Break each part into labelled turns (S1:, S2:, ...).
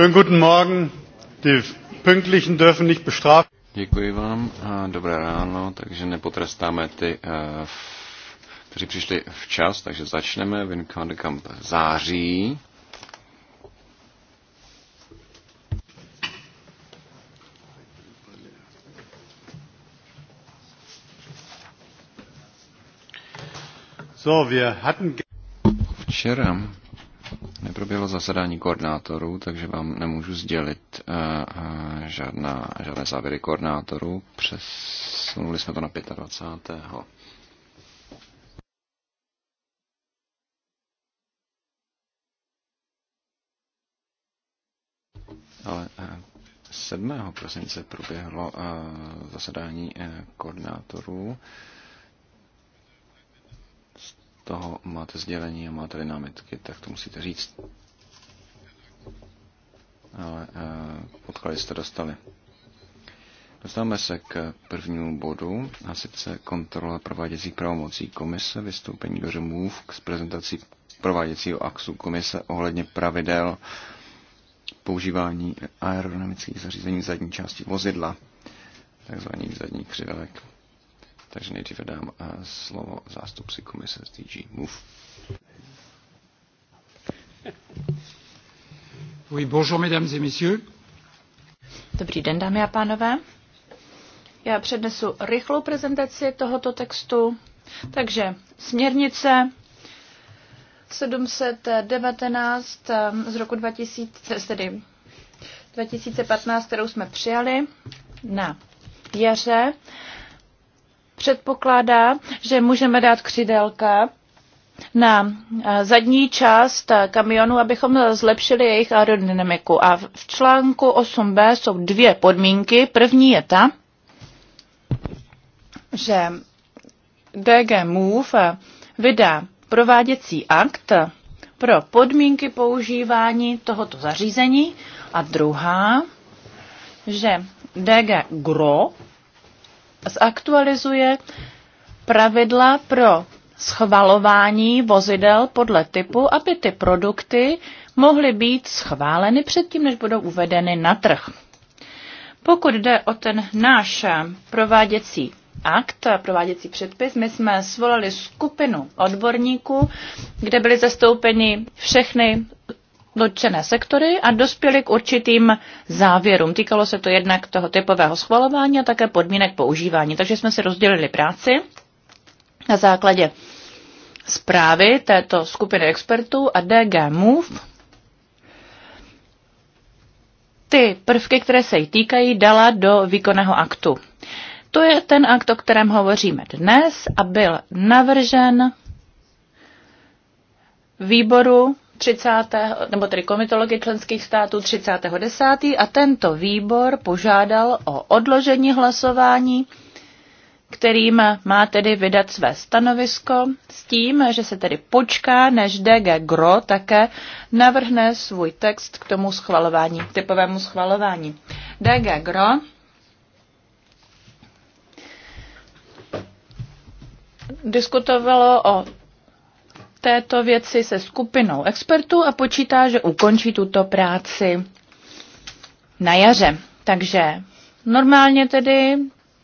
S1: Schönen guten Morgen. Die Pünktlichen dürfen nicht bestraft. Děkuji vám dobré ráno, takže nepotrestáme ty, eh,
S2: kteří přišli včas, takže začneme. Wim Kamp září.
S1: So, wir hatten
S2: Včera Neproběhlo zasedání koordinátorů, takže vám nemůžu sdělit uh, žádná, žádné závěry koordinátorů. Přesunuli jsme to na 25. Ale 7. Eh, prosince proběhlo zasedání koordinátorů toho máte sdělení a máte námitky, tak to musíte říct. Ale eh, podklady jste dostali. Dostáváme se k prvnímu bodu, a sice kontrola prováděcích pravomocí komise, vystoupení do Remove k prezentaci prováděcího axu komise ohledně pravidel používání aerodynamických zařízení v zadní části vozidla, takzvaných zadních křivelek takže nejdříve dám eh, slovo zástupci komise z DG Move.
S1: Oui, bonjour, mesdames et messieurs.
S3: Dobrý den, dámy a pánové. Já přednesu rychlou prezentaci tohoto textu. Takže směrnice 719 eh, z roku 2000, eh, tedy 2015, kterou jsme přijali na jaře, předpokládá, že můžeme dát křidelka na eh, zadní část eh, kamionu, abychom zlepšili jejich aerodynamiku. A v článku 8b jsou dvě podmínky. První je ta, že DG Move eh, vydá prováděcí akt pro podmínky používání tohoto zařízení a druhá, že DG GRO zaktualizuje pravidla pro schvalování vozidel podle typu, aby ty produkty mohly být schváleny předtím, než budou uvedeny na trh. Pokud jde o ten náš prováděcí akt, prováděcí předpis, my jsme svolali skupinu odborníků, kde byly zastoupeni všechny dotčené sektory a dospěli k určitým závěrům. Týkalo se to jednak toho typového schvalování a také podmínek používání. Takže jsme si rozdělili práci na základě zprávy této skupiny expertů a DG Move. Ty prvky, které se jí týkají, dala do výkonného aktu. To je ten akt, o kterém hovoříme dnes a byl navržen výboru 30. nebo tedy komitologie členských států 30.10. a tento výbor požádal o odložení hlasování, kterým má tedy vydat své stanovisko s tím, že se tedy počká, než DG Gro také navrhne svůj text k tomu schvalování, k typovému schvalování. DG Gro diskutovalo o této věci se skupinou expertů a počítá, že ukončí tuto práci na jaře. Takže normálně tedy,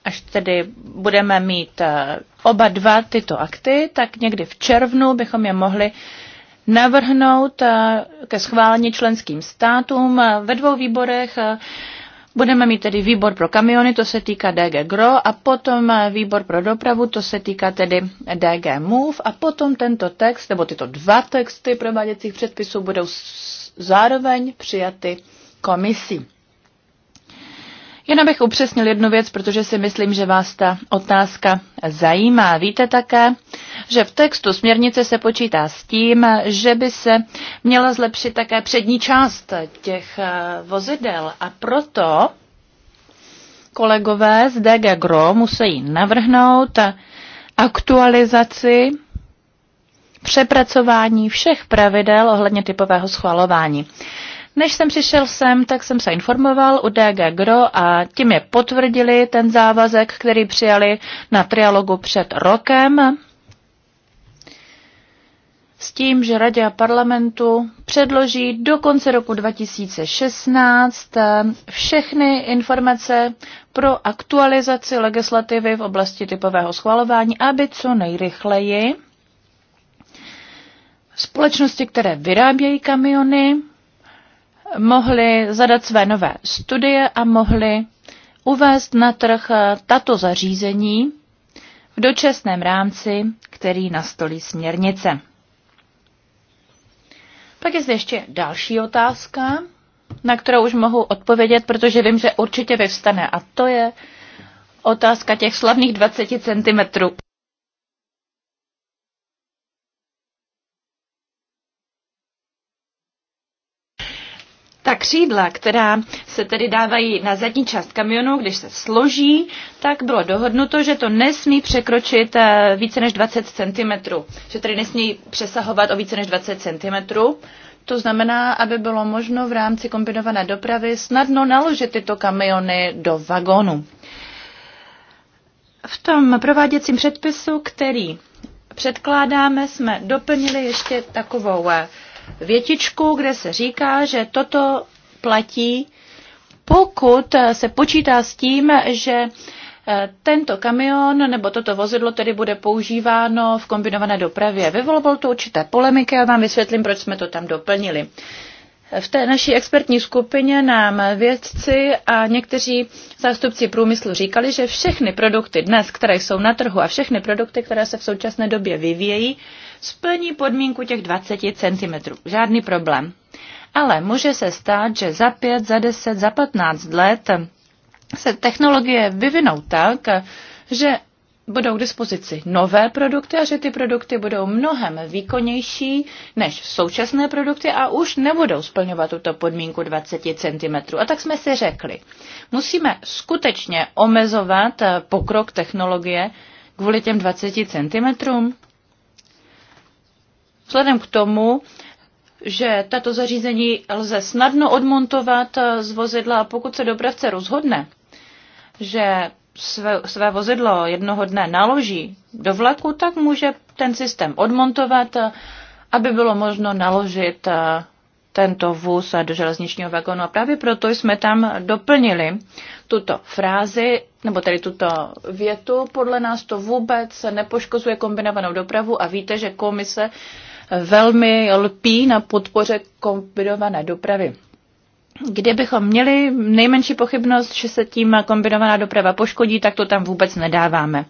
S3: až tedy budeme mít eh, oba dva tyto akty, tak někdy v červnu bychom je mohli navrhnout eh, ke schválení členským státům eh, ve dvou výborech Budeme mít tedy výbor pro kamiony, to se týká DG GRO, a potom eh, výbor pro dopravu, to se týká tedy DG MOVE, a potom tento text, nebo tyto dva texty prováděcích předpisů budou zároveň přijaty komisí. Jen abych upřesnil jednu věc, protože si myslím, že vás ta otázka zajímá. Víte také, že v textu směrnice se počítá s tím, že by se měla zlepšit také přední část těch eh, vozidel a proto kolegové z DG GRO musí navrhnout aktualizaci přepracování všech pravidel ohledně typového schvalování. Než jsem přišel sem, tak jsem se informoval u DG Gro a tím je potvrdili ten závazek, který přijali na trialogu před rokem s tím, že Radě a parlamentu předloží do konce roku 2016 eh, všechny informace pro aktualizaci legislativy v oblasti typového schvalování, aby co nejrychleji společnosti, které vyrábějí kamiony, mohli zadat své nové studie a mohli uvést na trh eh, tato zařízení v dočasném rámci, který nastolí směrnice. Pak je zde ještě další otázka, na kterou už mohu odpovědět, protože vím, že určitě vyvstane. A to je otázka těch slavných 20 cm. Ta křídla, která se tedy dávají na zadní část kamionu, když se složí, tak bylo dohodnuto, že to nesmí překročit eh, více než 20 cm, že tedy nesmí přesahovat o více než 20 cm. To znamená, aby bylo možno v rámci kombinované dopravy snadno naložit tyto kamiony do vagónu. V tom prováděcím předpisu, který předkládáme, jsme doplnili ještě takovou eh, větičku, kde se říká, že toto platí, pokud se počítá s tím, že eh, tento kamion nebo toto vozidlo tedy bude používáno v kombinované dopravě. Vyvolalo to určité polemiky a vám vysvětlím, proč jsme to tam doplnili. V té naší expertní skupině nám vědci a někteří zástupci průmyslu říkali, že všechny produkty dnes, které jsou na trhu a všechny produkty, které se v současné době vyvíjejí, splní podmínku těch 20 cm. Žádný problém. Ale může se stát, že za 5, za 10, za 15 let se technologie vyvinou tak, že budou k dispozici nové produkty a že ty produkty budou mnohem výkonnější než současné produkty a už nebudou splňovat tuto podmínku 20 cm. A tak jsme si řekli, musíme skutečně omezovat pokrok technologie kvůli těm 20 cm. Vzhledem k tomu, že tato zařízení lze snadno odmontovat eh, z vozidla, pokud se dopravce rozhodne, že své, své vozidlo jednoho dne naloží do vlaku, tak může ten systém odmontovat, eh, aby bylo možno naložit eh, tento vůz do železničního vagonu. A právě proto jsme tam doplnili tuto frázi, nebo tedy tuto větu. Podle nás to vůbec nepoškozuje kombinovanou dopravu a víte, že komise velmi lpí na podpoře kombinované dopravy. kde bychom měli nejmenší pochybnost, že se tím kombinovaná doprava poškodí, tak to tam vůbec nedáváme.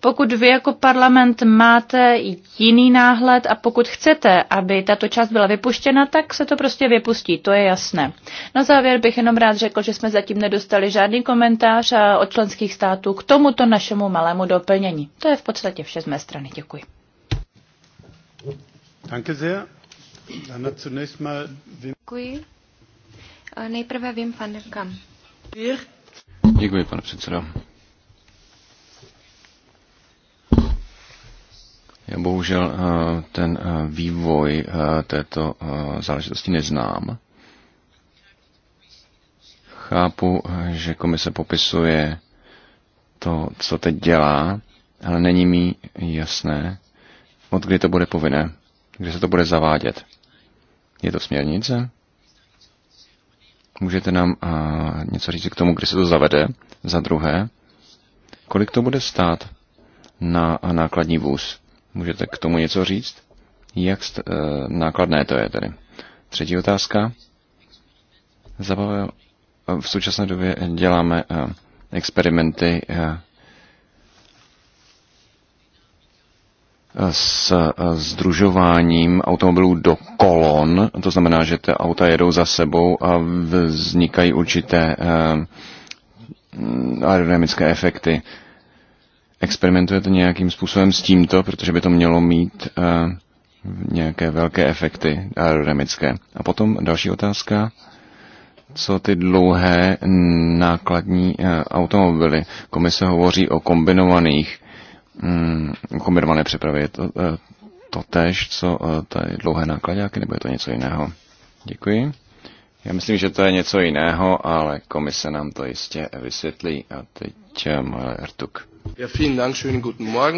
S3: Pokud vy jako parlament máte jiný náhled a pokud chcete, aby tato část byla vypuštěna, tak se to prostě vypustí, to je jasné. Na závěr bych jenom rád řekl, že jsme zatím nedostali žádný komentář od členských států k tomuto našemu malému doplnění. To je v podstatě vše z mé strany. Děkuji.
S1: Danke
S4: Děkuji. Nejprve vím, van Kam.
S2: Děkuji, pane předsedo. Já bohužel eh, ten eh, vývoj eh, této záležitosti neznám. Chápu, že komise popisuje to, co teď dělá, ale není mi jasné, od kdy to bude povinné. Kde se to bude zavádět? Je to směrnice? Můžete nám a, něco říct k tomu, kde se to zavede? Za druhé, kolik to bude stát na nákladní vůz? Můžete k tomu něco říct? Jak st- e, nákladné to je tedy? Třetí otázka. Zabavel, v současné době děláme e, experimenty e, s združováním automobilů do kolon, to znamená, že ty auta jedou za sebou a vznikají určité eh, aerodynamické efekty. Experimentujete nějakým způsobem s tímto, protože by to mělo mít eh, nějaké velké efekty aerodynamické. A potom další otázka co ty dlouhé nákladní eh, automobily. Komise hovoří o kombinovaných Mm, kombinované přepravy. Je to, eh, to tež, co eh, tady dlouhé nákladňáky, nebo je to něco jiného? Děkuji. Já myslím, že to je něco jiného, ale komise nám to jistě vysvětlí. A teď eh, Malé Ertuk.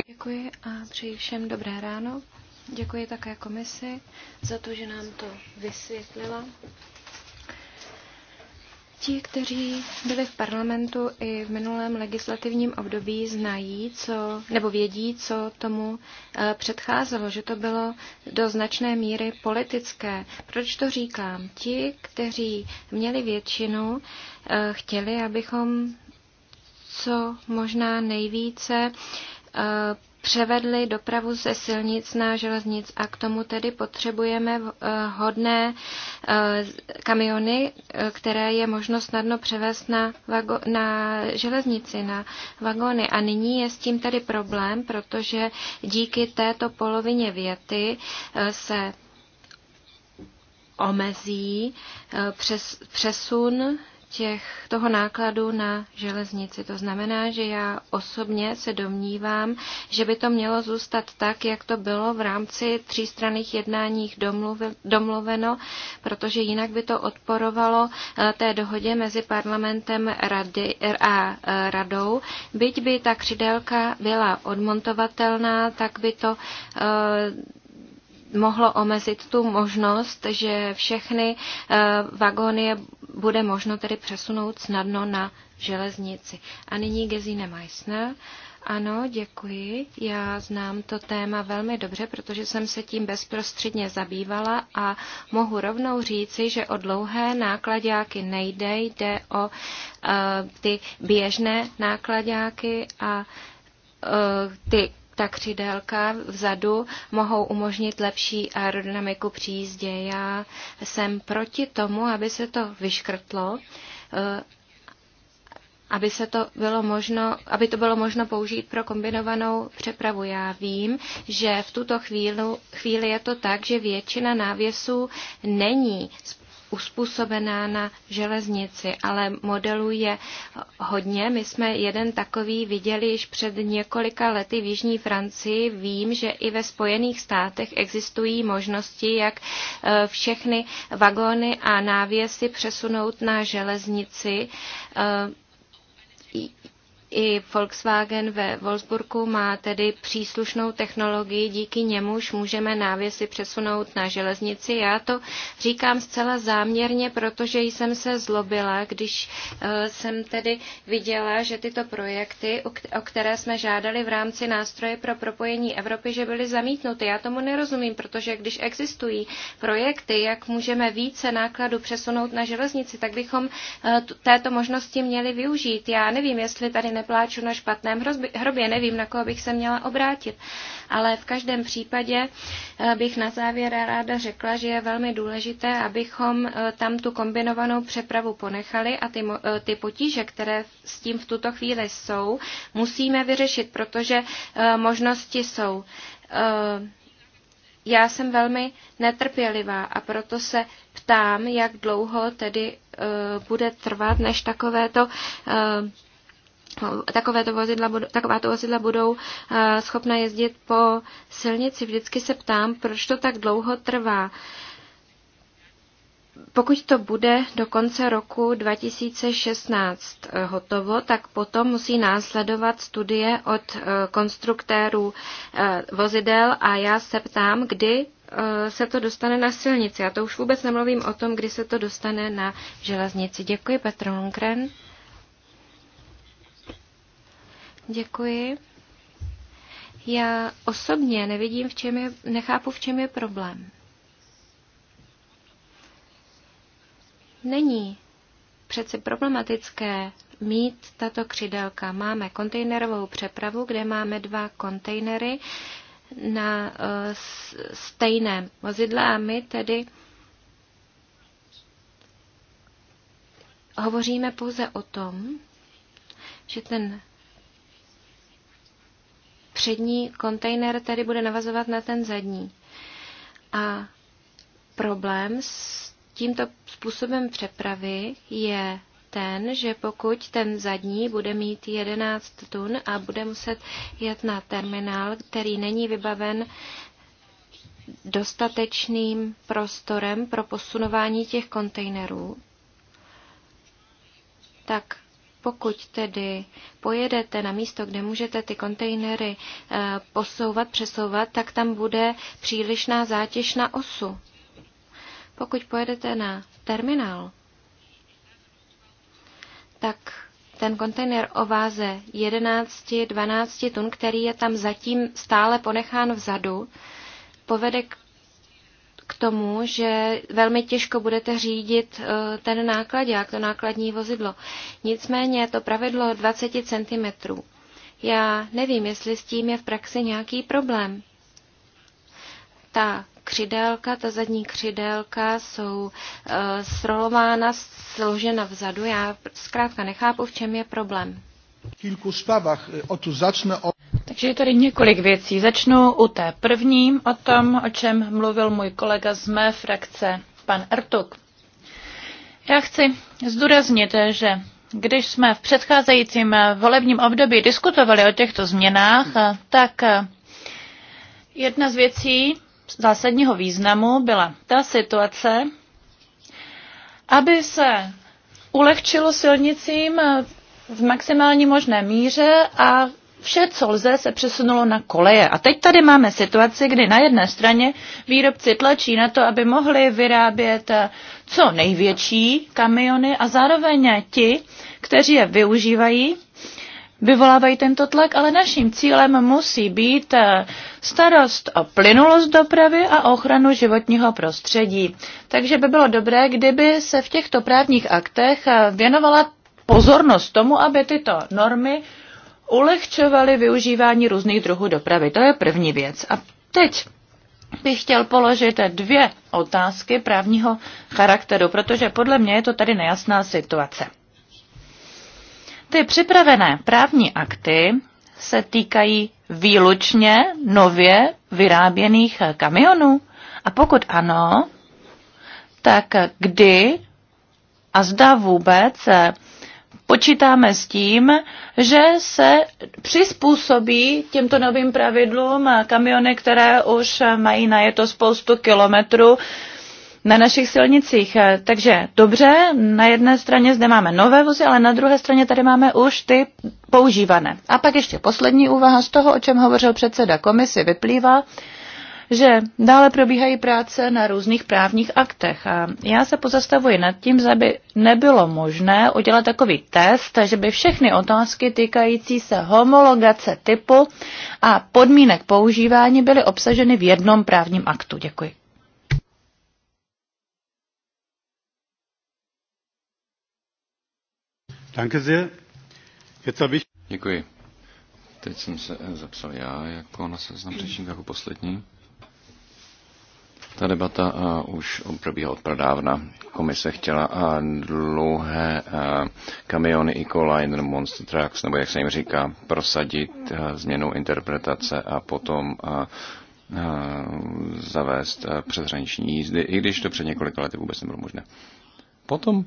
S4: Děkuji a přeji všem dobré ráno. Děkuji také komisi za to, že nám to vysvětlila. Ti, kteří byli v parlamentu i v minulém legislativním období, znají, co, nebo vědí, co tomu eh, předcházelo, že to bylo do značné míry politické. Proč to říkám? Ti, kteří měli většinu, eh, chtěli, abychom co možná nejvíce eh, převedli dopravu ze silnic na železnic a k tomu tedy potřebujeme eh, hodné eh, kamiony, eh, které je možno snadno převést na, vago- na železnici, na vagony. A nyní je s tím tedy problém, protože díky této polovině věty se omezí přes, přesun těch, toho nákladu na železnici. To znamená, že já osobně se domnívám, že by to mělo zůstat tak, jak to bylo v rámci třístranných jednáních domluveno, protože jinak by to odporovalo eh, té dohodě mezi parlamentem rady, eh, a eh, radou. Byť by ta křidelka byla odmontovatelná, tak by to mohlo omezit tu možnost, že všechny vagóny bude možno tedy přesunout snadno na železnici. A nyní Gesine Meissner. Ano, děkuji. Já znám to téma velmi dobře, protože jsem se tím bezprostředně zabývala a mohu rovnou říci, že o dlouhé nákladňáky nejde, jde o uh, ty běžné nákladňáky a uh, ty ta křidelka vzadu mohou umožnit lepší aerodynamiku při jízdě. Já jsem proti tomu, aby se to vyškrtlo, eh, aby, se to bylo možno, aby to bylo možno použít pro kombinovanou přepravu. Já vím, že v tuto chvíli, chvíli je to tak, že většina návěsů není uspůsobená na železnici, ale modelů je hodně. My jsme jeden takový viděli již před několika lety v Jižní Francii. Vím, že i ve Spojených státech existují možnosti, jak eh, všechny vagóny a návěsy přesunout na železnici eh, i Volkswagen ve Wolfsburgu má tedy příslušnou technologii, díky němuž můžeme návěsy přesunout na železnici. Já to říkám zcela záměrně, protože jsem se zlobila, když eh, jsem tedy viděla, že tyto projekty, o které jsme žádali v rámci nástroje pro propojení Evropy, že byly zamítnuty. Já tomu nerozumím, protože když existují projekty, jak můžeme více nákladu přesunout na železnici, tak bychom eh, této možnosti měli využít. Já nevím, jestli tady ne nepláču na špatném hrobě, nevím, na koho bych se měla obrátit. Ale v každém případě eh, bych na závěr ráda řekla, že je velmi důležité, abychom eh, tam tu kombinovanou přepravu ponechali a ty, eh, ty potíže, které s tím v tuto chvíli jsou, musíme vyřešit, protože možnosti jsou. Já jsem velmi netrpělivá a proto se ptám, jak dlouho tedy uh, bude trvat, než takovéto uh, takovéto vozidla, takováto vozidla budou eh, schopna jezdit po silnici. Vždycky se ptám, proč to tak dlouho trvá. Pokud to bude do konce roku 2016 eh, hotovo, tak potom musí následovat studie od eh, konstruktérů vozidel a já se ptám, kdy se to dostane na silnici. Já to už vůbec nemluvím o tom, kdy se to dostane na železnici. Děkuji, Petr Lundgren. Děkuji. Já osobně nevidím, v čem je, nechápu, v čem je problém. Není přece problematické mít tato křidelka. Máme kontejnerovou přepravu, kde máme dva kontejnery na eh, stejném vozidle a my tedy hovoříme pouze o tom, že ten přední kontejner tady bude navazovat na ten zadní. A problém s tímto způsobem přepravy je ten, že pokud ten zadní bude mít 11 tun a bude muset jet na terminál, který není vybaven dostatečným prostorem pro posunování těch kontejnerů, tak pokud tedy pojedete na místo, kde můžete ty kontejnery eh, posouvat, přesouvat, tak tam bude přílišná zátěž na osu. Pokud pojedete na terminál, tak ten kontejner o váze 11-12 tun, který je tam zatím stále ponechán vzadu, povede k k tomu, že velmi těžko budete řídit eh, ten náklad, jak to nákladní vozidlo. Nicméně to pravidlo 20 cm. Já nevím, jestli s tím je v praxi nějaký problém. Ta křidélka, ta zadní křidélka jsou e, eh, srolována, složena vzadu. Já zkrátka nechápu, v čem je problém.
S3: V kilku o tu začne o... Takže je tady několik věcí. Začnu u té první, o tom, o čem mluvil můj kolega z mé frakce, pan Ertuk. Já chci zdůraznit, že když jsme v předcházejícím volebním období diskutovali o těchto změnách, tak jedna z věcí zásadního významu byla ta situace, aby se ulehčilo silnicím v maximální možné míře a vše, co lze, se přesunulo na koleje. A teď tady máme situaci, kdy na jedné straně výrobci tlačí na to, aby mohli vyrábět eh, co největší kamiony a zároveň ti, kteří je využívají, vyvolávají tento tlak, ale naším cílem musí být eh, starost o plynulost dopravy a ochranu životního prostředí. Takže by bylo dobré, kdyby se v těchto právních aktech eh, věnovala pozornost tomu, aby tyto normy ulehčovaly využívání různých druhů dopravy. To je první věc. A teď bych chtěl položit dvě otázky právního charakteru, protože podle mě je to tady nejasná situace. Ty připravené právní akty se týkají výlučně nově vyráběných kamionů? A pokud ano, tak kdy a zda vůbec počítáme s tím, že se přizpůsobí těmto novým pravidlům kamiony, které už mají na je to spoustu kilometrů na našich silnicích. Takže dobře, na jedné straně zde máme nové vozy, ale na druhé straně tady máme už ty používané. A pak ještě poslední úvaha z toho, o čem hovořil předseda komisy, vyplývá, že dále probíhají práce na různých právních aktech a já se pozastavuji nad tím, že by nebylo možné udělat takový test, že by všechny otázky týkající se homologace typu a podmínek používání byly obsaženy v jednom právním aktu. Děkuji.
S1: Děkuji. Teď jsem se eh, zapsal já
S2: jako na seznam řečník jako poslední. Ta debata už probíhá od pradávna. Komise chtěla dlouhé kamiony i collider monster trucks, nebo jak se jim říká, prosadit změnu interpretace a potom zavést přeshraniční jízdy, i když to před několika lety vůbec nebylo možné. Potom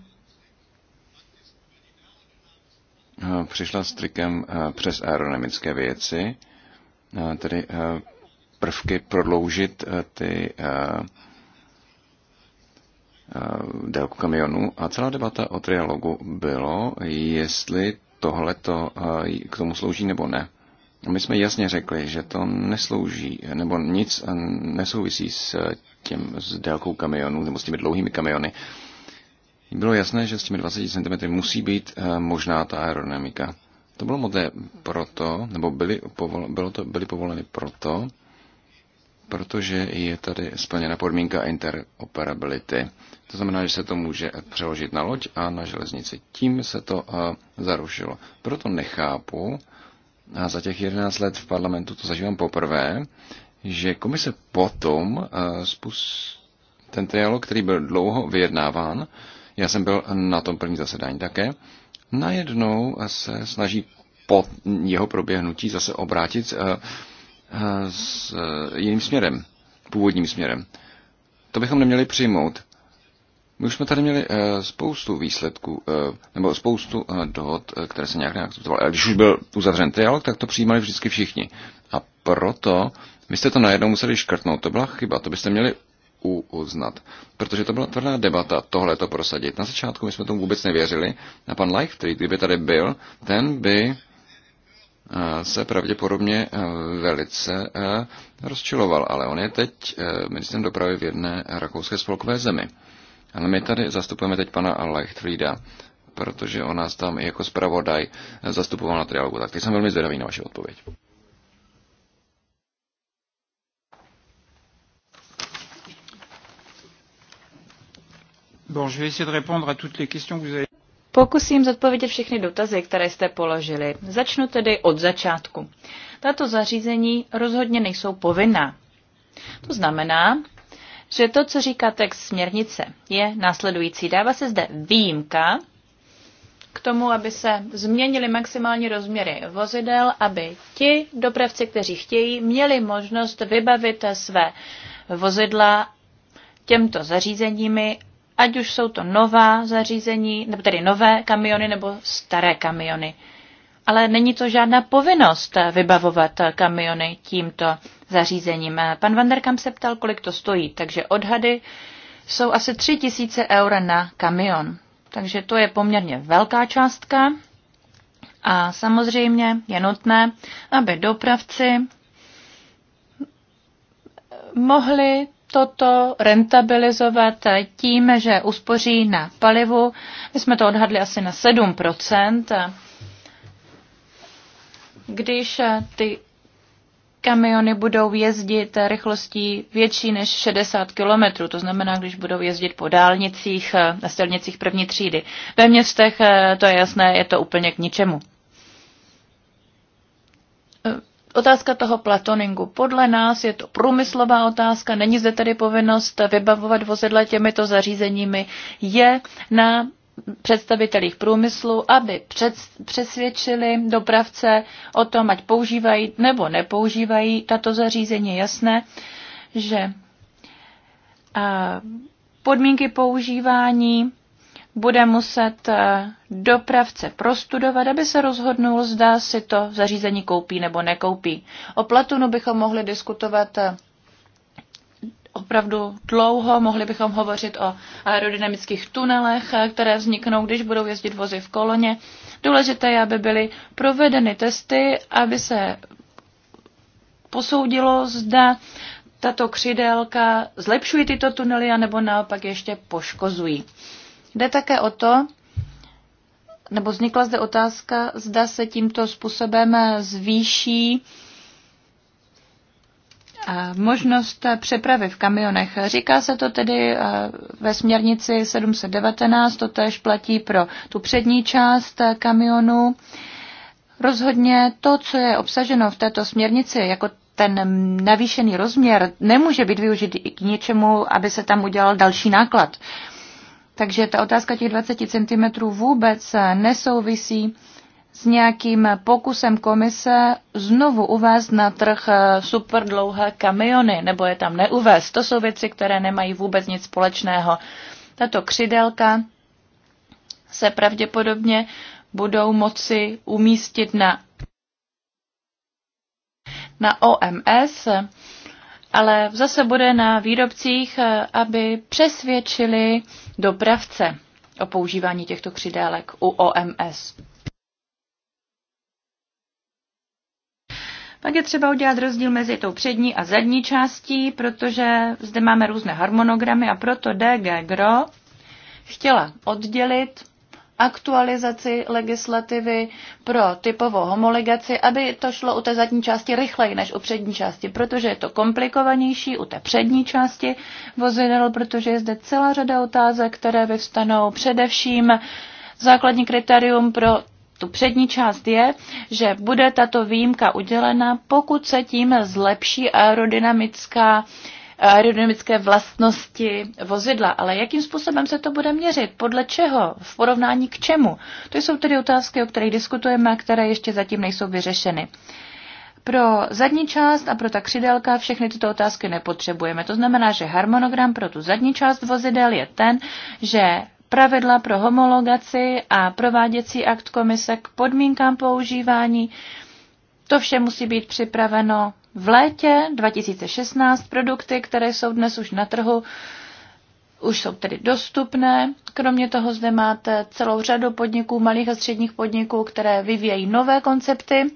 S2: přišla s trikem přes aerodynamické věci, tedy prvky prodloužit eh, ty eh, eh, délku kamionů. A celá debata o trialogu bylo, jestli tohleto k tomu slouží nebo ne. My jsme jasně řekli, že to neslouží, nebo nic nesouvisí s, tím s délkou kamionů, nebo s těmi dlouhými kamiony. Bylo jasné, že s těmi 20 cm musí být možná ta aerodynamika. To bylo modé proto, nebo byly, povol, bylo to, byly povoleny proto, protože je tady splněna podmínka interoperability. To znamená, že se to může přeložit na loď a na železnici. Tím se to eh, zarušilo. Proto nechápu, a za těch 11 let v parlamentu to zažívám poprvé, že komise potom eh, spus ten trialog, který byl dlouho vyjednáván, já jsem byl na tom první zasedání také, najednou se snaží po jeho proběhnutí zase obrátit eh, Eh, s eh, jiným směrem, původním směrem. To bychom neměli přijmout. My už jsme tady měli eh, spoustu výsledků, nebo spoustu dohod, které se nějak neakceptovaly. Ale když už byl uzavřen trialog, tak to přijímali vždycky všichni. A proto my jste to najednou museli škrtnout. To byla chyba, to byste měli uznat. Protože to byla tvrdá debata tohle to prosadit. Na začátku my jsme tomu vůbec nevěřili a pan Leichtfried, kdyby tady byl, ten by Eh, se pravděpodobně eh, velice eh, rozčiloval, ale on je teď ministrem dopravy v jedné rakouské spolkové zemi. Ale my tady zastupujeme teď pana Lechtfrieda, protože on nás tam jako zpravodaj zastupoval na trialogu. Tak teď jsem velmi zvědavý na vaši odpověď.
S1: Bon, je vais essayer de répondre à toutes les questions que vous avez
S3: pokusím zodpovědět všechny dotazy, které jste položili. Začnu tedy od začátku. Tato zařízení rozhodně nejsou povinná. To znamená, že to, co říká text směrnice, je následující. Dává se zde výjimka k tomu, aby se změnily maximální rozměry vozidel, aby ti dopravci, kteří chtějí, měli možnost vybavit své vozidla těmto zařízeními ať už jsou to nová zařízení, nebo tedy nové kamiony nebo staré kamiony. Ale není to žádná povinnost vybavovat kamiony tímto zařízením. Pan Vanderkam se ptal, kolik to stojí, takže odhady jsou asi 3000 eur na kamion. Takže to je poměrně velká částka a samozřejmě je nutné, aby dopravci mohli toto rentabilizovat tím, že uspoří na palivu. My jsme to odhadli asi na 7%. Když ty kamiony budou jezdit rychlostí větší než 60 km, to znamená, když budou jezdit po dálnicích na silnicích první třídy. Ve městech eh, to je jasné, je to úplně k ničemu. Otázka toho platoningu. Podle nás je to průmyslová otázka, není zde tedy povinnost vybavovat vozidla těmito zařízeními. Je na představitelích průmyslu, aby přesvědčili dopravce o tom, ať používají nebo nepoužívají tato zařízení. jasné, že podmínky používání bude muset eh, dopravce prostudovat, aby se rozhodnul, zda si to zařízení koupí nebo nekoupí. O Platunu bychom mohli diskutovat eh, opravdu dlouho, mohli bychom hovořit o aerodynamických tunelech, eh, které vzniknou, když budou jezdit vozy v koloně. Důležité je, aby byly provedeny testy, aby se posoudilo, zda tato křidélka zlepšují tyto tunely, anebo naopak ještě poškozují. Jde také o to, nebo vznikla zde otázka, zda se tímto způsobem zvýší eh, možnost přepravy v kamionech. Říká se to tedy eh, ve směrnici 719, to tež platí pro tu přední část eh, kamionu. Rozhodně to, co je obsaženo v této směrnici, jako ten navýšený rozměr, nemůže být využit k něčemu, aby se tam udělal další náklad. Takže ta otázka těch 20 cm vůbec nesouvisí s nějakým pokusem komise znovu uvést na trh super dlouhé kamiony, nebo je tam neuvést. To jsou věci, které nemají vůbec nic společného. Tato křidelka se pravděpodobně budou moci umístit na, na OMS, ale zase bude na výrobcích, eh, aby přesvědčili dopravce o používání těchto křidélek u OMS. Pak je třeba udělat rozdíl mezi tou přední a zadní částí, protože zde máme různé harmonogramy a proto DG Gro chtěla oddělit aktualizaci legislativy pro typovou homologaci, aby to šlo u té zadní části rychleji než u přední části, protože je to komplikovanější u té přední části vozidel, protože je zde celá řada otázek, které vyvstanou především základní kritérium pro tu přední část je, že bude tato výjimka udělena, pokud se tím zlepší aerodynamická aerodynamické vlastnosti vozidla, ale jakým způsobem se to bude měřit, podle čeho, v porovnání k čemu. To jsou tedy otázky, o kterých diskutujeme a které ještě zatím nejsou vyřešeny. Pro zadní část a pro ta křidelka všechny tyto otázky nepotřebujeme. To znamená, že harmonogram pro tu zadní část vozidel je ten, že pravidla pro homologaci a prováděcí akt komise k podmínkám používání, to vše musí být připraveno v létě 2016 produkty, které jsou dnes už na trhu, už jsou tedy dostupné. Kromě toho zde máte celou řadu podniků, malých a středních podniků, které vyvíjejí nové koncepty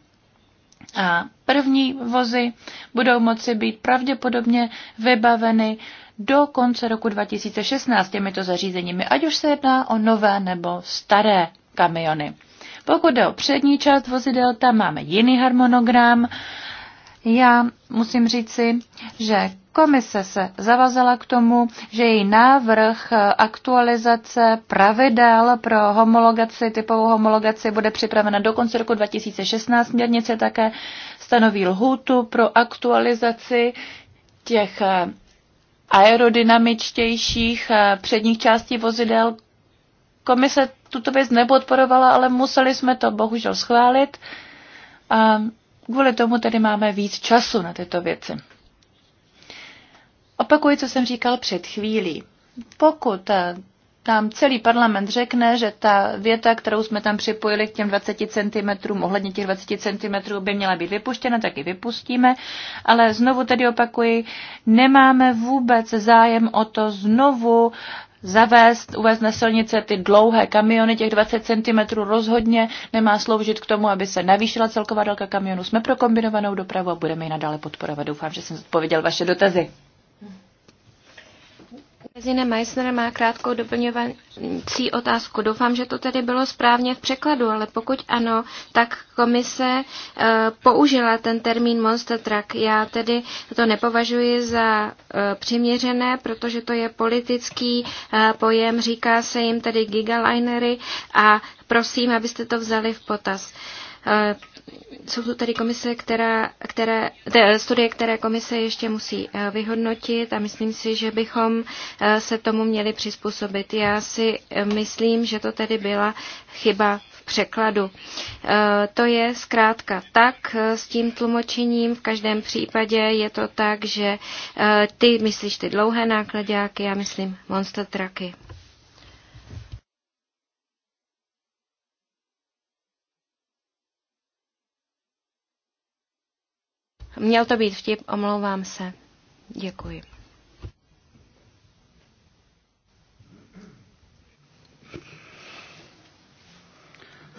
S3: a první vozy budou moci být pravděpodobně vybaveny do konce roku 2016 těmito zařízeními, ať už se jedná o nové nebo staré kamiony. Pokud jde o přední část vozidel, tam máme jiný harmonogram. Já musím říci, že komise se zavazala k tomu, že její návrh aktualizace pravidel pro homologaci, typovou homologaci bude připravena do konce roku 2016. Směrnice také stanoví lhůtu pro aktualizaci těch eh, aerodynamičtějších eh, předních částí vozidel. Komise tuto věc nepodporovala, ale museli jsme to bohužel schválit. A Kvůli tomu tedy máme víc času na tyto věci. Opakuji, co jsem říkal před chvílí. Pokud eh, tam celý parlament řekne, že ta věta, kterou jsme tam připojili k těm 20 cm, ohledně těch 20 cm by měla být vypuštěna, tak ji vypustíme. Ale znovu tedy opakuji, nemáme vůbec zájem o to znovu zavést, uvést na silnice ty dlouhé kamiony, těch 20 cm rozhodně nemá sloužit k tomu, aby se navýšila celková délka kamionu. Jsme pro kombinovanou dopravu a budeme ji nadále podporovat. Doufám, že jsem odpověděl vaše dotazy.
S4: Zine Meissner má krátkou doplňovací otázku. Doufám, že to tedy bylo správně v překladu, ale pokud ano, tak komise eh, použila ten termín monster truck. Já tedy to nepovažuji za eh, přiměřené, protože to je politický eh, pojem, říká se jim tedy gigalinery a prosím, abyste to vzali v potaz jsou tu tady komise, která, které, te, studie, které komise ještě musí eh, vyhodnotit a myslím si, že bychom eh, se tomu měli přizpůsobit. Já si eh, myslím, že to tedy byla chyba v překladu. To je zkrátka tak s tím tlumočením. V každém případě je to tak, že ty myslíš ty dlouhé nákladáky, já myslím monster trucky. Měl to být vtip, omlouvám se. Děkuji.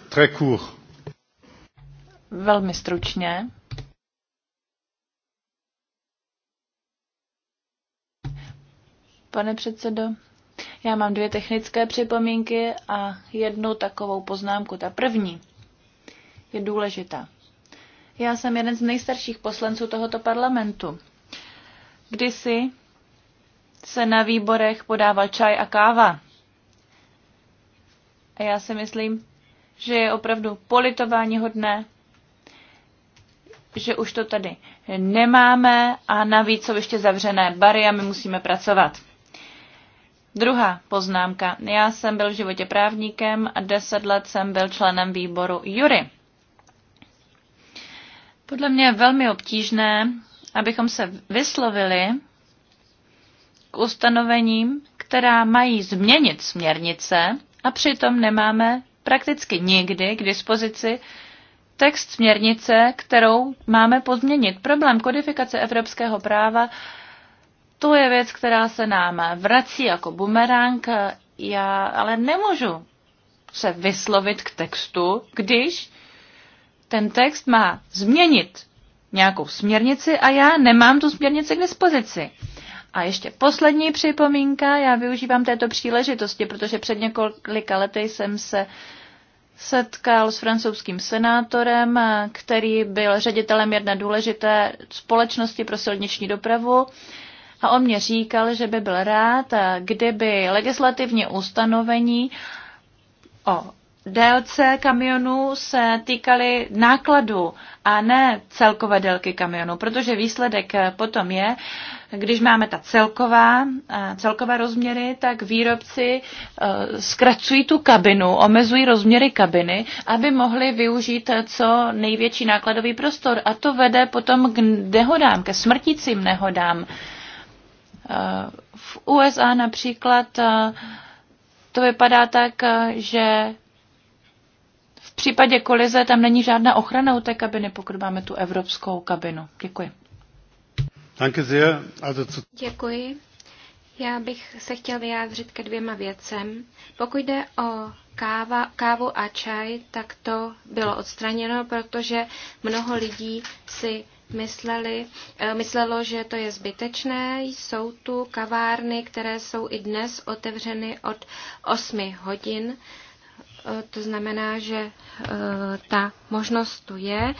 S1: Très
S3: Velmi stručně. Pane předsedo, já mám dvě technické připomínky a jednu takovou poznámku. Ta první je důležitá. Já jsem jeden z nejstarších poslanců tohoto parlamentu. Kdysi se na výborech podával čaj a káva. A já si myslím, že je opravdu politování hodné, že už to tady nemáme a navíc jsou ještě zavřené bary a my musíme pracovat. Druhá poznámka. Já jsem byl v životě právníkem a deset let jsem byl členem výboru Jury. Podle mě je velmi obtížné, abychom se vyslovili k ustanovením, která mají změnit směrnice a přitom nemáme prakticky nikdy k dispozici text směrnice, kterou máme pozměnit. Problém kodifikace evropského práva, to je věc, která se nám vrací jako bumerang. Já ale nemůžu se vyslovit k textu, když ten text má změnit nějakou směrnici a já nemám tu směrnici k dispozici. A ještě poslední připomínka, já využívám této příležitosti, protože před několika lety jsem se setkal s francouzským senátorem, který byl ředitelem jedné důležité společnosti pro silniční dopravu. A on mě říkal, že by byl rád, kdyby legislativní ustanovení o délce kamionů se týkaly nákladu a ne celkové délky kamionů, protože výsledek potom je, když máme ta celková, eh, celkové rozměry, tak výrobci eh, zkracují tu kabinu, omezují rozměry kabiny, aby mohli využít co největší nákladový prostor. A to vede potom k nehodám, ke smrtícím nehodám. Eh, v USA například to vypadá tak, že v případě kolize tam není žádná ochrana u té kabiny, pokud máme tu evropskou kabinu. Děkuji.
S4: Děkuji. Já bych se chtěl vyjádřit ke dvěma věcem. Pokud jde o káva, kávu a čaj, tak to bylo odstraněno, protože mnoho lidí si mysleli, eh, myslelo, že to je zbytečné. Jsou tu kavárny, které jsou i dnes otevřeny od 8 hodin to znamená, že e, ta možnost tu je.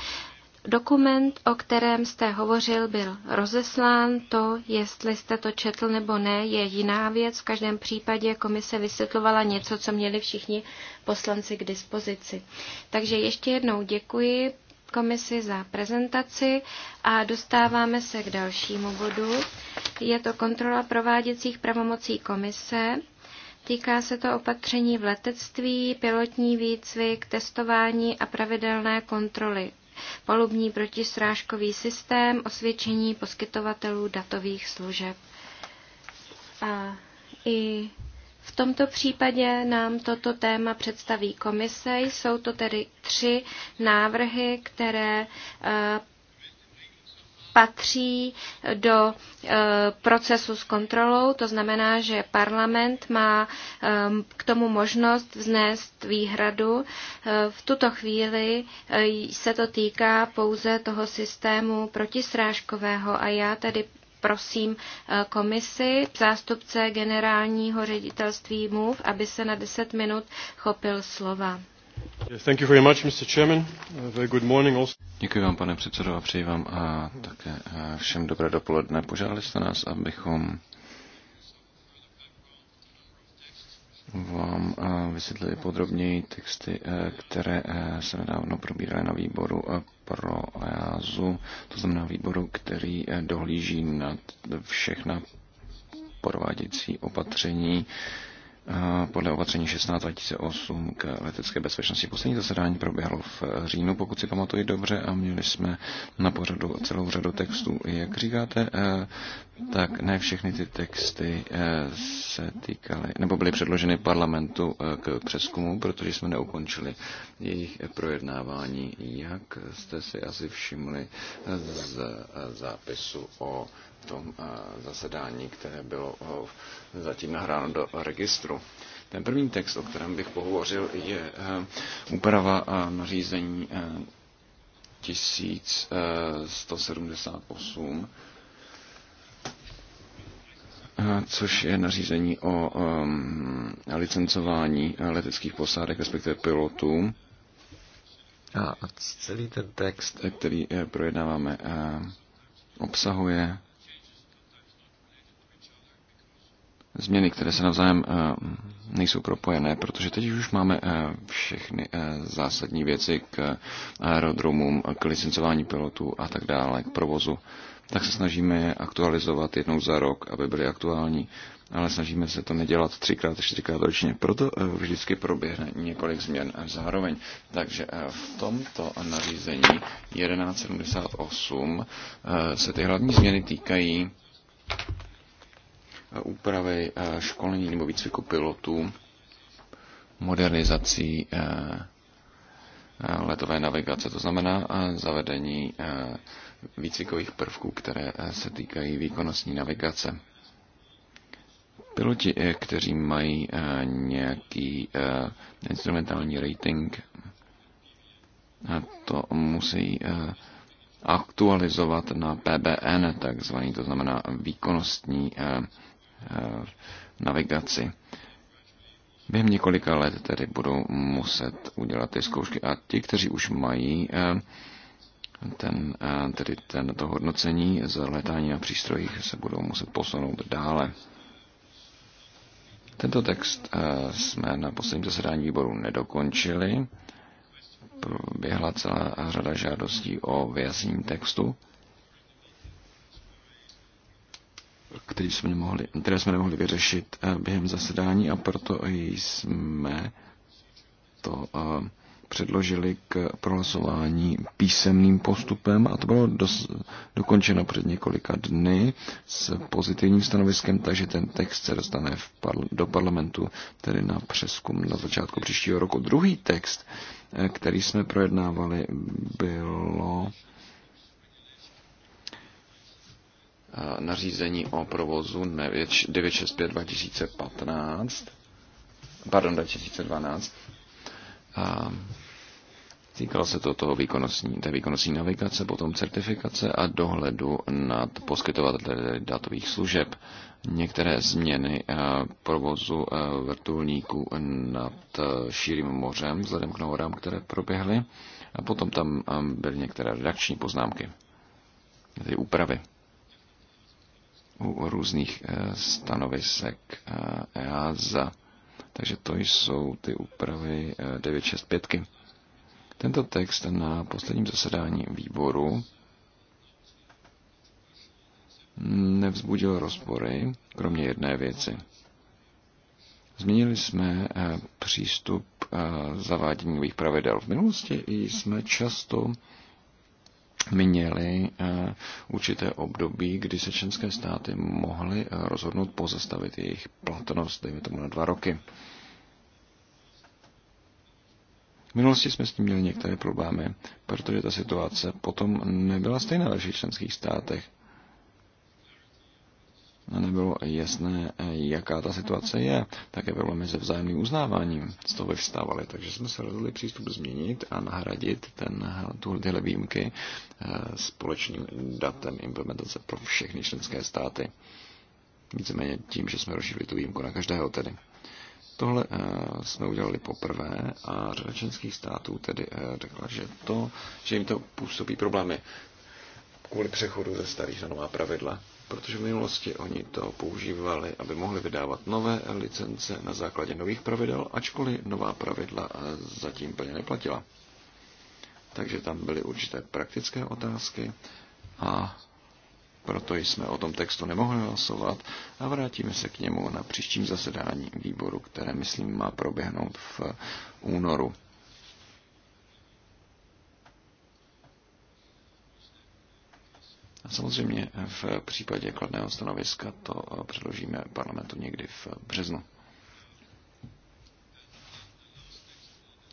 S4: Dokument, o kterém jste hovořil, byl rozeslán. To, jestli jste to četl nebo ne, je jiná věc. V každém případě komise vysvětlovala něco, co měli všichni poslanci k dispozici. Takže ještě jednou děkuji komisi za prezentaci a dostáváme se k dalšímu bodu. Je to kontrola prováděcích pravomocí komise. Týká se to opatření v letectví, pilotní výcvik, testování a pravidelné kontroly, palubní protisrážkový systém, osvědčení poskytovatelů datových služeb. A i v tomto případě nám toto téma představí komise. Jsou to tedy tři návrhy, které eh, patří do e, procesu s kontrolou, to znamená, že parlament má e, k tomu možnost vznést výhradu. E, v tuto chvíli se to týká pouze toho systému protisrážkového a já tedy prosím komisi, zástupce generálního ředitelství MUV, aby se na 10 minut chopil slova.
S2: Děkuji vám, pane předsedo, a přeji vám a také všem dobré dopoledne. Požádali jste nás, abychom vám vysvětlili podrobněji texty, e, které e, se nedávno probíraly na výboru e, pro EASu, to znamená výboru, který dohlíží nad všechna prováděcí opatření Eh, podle opatření 16 2008 k letecké bezpečnosti. Poslední zasedání proběhlo v eh, říjnu, pokud si pamatuji dobře, a měli jsme na pořadu celou řadu textů. Jak říkáte, eh, tak ne všechny ty texty se týkaly, nebo byly předloženy parlamentu k přeskumu, protože jsme neukončili jejich projednávání. Jak jste si asi všimli z zápisu o tom eh, zasedání, které bylo eh, zatím nahráno do registru. Ten první text, o kterém bych pohovořil, je eh, úprava nařízení 1178 což je nařízení o licencování leteckých posádek, respektive pilotů. A celý ten text, který projednáváme, obsahuje změny, které se navzájem eh, nejsou propojené, protože teď už máme eh, všechny eh, zásadní věci k aerodromům, k licencování pilotů a tak dále, k provozu, tak se snažíme je aktualizovat jednou za rok, aby byly aktuální, ale snažíme se to nedělat třikrát, čtyřikrát ročně. Proto vždycky proběhne několik změn zároveň. Takže v tomto nařízení 1178 se ty hlavní změny týkají úpravy eh, školení nebo výcviku pilotů, modernizací eh, eh, letové navigace, to znamená zavedení výcvikových prvků, které se týkají výkonnostní navigace. Piloti, kteří mají nějaký instrumentální rating, to musí aktualizovat na PBN, takzvaný, to znamená výkonnostní Eh, navigaci. Během několika let tedy budou muset udělat ty zkoušky a ti, kteří už mají eh, ten, eh, tedy ten, to hodnocení z letání na přístrojích, se budou muset posunout dále. Tento text jsme na posledním zasedání výboru nedokončili. Běhla celá řada žádostí o vyjasnění textu. který jsme nemohli, které jsme nemohli vyřešit eh, během zasedání a proto jsme to eh, předložili k prohlasování písemným postupem a to bylo dos, dokončeno před několika dny s pozitivním stanoviskem, takže ten text se dostane v par, do parlamentu, tedy na přeskum na začátku příštího roku. Druhý text, eh, který jsme projednávali, bylo Eh, nařízení o provozu 965 2015, pardon, 2012. Eh, týkalo se to toho výkonnostní, té výkonnostní navigace, potom certifikace a dohledu nad poskytovateli datových služeb. Některé změny eh, provozu vrtulníků nad širým mořem, vzhledem k novorám, které proběhly. A potom tam byly některé redakční poznámky, ty úpravy u různých eh, stanovisek EASA. Eh, e Takže to jsou ty úpravy 965. Eh, Tento text na posledním zasedání výboru nevzbudil rozpory, kromě jedné věci. Změnili jsme přístup zavádění nových pravidel. V minulosti jsme často měli eh, určité období, kdy se členské státy mohly eh, rozhodnout pozastavit jejich platnost, dejme tomu na dva roky. V minulosti jsme s tím měli některé problémy, protože ta situace potom nebyla stejná ve všech členských státech nebylo jasné, jaká ta situace je. Také problémy se vzájemným uznáváním z toho vyvstávaly, takže jsme se rozhodli přístup změnit a nahradit ten, tyhle výjimky eh, společným datem implementace pro všechny členské státy. Víceméně tím, že jsme rozšířili tu výjimku na každého tedy. Tohle eh, jsme udělali poprvé a řada členských států tedy eh, řekla, že, to, že jim to působí problémy kvůli přechodu ze starých na nová pravidla protože v minulosti oni to používali, aby mohli vydávat nové licence na základě nových pravidel, ačkoliv nová pravidla zatím plně neplatila. Takže tam byly určité praktické otázky a proto jsme o tom textu nemohli hlasovat a vrátíme se k němu na příštím zasedání výboru, které, myslím, má proběhnout v únoru. samozřejmě v případě kladného stanoviska to eh, předložíme parlamentu někdy v březnu.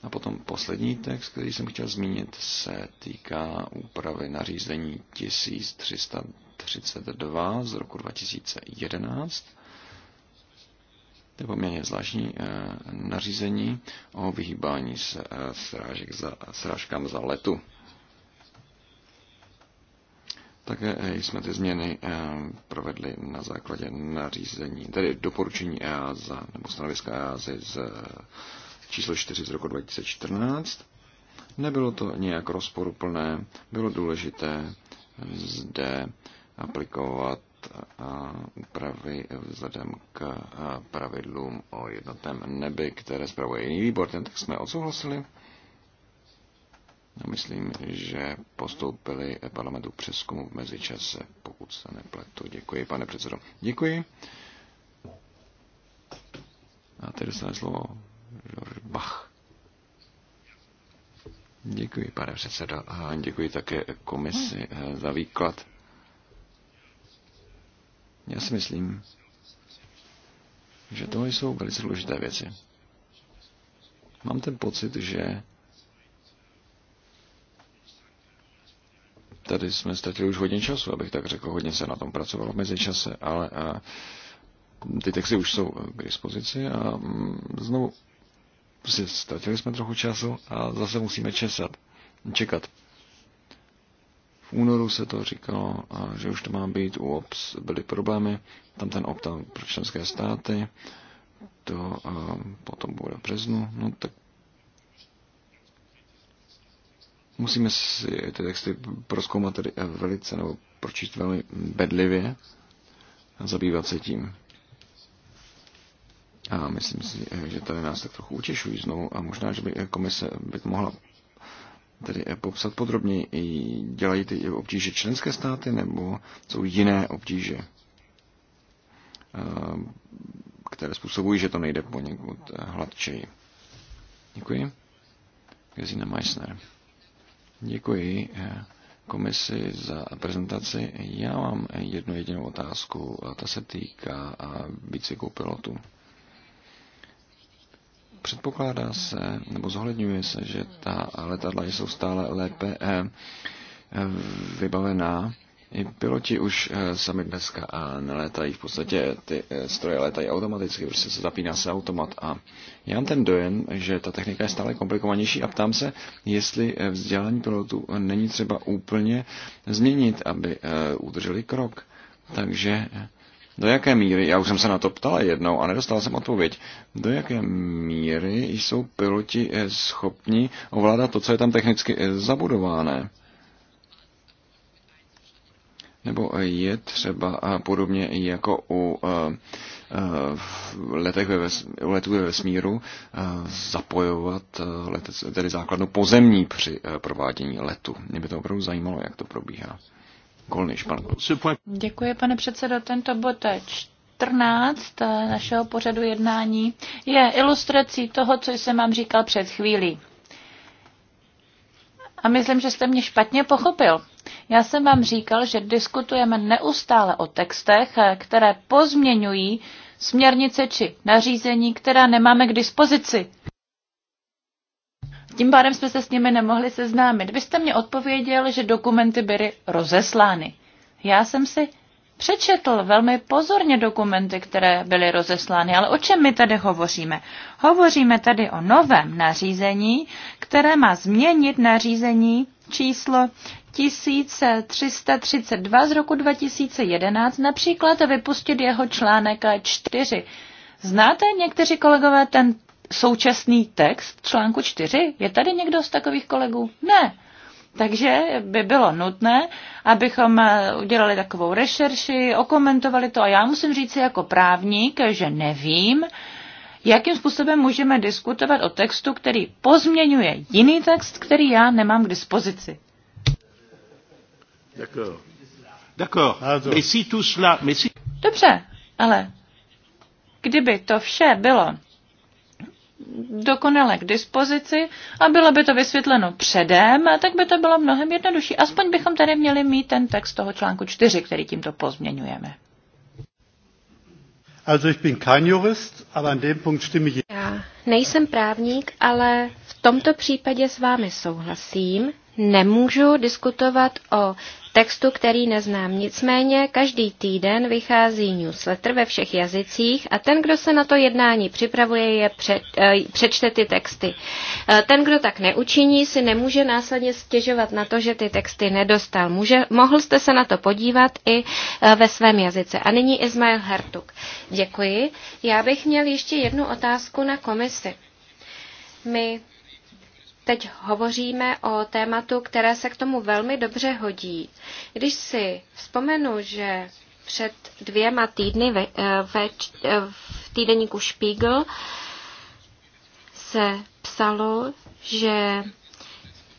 S2: A potom poslední text, který jsem chtěl zmínit, se týká úpravy nařízení 1332 z roku 2011. To je poměrně zvláštní eh, nařízení o vyhýbání se eh, srážek za, srážkám za letu. Také eh, jsme ty změny eh, provedli na základě nařízení, tedy doporučení EASA nebo stanoviska EASA z eh, číslo 4 z roku 2014. Nebylo to nějak rozporuplné, bylo důležité zde aplikovat úpravy vzhledem k pravidlům o jednotném nebi, které zpravuje jiný výbor. Ten tak jsme odsouhlasili. Myslím, že postoupili parlamentu přeskumu v mezičase, pokud se nepletu. Děkuji, pane předsedo. Děkuji. A teď se slovo Bach. Děkuji, pane předsedo. A děkuji také komisi za výklad. Já si myslím, že to jsou velice důležité věci. Mám ten pocit, že tady jsme ztratili už hodně času, abych tak řekl, hodně se na tom pracovalo v mezičase, ale a, ty texty už jsou k dispozici a mm, znovu prostě ztratili jsme trochu času a zase musíme česat, čekat. V únoru se to říkalo, že už to má být, u OPS byly problémy, tam ten opt pro členské státy, to potom bude v březnu, no tak Musíme si ty texty proskoumat tedy eh, velice nebo pročíst velmi bedlivě a zabývat se tím. A myslím si, eh, že tady nás tak trochu utěšují znovu a možná, že by eh, komise by to mohla tedy popsat podrobněji. Dělají ty obtíže členské státy nebo jsou jiné obtíže, které způsobují, že to nejde poněkud hladčeji. Děkuji. Gesine Meissner. Děkuji eh, komisi za prezentaci. Já mám jednu jedinou otázku a ta se týká eh, bicyklu pilotu. Předpokládá se, nebo zohledňuje se, že ta letadla jsou stále lépe eh, vybavená piloti už eh, sami dneska eh, nelétají, v podstatě ty eh, stroje létají automaticky, prostě se zapíná se automat a já mám ten dojem, že ta technika je stále komplikovanější a ptám se, jestli vzdělání pilotů není třeba úplně změnit, aby udrželi krok. Takže do jaké míry, já už jsem se na to ptala jednou a nedostal jsem odpověď, do jaké míry jsou piloti schopni ovládat to, co je tam technicky zabudované? Nebo je třeba podobně jako u e, e, letech ve, u letů ve vesmíru e, zapojovat letec, tedy základnu pozemní při provádění letu. Mě by to opravdu zajímalo, jak to probíhá. Kolniš, pan.
S3: Děkuji, pane předsedo. Tento bod 14 našeho pořadu jednání je ilustrací toho, co jsem vám říkal před chvílí. A myslím, že jste mě špatně pochopil. Já jsem vám říkal, že diskutujeme neustále o textech, eh, které pozměňují směrnice či nařízení, která nemáme k dispozici. Tím pádem jsme se s nimi nemohli seznámit. Vy jste mě odpověděl, že dokumenty byly rozeslány. Já jsem si přečetl velmi pozorně dokumenty, které byly rozeslány, ale o čem my tady hovoříme? Hovoříme tady o novém nařízení, které má změnit nařízení číslo 1332 z roku 2011, například vypustit jeho článek 4. Znáte někteří kolegové ten současný text článku 4? Je tady někdo z takových kolegů? Ne. Takže by bylo nutné, abychom udělali takovou rešerši, okomentovali to a já musím říct jako právník, že nevím, jakým způsobem můžeme diskutovat o textu, který pozměňuje jiný text, který já nemám k dispozici. Dobře, ale kdyby to vše bylo dokonale k dispozici a bylo by to vysvětleno předem, tak by to bylo mnohem jednodušší. Aspoň bychom tady měli mít ten text toho článku 4, který tímto
S4: pozměňujeme.
S1: Also ich bin kein Jurist, aber an dem Punkt stimme ich.
S4: Já nejsem právník, ale v tomto případě s vámi souhlasím. Nemůžu diskutovat o textu, který neznám. Nicméně každý týden vychází newsletter ve všech jazycích a ten, kdo se na to jednání připravuje, je před, eh, přečte ty texty. Eh, ten, kdo tak neučiní, si nemůže následně stěžovat na to, že ty texty nedostal. Může, mohl jste se na to podívat i eh, ve svém jazyce. A nyní Ismail Hartuk. Děkuji. Já bych měl ještě jednu otázku na komisi. My teď hovoříme o tématu, které se k tomu velmi dobře hodí. Když si vzpomenu, že před dvěma týdny ve, eh, ve, eh, v týdeníku Spiegel se psalo, že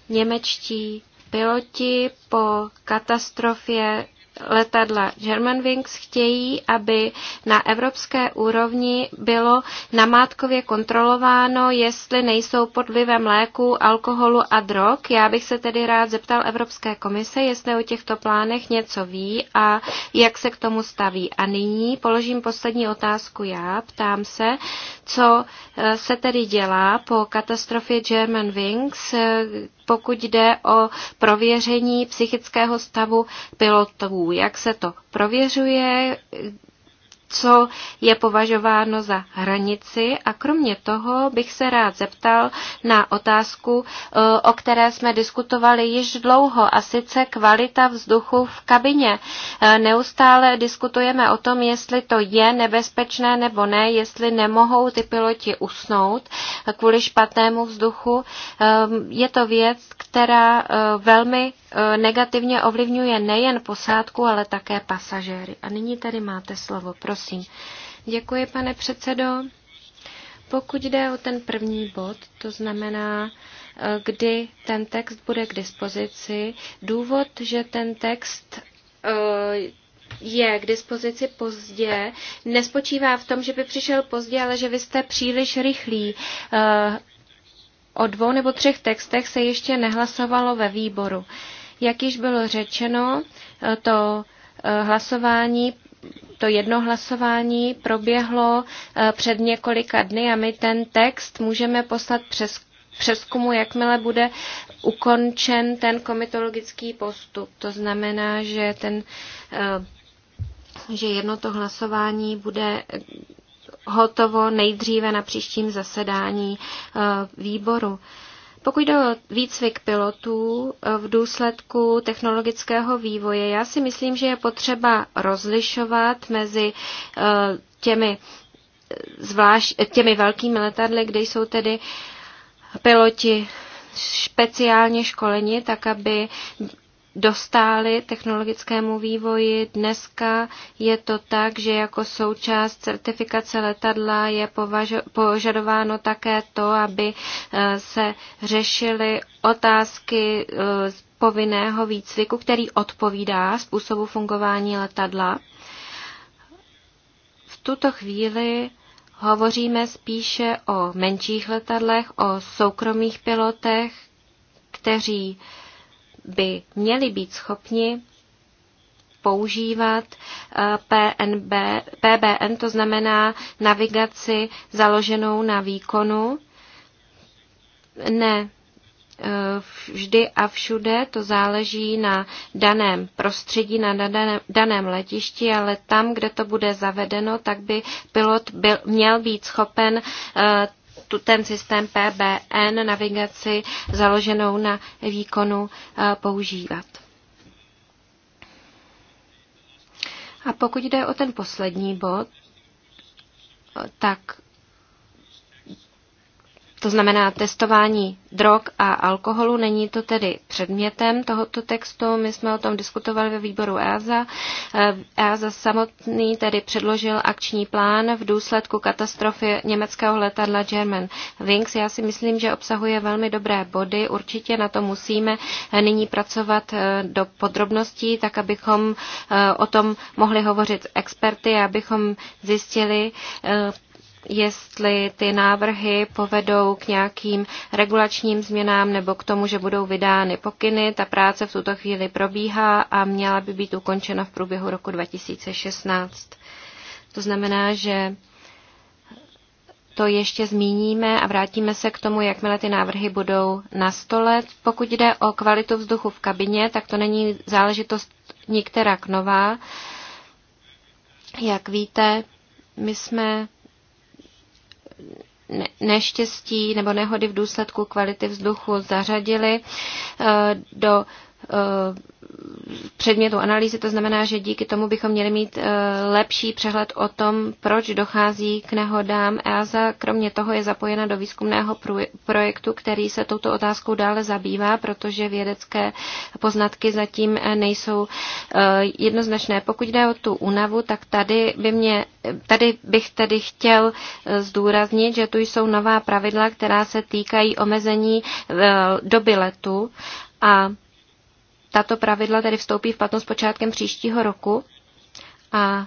S4: němečtí piloti po katastrofě letadla Germanwings chtějí, aby na evropské úrovni bylo namátkově kontrolováno, jestli nejsou pod vlivem léků, alkoholu a drog. Já bych se tedy rád zeptal Evropské komise, jestli o těchto plánech něco ví a jak se k tomu staví. A nyní položím poslední otázku já. Ptám se, co eh, se tedy dělá po katastrofě Germanwings, eh, pokud jde o prověření psychického stavu pilotů. Jak se to prověřuje, co je považováno za hranici a kromě toho bych se rád zeptal na otázku, eh, o které jsme diskutovali již dlouho a sice kvalita vzduchu v kabině. Eh, neustále diskutujeme o tom, jestli to je nebezpečné nebo ne, jestli nemohou ty piloti usnout kvůli špatnému vzduchu. Eh, je to věc, která velmi negativně ovlivňuje nejen posádku, ale také pasažéry. A nyní tady máte slovo, prosím prosím. Děkuji, pane předsedo. Pokud jde o ten první bod, to znamená, eh, kdy ten text bude k dispozici, důvod, že ten text eh, je k dispozici pozdě, nespočívá v tom, že by přišel pozdě, ale že vy jste příliš rychlí. Eh, o dvou nebo třech textech se ještě nehlasovalo ve výboru. Jak již bylo řečeno, to hlasování to jedno hlasování proběhlo eh, před několika dny a my ten text můžeme poslat přes přeskumu, jakmile bude ukončen ten komitologický postup. To znamená, že, ten, eh, že jedno to hlasování bude hotovo nejdříve na příštím zasedání eh, výboru. Pokud jde o výcvik pilotů eh, v důsledku technologického vývoje, já si myslím, že je potřeba rozlišovat mezi eh, těmi, eh, zvlášť, těmi velkými letadly, kde jsou tedy piloti speciálně školeni, tak aby dostály technologickému vývoji. Dneska je to tak, že jako součást certifikace letadla je požadováno také to, aby eh, se řešily otázky eh, povinného výcviku, který odpovídá způsobu fungování letadla. V tuto chvíli hovoříme spíše o menších letadlech, o soukromých pilotech, kteří uh, by měli být schopni používat eh, PNB, PBN, to znamená navigaci založenou na výkonu. Ne eh, vždy a všude, to záleží na daném prostředí, na daném, daném letišti, ale tam, kde to bude zavedeno, tak by pilot byl, měl být schopen eh, tu, ten systém PBN navigaci založenou na výkonu eh, používat. A pokud jde o ten poslední bod, tak to znamená testování drog a alkoholu. Není to tedy předmětem tohoto textu. My jsme o tom diskutovali ve výboru EASA. Eh, EASA samotný tedy předložil akční plán v důsledku katastrofy německého letadla German Wings. Já si myslím, že obsahuje velmi dobré body. Určitě na to musíme eh, nyní pracovat eh, do podrobností, tak abychom o tom mohli hovořit s experty, abychom zjistili, jestli ty návrhy povedou k nějakým regulačním změnám nebo k tomu, že budou vydány pokyny. Ta práce v tuto chvíli probíhá a měla by být ukončena v průběhu roku 2016. To znamená, že to ještě zmíníme a vrátíme se k tomu, jakmile ty návrhy budou na stole. Pokud jde o kvalitu vzduchu v kabině, tak to není záležitost nikterak nová. Jak víte, my jsme neštěstí nebo nehody v důsledku kvality vzduchu zařadili eh, do Eh, předmětu analýzy, to znamená, že díky tomu bychom měli mít eh, lepší přehled o tom, proč dochází k nehodám. EASA kromě toho je zapojena do výzkumného projektu, který se touto otázkou dále zabývá, protože vědecké poznatky zatím eh, nejsou jednoznačné. Pokud jde o tu únavu, tak tady, by mě, tady bych tedy chtěl zdůraznit, že tu jsou nová pravidla, která se týkají omezení doby letu a tato pravidla tedy vstoupí v platnost počátkem příštího roku a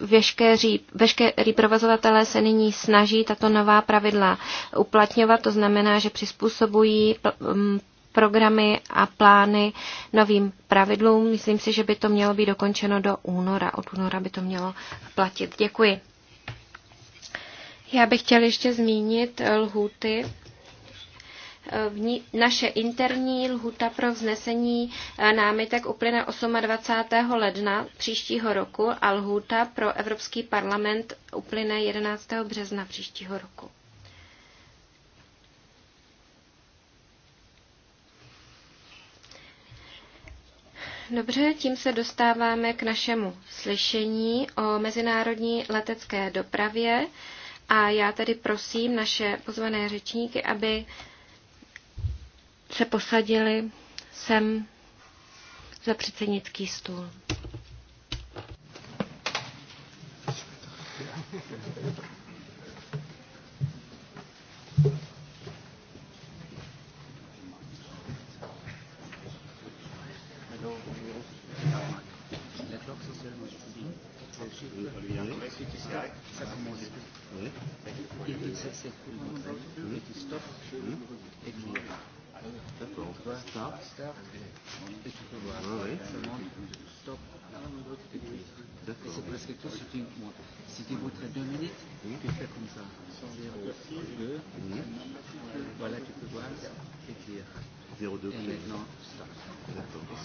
S4: veškerý, veškerý provozovatelé se nyní snaží tato nová pravidla uplatňovat, to znamená, že přizpůsobují mm, programy a plány novým pravidlům. Myslím si, že by to mělo být dokončeno do února. Od února by to mělo platit. Děkuji. Já bych chtěla ještě zmínit lhuty vní, naše interní lhuta pro vznesení eh, námitek uplyne 28. ledna příštího roku a lhuta pro Evropský parlament uplyne 11. března příštího roku. Dobře, tím se dostáváme k našemu slyšení o mezinárodní letecké dopravě a já tedy prosím naše pozvané řečníky, aby se posadili sem za předsednický stůl.
S1: C'est presque tout ce qui Si tu voudrais deux minutes, oui. tu fais comme ça. oui. voilà, tu peux voir, écrire. 02. Et maintenant, stop. D'accord.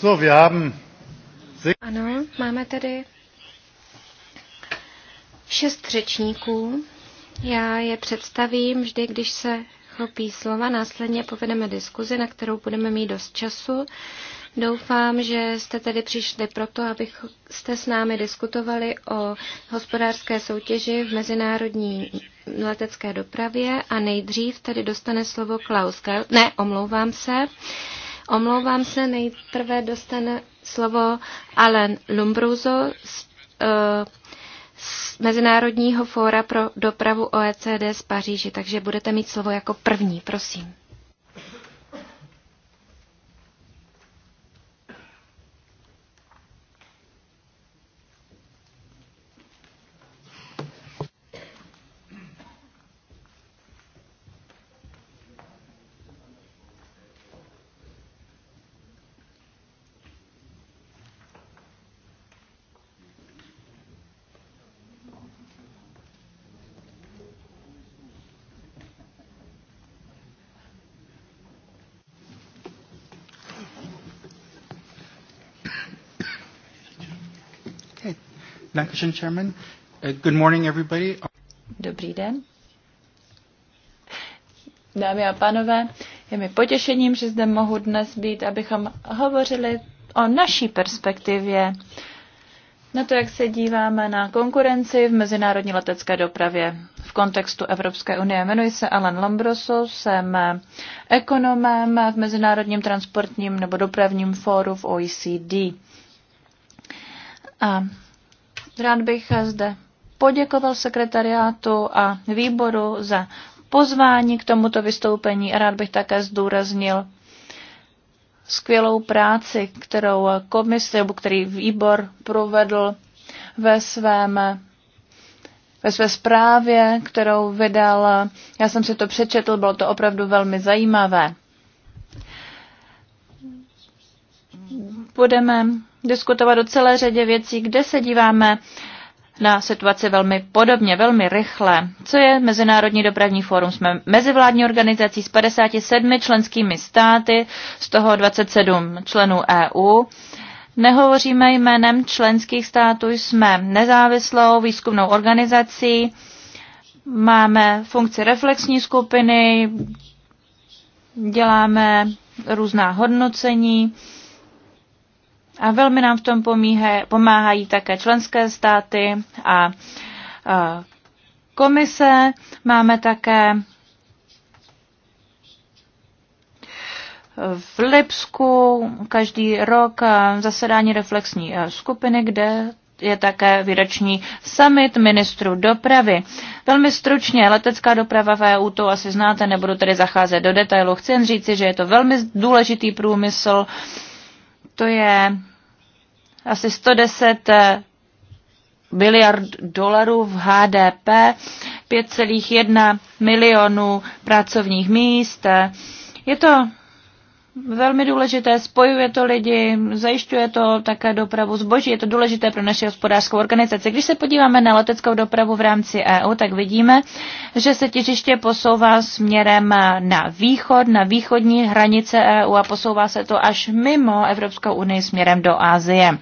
S1: So, wir haben ano, máme tady
S4: šest řečníků. Já je představím vždy, když se chopí slova. Následně povedeme diskuzi, na kterou budeme mít dost času. Doufám, že jste tedy přišli proto, abyste s námi diskutovali o hospodářské soutěži v mezinárodní letecké dopravě a nejdřív tedy dostane slovo Klaus Geld. Ne, omlouvám se. Uh, Omlouvám se, nejprve dostane slovo Alan Lumbruzo z, uh, z Mezinárodního fóra pro dopravu OECD z Paříži, takže budete mít slovo jako první, prosím.
S1: Dankeschön, Chairman. Uh, good morning, everybody. Dobrý den.
S3: Dámy a pánové, je mi potěšením, že zde mohu dnes být, abychom hovořili o naší perspektivě na to, jak se díváme na konkurenci v mezinárodní letecké dopravě v kontextu Evropské unie. Jmenuji se Alan Lombroso, jsem ekonomem v Mezinárodním transportním nebo dopravním fóru v OECD. A Rád bych zde poděkoval sekretariátu a výboru za pozvání k tomuto vystoupení a rád bych také zdůraznil skvělou práci, kterou komise nebo který výbor provedl ve svém ve své zprávě, kterou vydal. Já jsem si to přečetl, bylo to opravdu velmi zajímavé. Budeme diskutovat o celé řadě věcí, kde se díváme na situaci velmi podobně, velmi rychle. Co je Mezinárodní dopravní fórum? Jsme mezivládní organizací s 57 členskými státy, z toho 27 členů EU. Nehovoříme jménem členských států, jsme nezávislou výzkumnou organizací, máme funkci reflexní skupiny, děláme různá hodnocení a velmi nám v tom pomíhe, pomáhají také členské státy a, uh, komise. Máme také v Lipsku každý rok zasedání reflexní skupiny, kde je také výroční summit ministru dopravy. Velmi stručně, letecká doprava v EU, to asi znáte, nebudu tedy zacházet do detailu. Chci jen říci, že je to velmi důležitý průmysl, to je asi 110 eh, miliard dolarů v HDP, 5,1 milionů pracovních míst. Eh, je to velmi důležité, spojuje to lidi, zajišťuje to také dopravu zboží, je to důležité pro naši hospodářskou organizaci. Když se podíváme na leteckou dopravu v rámci EU, tak vidíme, že se těžiště posouvá směrem na východ, na východní hranice EU a posouvá se to až mimo Evropskou unii směrem do Asie.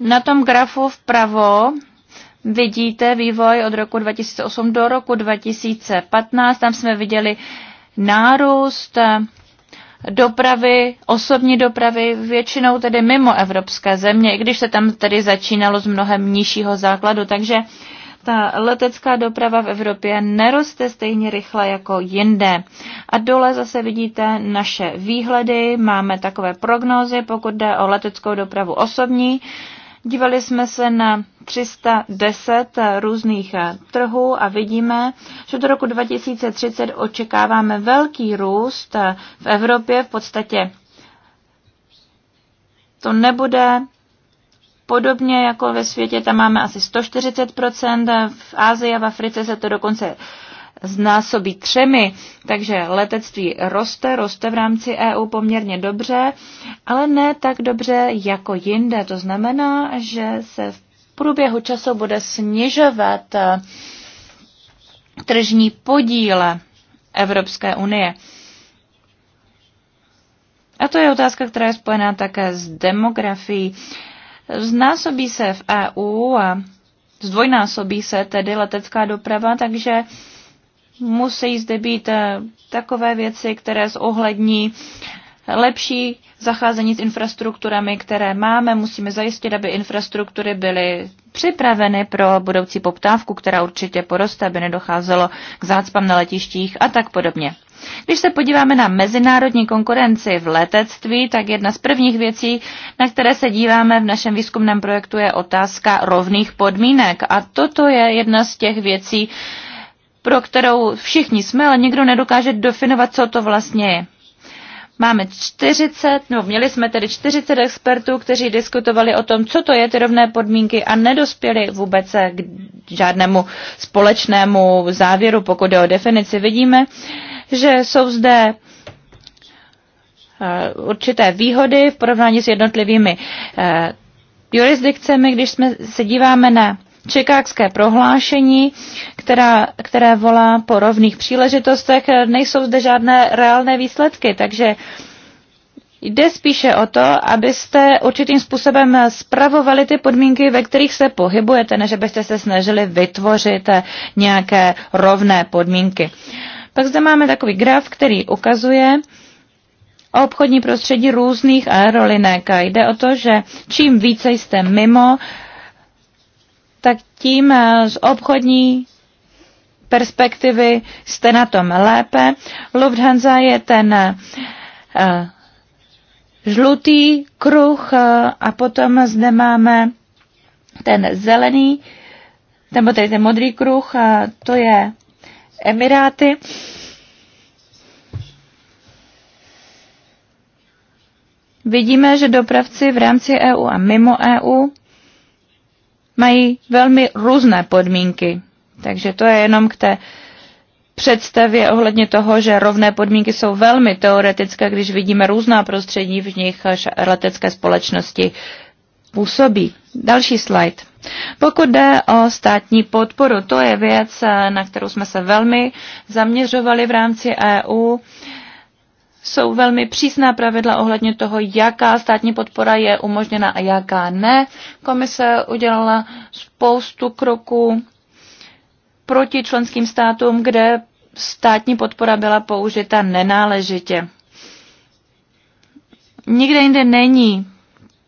S3: Na tom grafu vpravo vidíte vývoj od roku 2008 do roku 2015. Tam jsme viděli nárůst eh, dopravy, osobní dopravy, většinou tedy mimo evropské země, i když se tam tedy začínalo z mnohem nižšího základu, takže ta letecká doprava v Evropě neroste stejně rychle jako jinde. A dole zase vidíte naše výhledy, máme takové prognózy, pokud jde o leteckou dopravu osobní, Dívali jsme se na 310 různých trhů a vidíme, že do roku 2030 očekáváme velký růst v Evropě. V podstatě to nebude podobně jako ve světě, tam máme asi 140%, v Ázii a v Africe se to dokonce znásobí třemi. Takže letectví roste, roste v rámci EU poměrně dobře, ale ne tak dobře jako jinde. To znamená, že se v průběhu času bude snižovat eh, tržní podíl Evropské unie. A to je otázka, která je spojená také s demografií. Znásobí se v EU a zdvojnásobí se tedy letecká doprava, takže Musí zde být eh, takové věci, které zohlední lepší zacházení s infrastrukturami, které máme. Musíme zajistit, aby infrastruktury byly připraveny pro budoucí poptávku, která určitě poroste, aby nedocházelo k zácpám na letištích a tak podobně. Když se podíváme na mezinárodní konkurenci v letectví, tak jedna z prvních věcí, na které se díváme v našem výzkumném projektu, je otázka rovných podmínek. A toto je jedna z těch věcí, pro kterou všichni jsme, ale nikdo nedokáže definovat, co to vlastně je. Máme 40, no měli jsme tedy 40 expertů, kteří diskutovali o tom, co to je ty rovné podmínky a nedospěli vůbec k žádnému společnému závěru, pokud je o definici. Vidíme, že jsou zde eh, určité výhody v porovnání s jednotlivými eh, jurisdikcemi, když jsme se díváme na Čikákské prohlášení, která, které volá po rovných příležitostech, nejsou zde žádné reálné výsledky, takže Jde spíše o to, abyste určitým způsobem spravovali ty podmínky, ve kterých se pohybujete, než abyste se snažili vytvořit nějaké rovné podmínky. Pak zde máme takový graf, který ukazuje o obchodní prostředí různých aerolinek. A jde o to, že čím více jste mimo tak tím eh, z obchodní perspektivy jste na tom lépe. Lufthansa je ten eh, žlutý kruh eh, a potom zde máme ten zelený, Ten tedy ten modrý kruh, to je Emiráty. Vidíme, že dopravci v rámci EU a mimo EU mají velmi různé podmínky. Takže to je jenom k té představě ohledně toho, že rovné podmínky jsou velmi teoretické, když vidíme různá prostředí, v nich letecké společnosti působí. Další slide. Pokud jde o státní podporu, to je věc, na kterou jsme se velmi zaměřovali v rámci EU jsou velmi přísná pravidla ohledně toho, jaká státní podpora je umožněna a jaká ne. Komise udělala spoustu kroků proti členským státům, kde státní podpora byla použita nenáležitě. Nikde jinde není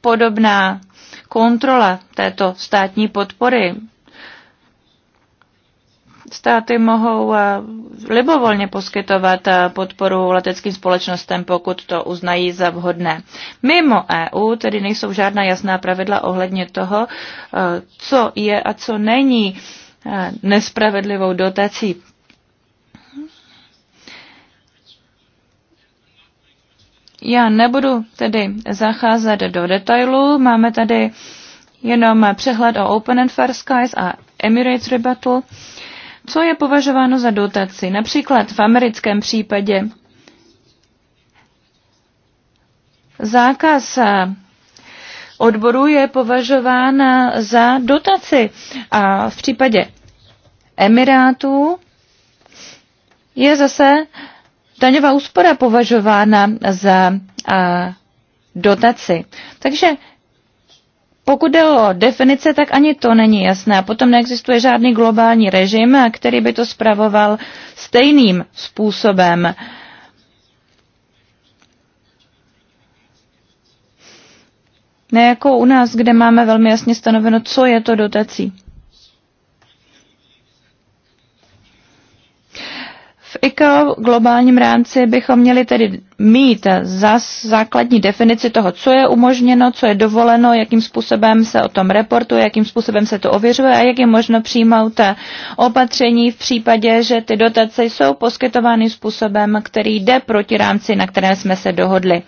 S3: podobná kontrola této státní podpory. Státy mohou eh, libovolně poskytovat eh, podporu leteckým společnostem, pokud to uznají za vhodné. Mimo EU tedy nejsou žádná jasná pravidla ohledně toho, eh, co je a co není nespravedlivou dotací. Já nebudu tedy zacházet do detailů. Máme tady jenom přehled o Open and Fair Skies a Emirates Rebattle co je považováno za dotaci. Například v americkém případě zákaz eh, odboru je považován eh, za dotaci a v případě Emirátů je zase daňová úspora považována za a, eh, dotaci. Takže pokud jde o definice, tak ani to není jasné. A potom neexistuje žádný globální režim, který by to spravoval stejným způsobem. nejako u nás, kde máme velmi jasně stanoveno, co je to dotací. ICAO v globálním rámci bychom měli tedy mít za základní definici toho, co je umožněno, co je dovoleno, jakým způsobem se o tom reportuje, jakým způsobem se to ověřuje a jak je možno přijmout opatření v případě, že ty dotace jsou poskytovány způsobem, který jde proti rámci, na kterém jsme se dohodli.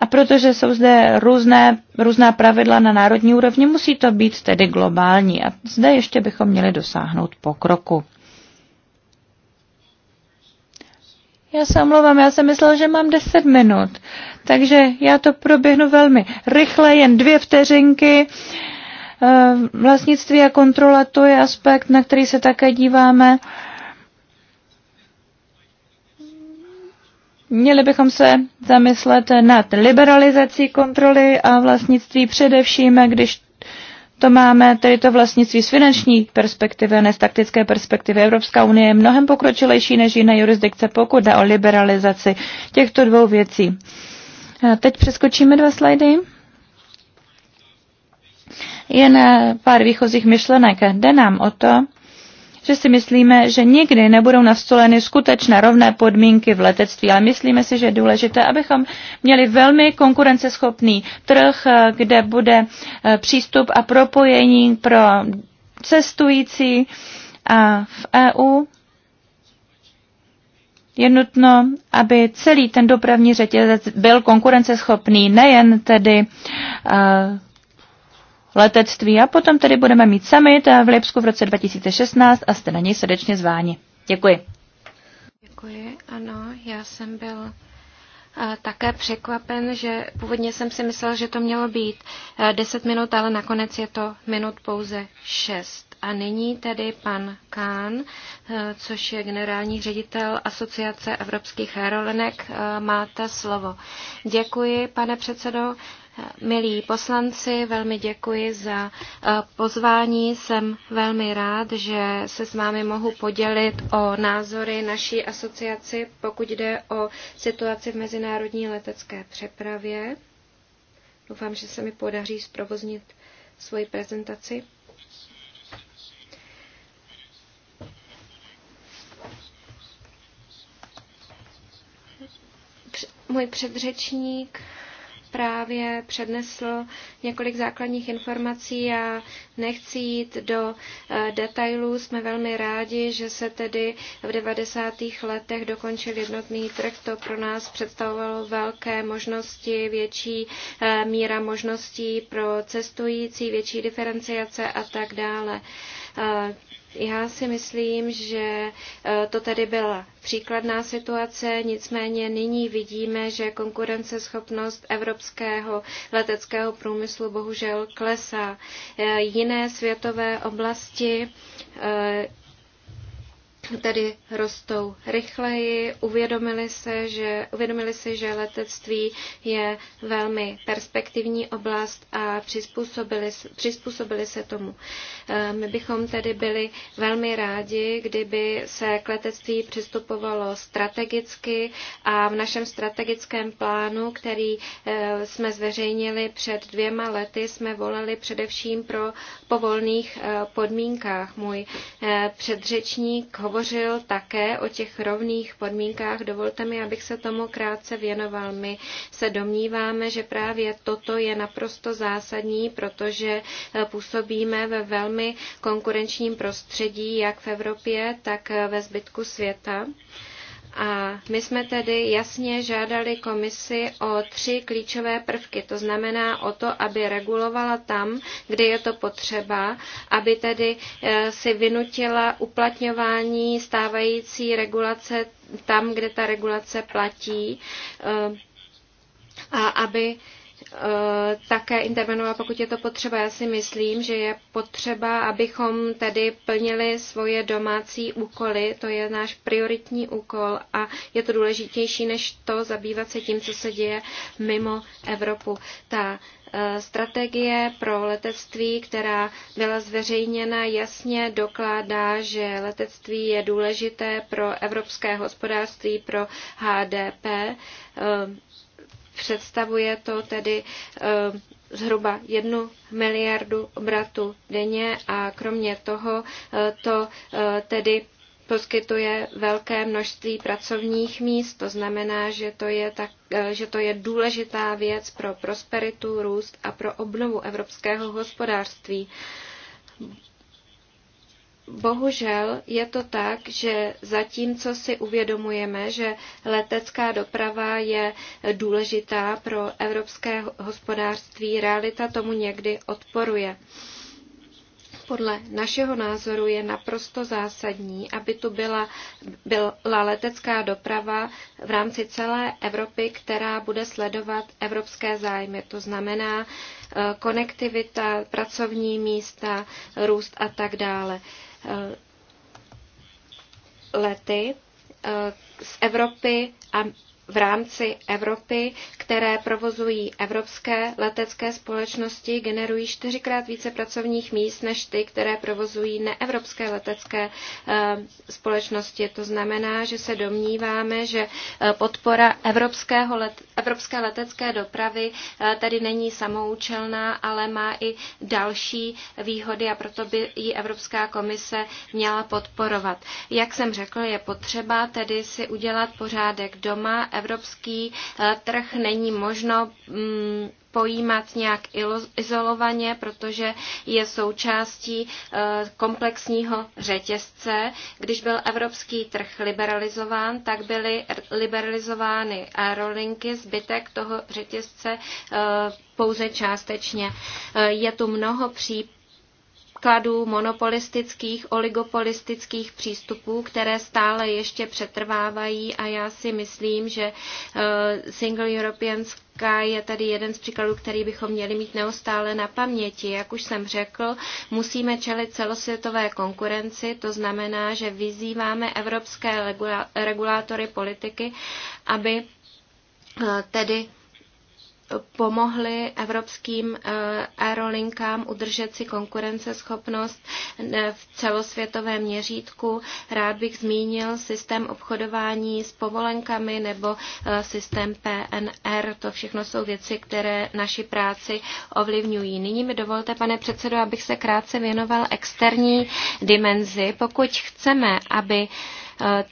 S3: A protože jsou zde různé, různá pravidla na národní úrovni, musí to být tedy globální. A zde ještě bychom měli dosáhnout pokroku. Já se omlouvám, já jsem myslel, že mám 10 minut, takže já to proběhnu velmi rychle, jen dvě vteřinky. Eh, vlastnictví a kontrola, to je aspekt, na který se také díváme. Měli bychom se zamyslet nad liberalizací kontroly a vlastnictví především, když to máme tedy to vlastnictví z finanční perspektivy, ne z taktické perspektivy. Evropská unie je mnohem pokročilejší než jiné jurisdikce, pokud jde o liberalizaci těchto dvou věcí. A teď přeskočíme dva slajdy. Jen pár výchozích myšlenek. Jde nám o to, že si myslíme, že nikdy nebudou nastoleny skutečné rovné podmínky v letectví, ale myslíme si, že je důležité, abychom měli velmi konkurenceschopný trh, eh, kde bude eh, přístup a propojení pro cestující a v EU je nutno, aby celý ten dopravní řetězec byl konkurenceschopný, nejen tedy uh, letectví a potom tedy budeme mít summit eh, v Lipsku v roce 2016 a jste na něj srdečně zváni. Děkuji.
S4: Děkuji, ano, já jsem byl eh, také překvapen, že původně jsem si myslel, že to mělo být 10 eh, minut, ale nakonec je to minut pouze 6. A nyní tedy pan Kán, což je generální ředitel Asociace evropských aerolinek. Máte slovo. Děkuji, pane předsedo. Milí poslanci, velmi děkuji za eh, pozvání. Jsem velmi rád, že se s vámi mohu podělit o názory naší asociaci, pokud jde o situaci v mezinárodní letecké přepravě. Doufám, že se mi podaří zprovoznit svoji prezentaci. Můj předřečník právě přednesl několik základních informací. a nechci jít do eh, detailů. Jsme velmi rádi, že se tedy v 90. letech dokončil jednotný trh. To pro nás představovalo velké možnosti, větší eh, míra možností pro cestující, větší diferenciace a tak dále. Eh, já si myslím, že eh, to tady byla příkladná situace, nicméně nyní vidíme, že konkurenceschopnost evropského leteckého průmyslu bohužel klesá. Eh, jiné světové oblasti eh, tedy rostou rychleji, uvědomili, se, že, uvědomili se, že letectví je velmi perspektivní oblast a přizpůsobili, přizpůsobili se tomu. Eh, my bychom tedy byli velmi rádi, kdyby se k letectví přistupovalo strategicky a v našem strategickém plánu, který eh, jsme zveřejnili před dvěma lety, jsme volali především pro povolných eh, podmínkách. Můj předřečník hovořil také o těch rovných podmínkách. Dovolte mi, abych se tomu krátce věnoval. My se domníváme, že právě toto je naprosto zásadní, protože eh, působíme ve velmi konkurenčním prostředí, jak v Evropě, tak eh, ve zbytku světa. A my jsme tedy jasně žádali komisi o tři klíčové prvky. To znamená o to, aby regulovala tam, kde je to potřeba, aby tedy eh, si vynutila uplatňování stávající regulace tam, kde ta regulace platí eh, a aby Eh, také intervenovat, pokud je to potřeba. Já si myslím, že je potřeba, abychom tedy plnili svoje domácí úkoly. To je náš prioritní úkol a je to důležitější, než to zabývat se tím, co se děje mimo Evropu. Ta eh, strategie pro letectví, která byla zveřejněna, jasně dokládá, že letectví je důležité pro evropské hospodářství, pro HDP eh, Představuje to tedy eh, zhruba jednu miliardu obratu denně a kromě toho eh, to eh, tedy poskytuje velké množství pracovních míst, to znamená, že to je, tak, že to je důležitá věc pro prosperitu, růst a pro obnovu evropského hospodářství. Bohužel je to tak, že zatímco si uvědomujeme, že letecká doprava je důležitá pro evropské hospodářství, realita tomu někdy odporuje. Podle našeho názoru je naprosto zásadní, aby tu byla, byla letecká doprava v rámci celé Evropy, která bude sledovat evropské zájmy. To znamená eh, konektivita, pracovní místa, růst a tak dále. Eh, lety eh, z Evropy a v rámci Evropy, které provozují evropské letecké společnosti, generují čtyřikrát více pracovních míst než ty, které provozují neevropské letecké eh, společnosti. To znamená, že se domníváme, že eh, podpora evropského let, evropské letecké dopravy eh, tady není samoučelná, ale má i další výhody a proto by ji Evropská komise měla podporovat. Jak jsem řekl, je potřeba tedy si udělat pořádek doma, evropský eh, trh není možno mm, pojímat nějak izolovaně, protože je součástí eh, komplexního řetězce. Když byl evropský trh liberalizován, tak byly liberalizovány aerolinky, zbytek toho řetězce eh, pouze částečně. Je tu mnoho případů, příkladů monopolistických, oligopolistických přístupů, které stále ještě přetrvávají a já si myslím, že eh, Single European Sky je tady jeden z příkladů, který bychom měli mít neustále na paměti. Jak už jsem řekl, musíme čelit celosvětové konkurenci, to znamená, že vyzýváme evropské regulátory politiky, aby eh, tedy pomohly evropským eh, aerolinkám udržet si konkurenceschopnost eh, v celosvětovém měřítku. Rád bych zmínil systém obchodování s povolenkami nebo eh, systém PNR. To všechno jsou věci, které naši práci ovlivňují. Nyní mi dovolte, pane předsedo, abych se krátce věnoval externí dimenzi. Pokud chceme, aby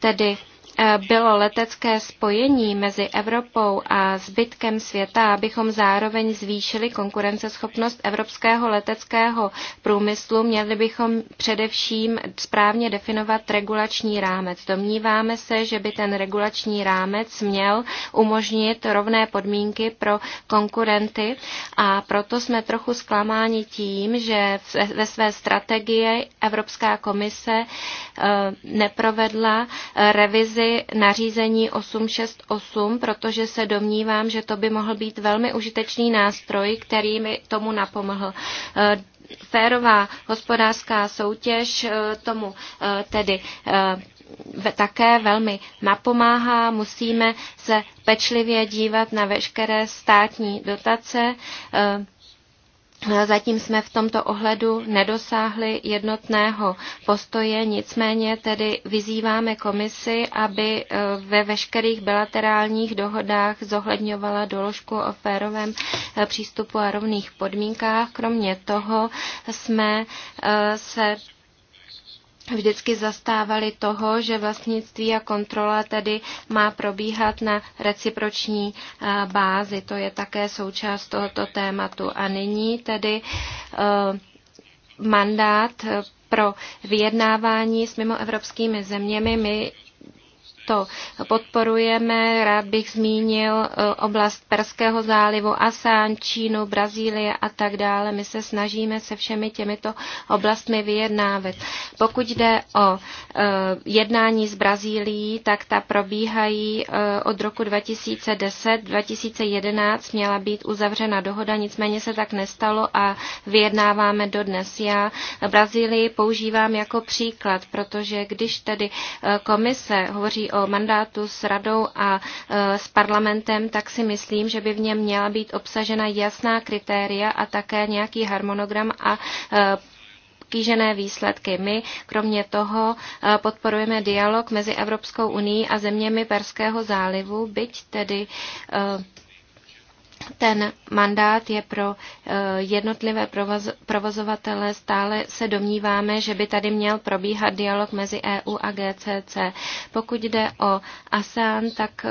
S4: tedy Eh, bylo letecké spojení mezi Evropou a zbytkem světa, abychom zároveň zvýšili konkurenceschopnost evropského leteckého průmyslu, měli bychom především správně definovat regulační rámec. Domníváme se, že by ten regulační rámec měl umožnit rovné podmínky pro konkurenty a proto jsme trochu zklamáni tím, že ve své strategii Evropská komise eh, neprovedla revizi revizi nařízení 868, protože se domnívám, že to by mohl být velmi užitečný nástroj, který mi tomu napomohl. Eh, férová hospodářská soutěž eh, tomu eh, tedy také velmi napomáhá. Musíme se pečlivě dívat na veškeré státní dotace. Zatím jsme v tomto ohledu nedosáhli jednotného postoje, nicméně tedy vyzýváme komisi, aby eh, ve veškerých bilaterálních dohodách zohledňovala doložku o férovém eh, přístupu a rovných podmínkách. Kromě toho jsme eh, se vždycky zastávali toho, že vlastnictví a kontrola tedy má probíhat na reciproční eh, bázi. To je také součást tohoto tématu. A nyní tedy eh, mandát eh, pro vyjednávání s mimoevropskými zeměmi. My to podporujeme. Rád bych zmínil eh, oblast Perského zálivu, Asán, Čínu, Brazílie a tak dále. My se snažíme se všemi těmito oblastmi vyjednávat. Pokud jde o eh, jednání s Brazílií, tak ta probíhají eh, od roku 2010. 2011 měla být uzavřena dohoda, nicméně se tak nestalo a vyjednáváme dodnes. Já Brazílii používám jako příklad, protože když tedy komise hovoří o mandátu s radou a e, s parlamentem, tak si myslím, že by v něm měla být obsažena jasná kritéria a také nějaký harmonogram a e, kýžené výsledky. My kromě toho e, podporujeme dialog mezi Evropskou unii a zeměmi Perského zálivu, byť tedy ten mandát je pro eh, jednotlivé provozovatele. Stále se domníváme, že by tady měl probíhat dialog mezi EU a GCC. Pokud jde o ASEAN, tak eh,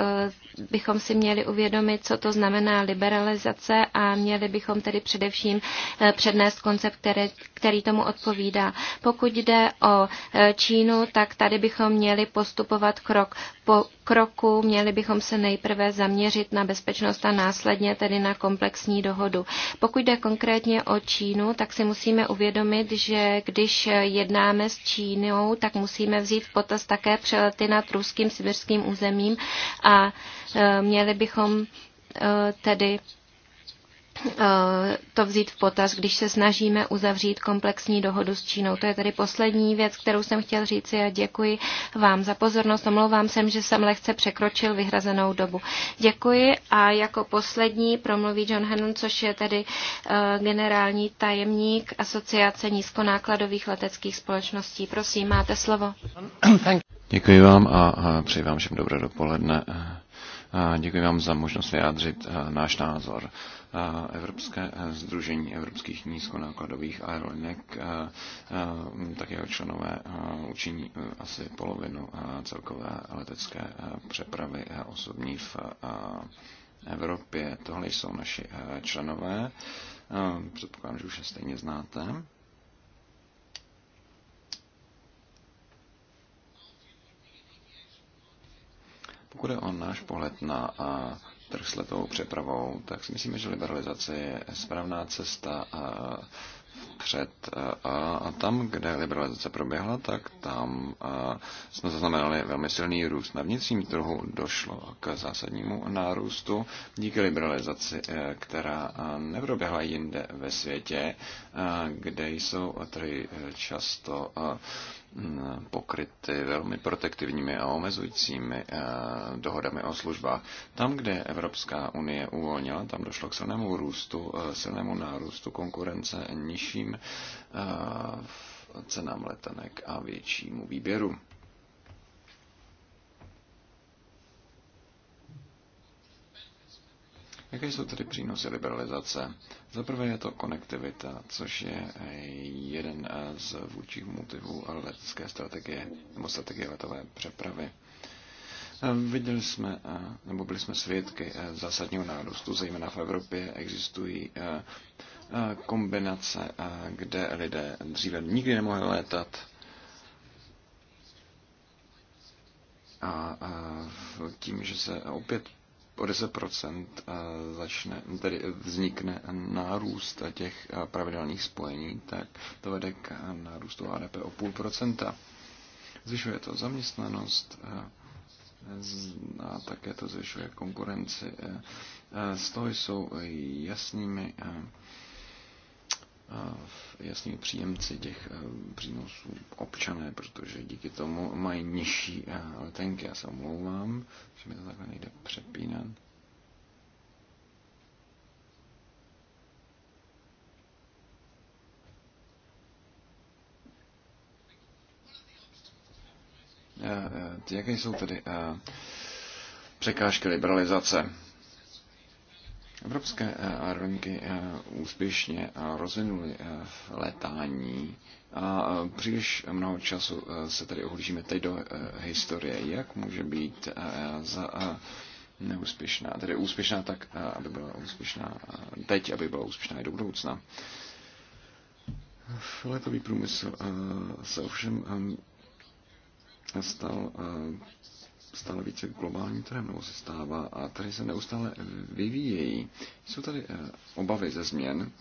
S4: bychom si měli uvědomit, co to znamená liberalizace a měli bychom tedy především eh, přednést koncept, který, který tomu odpovídá. Pokud jde o Čínu, tak tady bychom měli postupovat krok po kroku měli bychom se nejprve zaměřit na bezpečnost a následně tedy na komplexní dohodu. Pokud jde konkrétně o Čínu, tak si musíme uvědomit, že když jednáme s Čínou, tak musíme vzít v potaz také přelety nad ruským sibirským územím a e, měli bychom e, tedy Eh, to vzít v potaz, když se snažíme uzavřít komplexní dohodu s Čínou. To je tedy poslední věc, kterou jsem chtěl říci a děkuji vám za pozornost. Omlouvám se, že jsem lehce překročil vyhrazenou dobu. Děkuji a jako poslední promluví John Hennon, což je tedy eh, generální tajemník Asociace nízkonákladových leteckých společností. Prosím, máte slovo.
S2: Děkuji vám a přeji vám všem dobré dopoledne. Eh, děkuji vám za možnost vyjádřit náš názor. Evropské združení eh, evropských nízkonákladových aerolinek, eh, eh, tak jeho členové učiní asi polovinu celkové letecké přepravy osobní v Evropě. Tohle jsou naši členové. Předpokládám, že už je stejně znáte. Pokud je o náš pohled na trh s letovou přepravou, tak si myslíme, že liberalizace je správná cesta a před a, a tam, kde liberalizace proběhla, tak tam a, jsme zaznamenali velmi silný růst. Na vnitřním trhu došlo k zásadnímu nárůstu díky liberalizaci, e, která neproběhla jinde ve světě, a, kde jsou trhy e, často a, pokryty velmi protektivními a omezujícími eh, dohodami o službách. Tam, kde Evropská unie uvolnila, tam došlo k silnému růstu, eh, silnému nárůstu konkurence nižším eh, cenám letenek a většímu výběru. Jaké jsou tedy přínosy liberalizace? Za prvé je to konektivita, což je eh, jeden eh, z vůčích motivů letecké strategie nebo strategie letové přepravy. Eh, viděli jsme, nebo byli jsme svědky zásadního nárůstu, zejména v Evropě existují kombinace, kde lidé dříve nikdy nemohli létat a tím, že se opět o 10% eh, začne, tedy vznikne nárůst těch eh, pravidelných spojení, tak to vede k eh, nárůstu HDP o půl procenta. Zvyšuje to zaměstnanost a také to zvyšuje konkurenci. Z toho jsou jasnými jasně příjemci těch eh, přínosů občané, protože díky tomu mají nižší eh, letenky. Já se omlouvám, že mi to takhle nejde přepínat. Eh, jaké jsou tedy překážky liberalizace? Evropské eh, aerolinky eh, úspěšně eh, rozvinuly v létání a příliš mnoho času se tady ohlížíme teď do historie, jak může být za neúspěšná, tedy úspěšná tak, aby byla úspěšná teď, aby byla úspěšná i do budoucna. Letový průmysl se ovšem stal stále více globální, trhem, nebo se stává a tady se neustále vyvíjejí. Jsou tady eh, obavy ze změn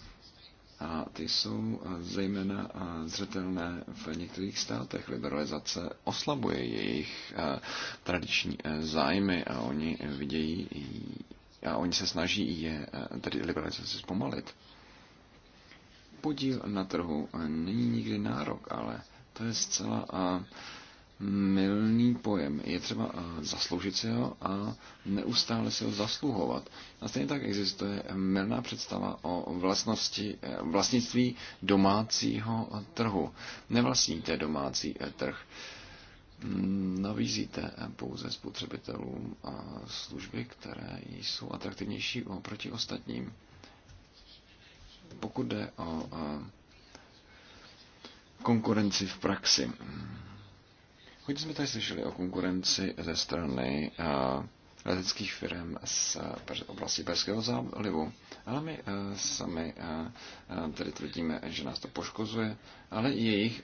S2: a ty jsou eh, zejména eh, zřetelné v některých státech. Liberalizace oslabuje jejich tradiční zájmy a oni vidějí a oni se snaží je, tedy liberalizaci zpomalit. Podíl na trhu není nikdy nárok, ale to je zcela milný pojem. Je třeba eh, zasloužit si ho a neustále si ho zasluhovat. A stejně tak existuje milná představa o vlastnosti, eh, vlastnictví domácího trhu. Nevlastníte domácí eh, trh. Mm, Navízíte pouze spotřebitelům služby, které jsou atraktivnější oproti ostatním. Pokud jde o konkurenci v praxi. Hodně jsme tady slyšeli o konkurenci ze strany eh, leteckých firm z eh, oblasti Perského zálivu. Ale my eh, sami tedy tvrdíme, že nás to poškozuje, ale jejich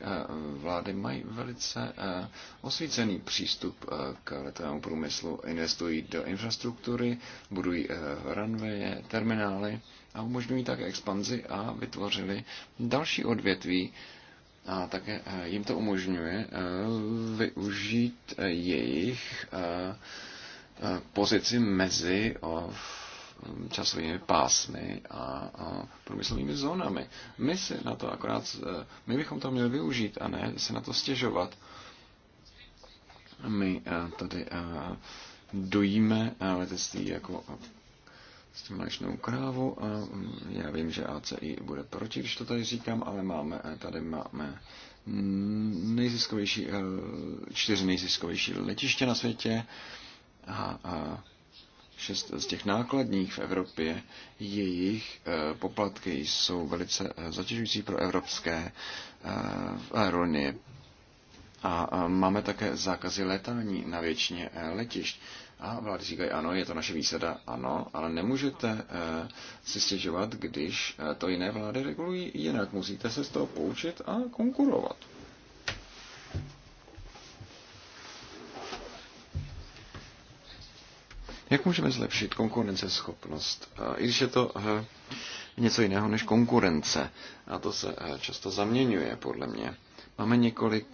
S2: vlády mají velice osvícený přístup k letovému průmyslu. Investují do infrastruktury, budují runwaye, terminály a umožňují tak expanzi a vytvořili další odvětví, a také eh, jim to umožňuje eh, využít eh, jejich pozici mezi časovými pásmy a průmyslovými zónami. My si na to akorát, my bychom to měli využít a ne se na to stěžovat. My tady dojíme letectví jako mléčnou krávu. A mm, já vím, že ACI bude proti, když to tady říkám, ale máme, eh, tady máme nejziskovější, eh, čtyři nejziskovější letiště na světě a, a šest z těch nákladních v Evropě, jejich eh, poplatky jsou velice zatěžující pro evropské aerolinie. A máme také zákazy letání na většině letišť. A vlády říkají, ano, je to naše výsada, ano, ale nemůžete eh, si stěžovat, když eh, to jiné vlády regulují jinak. Musíte se z toho poučit a konkurovat. Jak můžeme zlepšit konkurenceschopnost? Eh, I když je to něco jiného než konkurence. A to se často zaměňuje, podle mě. Máme několik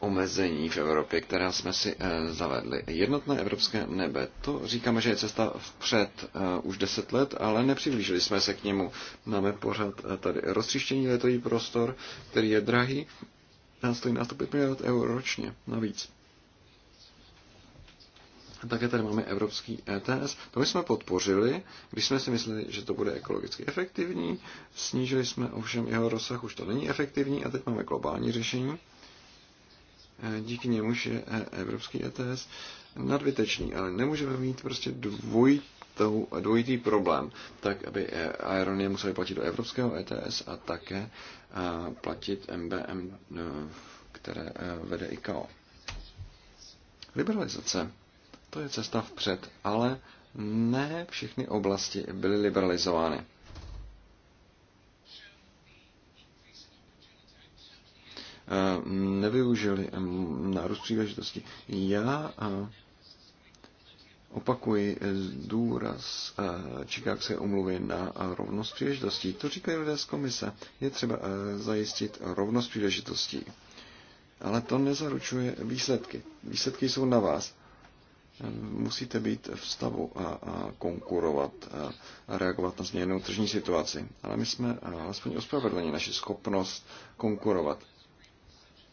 S2: omezení v Evropě, která jsme si eh, zavedli. Jednotné evropské nebe, to říkáme, že je cesta vpřed eh, už deset let, ale nepřiblížili jsme se k němu. Máme pořád eh, tady roztřištění letový prostor, který je drahý, a stojí nás to 5 miliard eur ročně navíc. A také tady máme evropský ETS. To my jsme podpořili, když jsme si mysleli, že to bude ekologicky efektivní. Snížili jsme ovšem jeho rozsah, už to není efektivní a teď máme globální řešení díky němuž e, e je evropský ETS nadbytečný, ale nemůžeme mít prostě dvoj, dvojitý problém, tak aby e, aeronie museli platit do evropského ETS a také platit MBM, které vede ICAO. Liberalizace. To je cesta vpřed, ale ne všechny oblasti byly liberalizovány. nevyužili nárůst příležitostí. Já opakuji důraz Čikákské umluvy na rovnost příležitostí. To říkají lidé z komise. Je třeba zajistit rovnost příležitostí. Ale to nezaručuje výsledky. Výsledky jsou na vás. Musíte být v stavu a, a konkurovat a, a reagovat na změněnou tržní situaci. Ale my jsme alespoň ospravedleni naši schopnost konkurovat.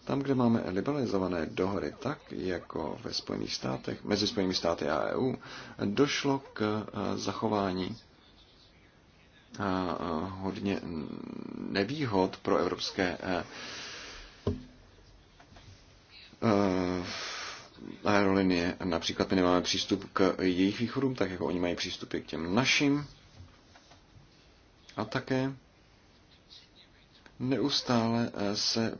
S2: Tam, kde máme liberalizované dohody, tak jako ve Spojených státech, mezi Spojenými státy a EU, došlo k eh, zachování eh, hodně nevýhod pro evropské eh, aerolinie. Například my nemáme přístup k jejich východům, tak jako oni mají přístupy k těm našim. A také neustále se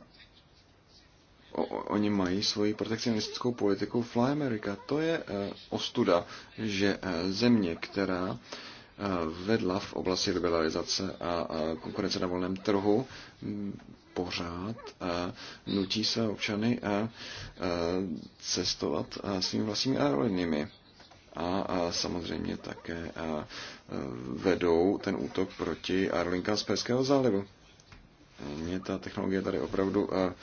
S2: o, oni mají svoji protekcionistickou politiku Fly America. To je eh, ostuda, že eh, země, která eh, vedla v oblasti liberalizace a konkurence na volném trhu, mm, pořád nutí své občany cestovat svými vlastními aeroliniemi. A samozřejmě také vedou ten útok proti aerolinkám z Perského zálivu. Mě ta technologie tady opravdu eh,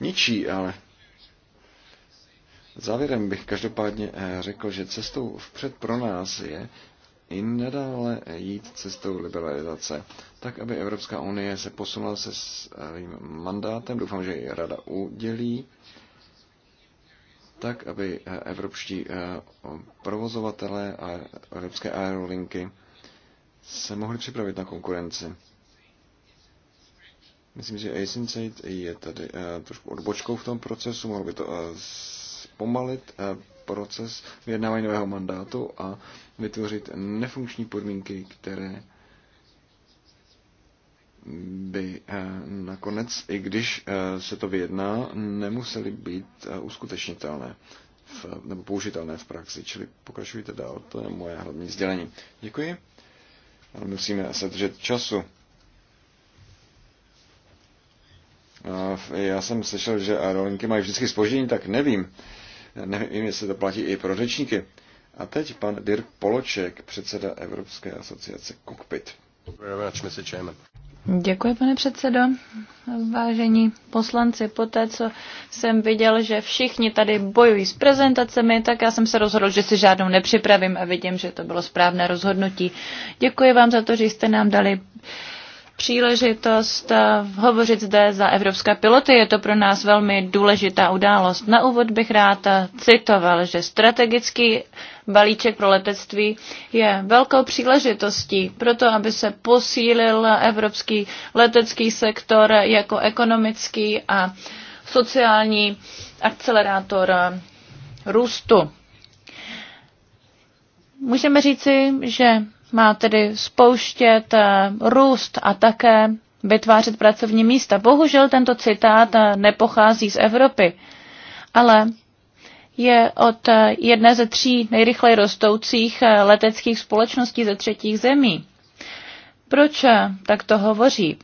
S2: ničí, ale závěrem bych každopádně eh, řekl, že cestou vpřed pro nás je i nadále jít cestou liberalizace, tak aby Evropská unie se posunula se svým eh, mandátem, doufám, že ji rada udělí, tak aby evropští provozovatelé a evropské aerolinky se mohli připravit na konkurenci. Myslím, že Asinsate je tady eh, trošku odbočkou v tom procesu, mohlo by to eh, zpomalit eh, proces vyjednávání nového mandátu a vytvořit nefunkční podmínky, které by nakonec, i když se to vyjedná, nemusely být uskutečnitelné v, nebo použitelné v praxi. Čili pokračujte dál, to je moje hlavní sdělení. Děkuji. Musíme se držet času. Já jsem slyšel, že aerolinky mají vždycky spoždění, tak nevím. Nevím, jestli to platí i pro řečníky. A teď pan Dirk Poloček, předseda Evropské asociace Cockpit.
S3: Děkuji, pane předsedo. Vážení poslanci, po té, co jsem viděl, že všichni tady bojují s prezentacemi, tak já jsem se rozhodl, že si žádnou nepřipravím a vidím, že to bylo správné rozhodnutí. Děkuji vám za to, že jste nám dali příležitost eh, hovořit zde za evropské piloty. Je to pro nás velmi důležitá událost. Na úvod bych rád eh, citoval, že strategický balíček pro letectví je velkou příležitostí pro to, aby se posílil evropský letecký sektor jako ekonomický a sociální akcelerátor eh, růstu. Můžeme říci, že má tedy spouštět eh, růst a také vytvářet pracovní místa. Bohužel tento citát eh, nepochází z Evropy, ale je od eh, jedné ze tří nejrychleji rostoucích leteckých společností ze třetích zemí. Proč takto hovoří?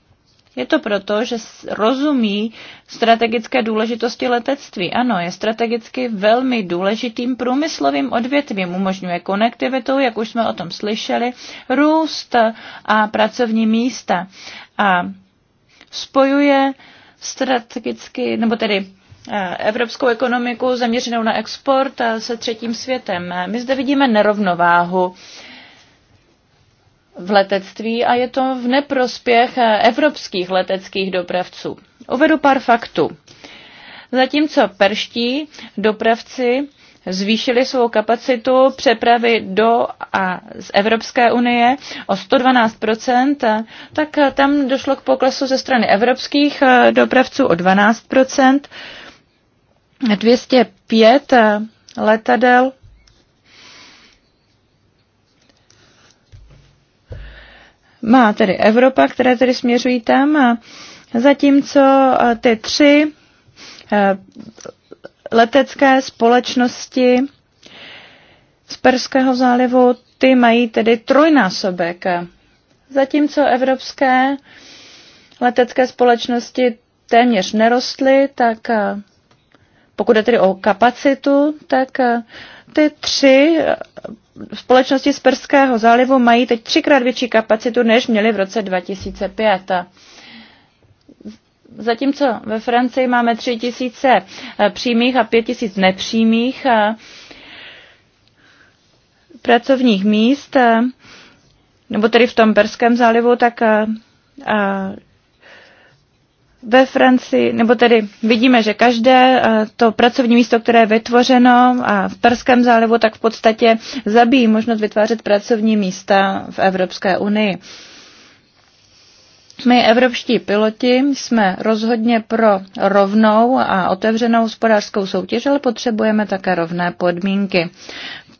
S3: Je to proto, že rozumí strategické důležitosti letectví. Ano, je strategicky velmi důležitým průmyslovým odvětvím. Umožňuje konektivitu, jak už jsme o tom slyšeli, růst a pracovní místa. A spojuje strategicky, nebo tedy eh, evropskou ekonomiku zaměřenou na export eh, se třetím světem. My zde vidíme nerovnováhu v letectví a je to v neprospěch eh, evropských leteckých dopravců. Uvedu pár faktů. Zatímco perští dopravci zvýšili svou kapacitu přepravy do a z Evropské unie o 112%, eh, tak eh, tam došlo k poklesu ze strany evropských dopravců o 12%, 205 letadel má tedy Evropa, které tedy směřují tam, a zatímco eh, ty tři eh, letecké společnosti z Perského zálivu, ty mají tedy trojnásobek. Zatímco evropské letecké společnosti téměř nerostly, tak eh, pokud je tedy o kapacitu, tak eh, ty tři eh, společnosti z Perského zálivu mají teď třikrát větší kapacitu, než měly v roce 2005. Zatímco ve Francii máme 3 tisíce eh, přímých a 5 tisíc nepřímých pracovních míst, nebo tedy v tom Perském zálivu, tak ve Francii, nebo tedy vidíme, že každé eh, to pracovní místo, které je vytvořeno a v Perském zálivu, tak v podstatě zabíjí možnost vytvářet pracovní místa v Evropské unii. My, evropští piloti, jsme rozhodně pro rovnou a otevřenou hospodářskou soutěž, ale potřebujeme také rovné podmínky.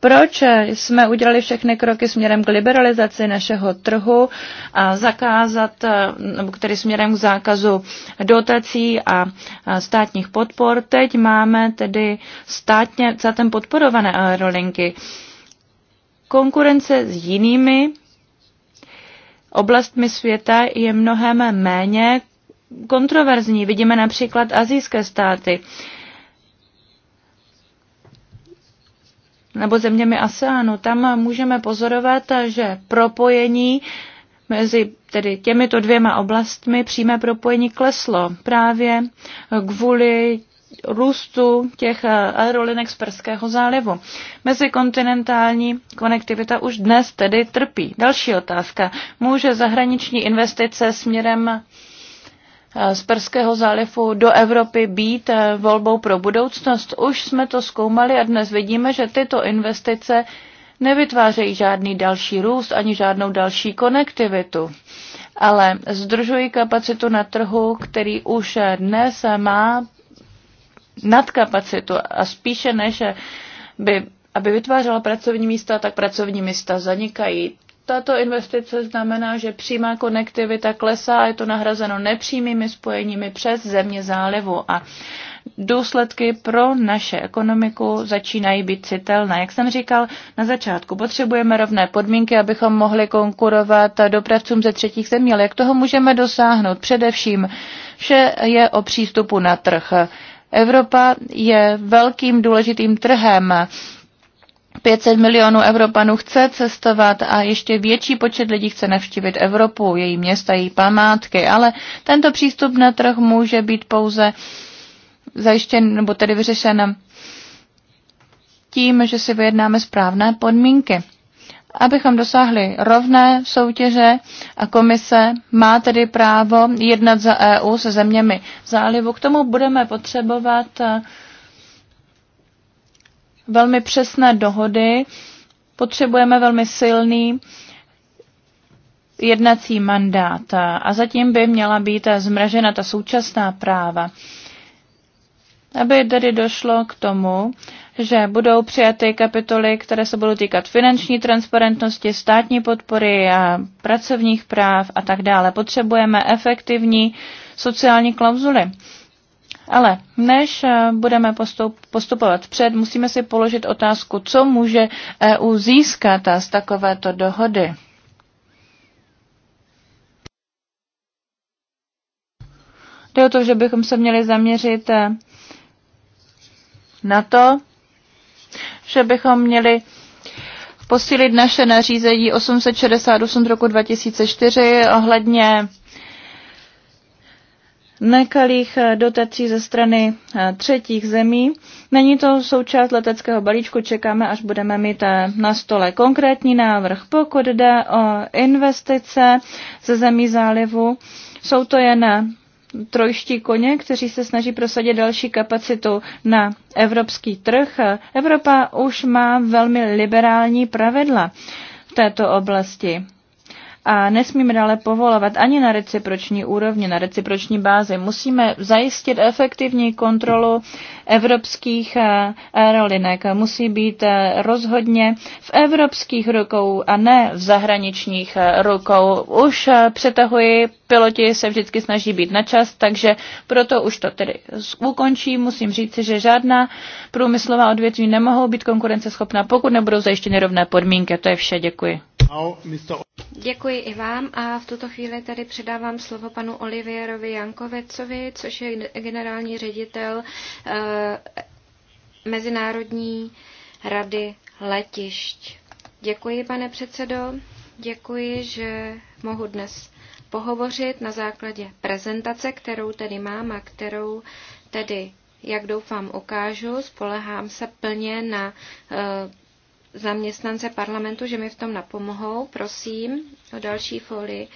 S3: Proč jsme udělali všechny kroky směrem k liberalizaci našeho trhu a zakázat, eh, nebo který směrem k zákazu dotací a státních podpor? Teď máme tedy státně celkem podporované aerolinky. Konkurence s jinými oblastmi světa je mnohem méně kontroverzní. Vidíme například azijské státy. nebo zeměmi ASEANu, tam můžeme pozorovat, že propojení mezi tedy těmito dvěma oblastmi přímé propojení kleslo právě kvůli růstu těch eh, aerolinek z Perského zálivu. Mezikontinentální konektivita už dnes tedy trpí. Další otázka. Může zahraniční investice směrem Eh, z Perského zálivu do Evropy být eh, volbou pro budoucnost. Už jsme to zkoumali a dnes vidíme, že tyto investice nevytvářejí žádný další růst ani žádnou další konektivitu, ale zdržují kapacitu na trhu, který už dnes má nadkapacitu a spíše než eh, by aby vytvářela pracovní místa, tak pracovní místa zanikají tato investice znamená, že přímá konektivita klesá a je to nahrazeno nepřímými spojeními přes země zálivu a důsledky pro naše ekonomiku začínají být citelné. Jak jsem říkal na začátku, potřebujeme rovné podmínky, abychom mohli konkurovat dopravcům ze třetích zemí, ale jak toho můžeme dosáhnout? Především vše je o přístupu na trh. Evropa je velkým důležitým trhem 500 milionů Evropanů chce cestovat a ještě větší počet lidí chce navštívit Evropu, její města, její památky, ale tento přístup na trh může být pouze zajištěn nebo tedy vyřešen tím, že si vyjednáme správné podmínky. Abychom dosáhli rovné soutěže a komise má tedy právo jednat za EU se zeměmi zálivu, k tomu budeme potřebovat velmi přesné dohody, potřebujeme velmi silný jednací mandát a zatím by měla být zmražena ta současná práva. Aby tedy došlo k tomu, že budou přijaty kapitoly, které se budou týkat finanční transparentnosti, státní podpory a pracovních práv a tak dále. Potřebujeme efektivní sociální klauzuly. Ale než eh, budeme postup, postupovat před, musíme si položit otázku, co může EU získat z takovéto dohody. Jde o to, že bychom se měli zaměřit eh, na to, že bychom měli posílit naše nařízení 868 roku 2004 ohledně nekalých eh, dotací ze strany eh, třetích zemí. Není to součást leteckého balíčku, čekáme, až budeme mít eh, na stole konkrétní návrh. Pokud jde o investice ze zemí zálivu, jsou to jen trojští koně, kteří se snaží prosadit další kapacitu na evropský trh. Evropa už má velmi liberální pravidla v této oblasti a nesmíme dále povolovat ani na reciproční úrovni, na reciproční bázi. Musíme zajistit efektivní kontrolu evropských aerolinek eh, musí být eh, rozhodně v evropských rukou a ne v zahraničních eh, rukou. Už přetahuji, piloti se vždycky snaží být na čas, takže proto už to tedy ukončím. Musím říct, že žádná průmyslová odvětví nemohou být konkurenceschopná, pokud nebudou zajištěny rovné podmínky. To je vše, děkuji.
S4: Děkuji i vám a v tuto chvíli tady předávám slovo panu Olivierovi Jankovecovi, což je generální ředitel Eh, Mezinárodní rady letišť. Děkuji, pane předsedo. Děkuji, že mohu dnes pohovořit na základě prezentace, kterou tedy mám a kterou tedy, jak doufám, ukážu. Spolehám se plně na eh, zaměstnance parlamentu, že mi v tom napomohou. Prosím o další folii.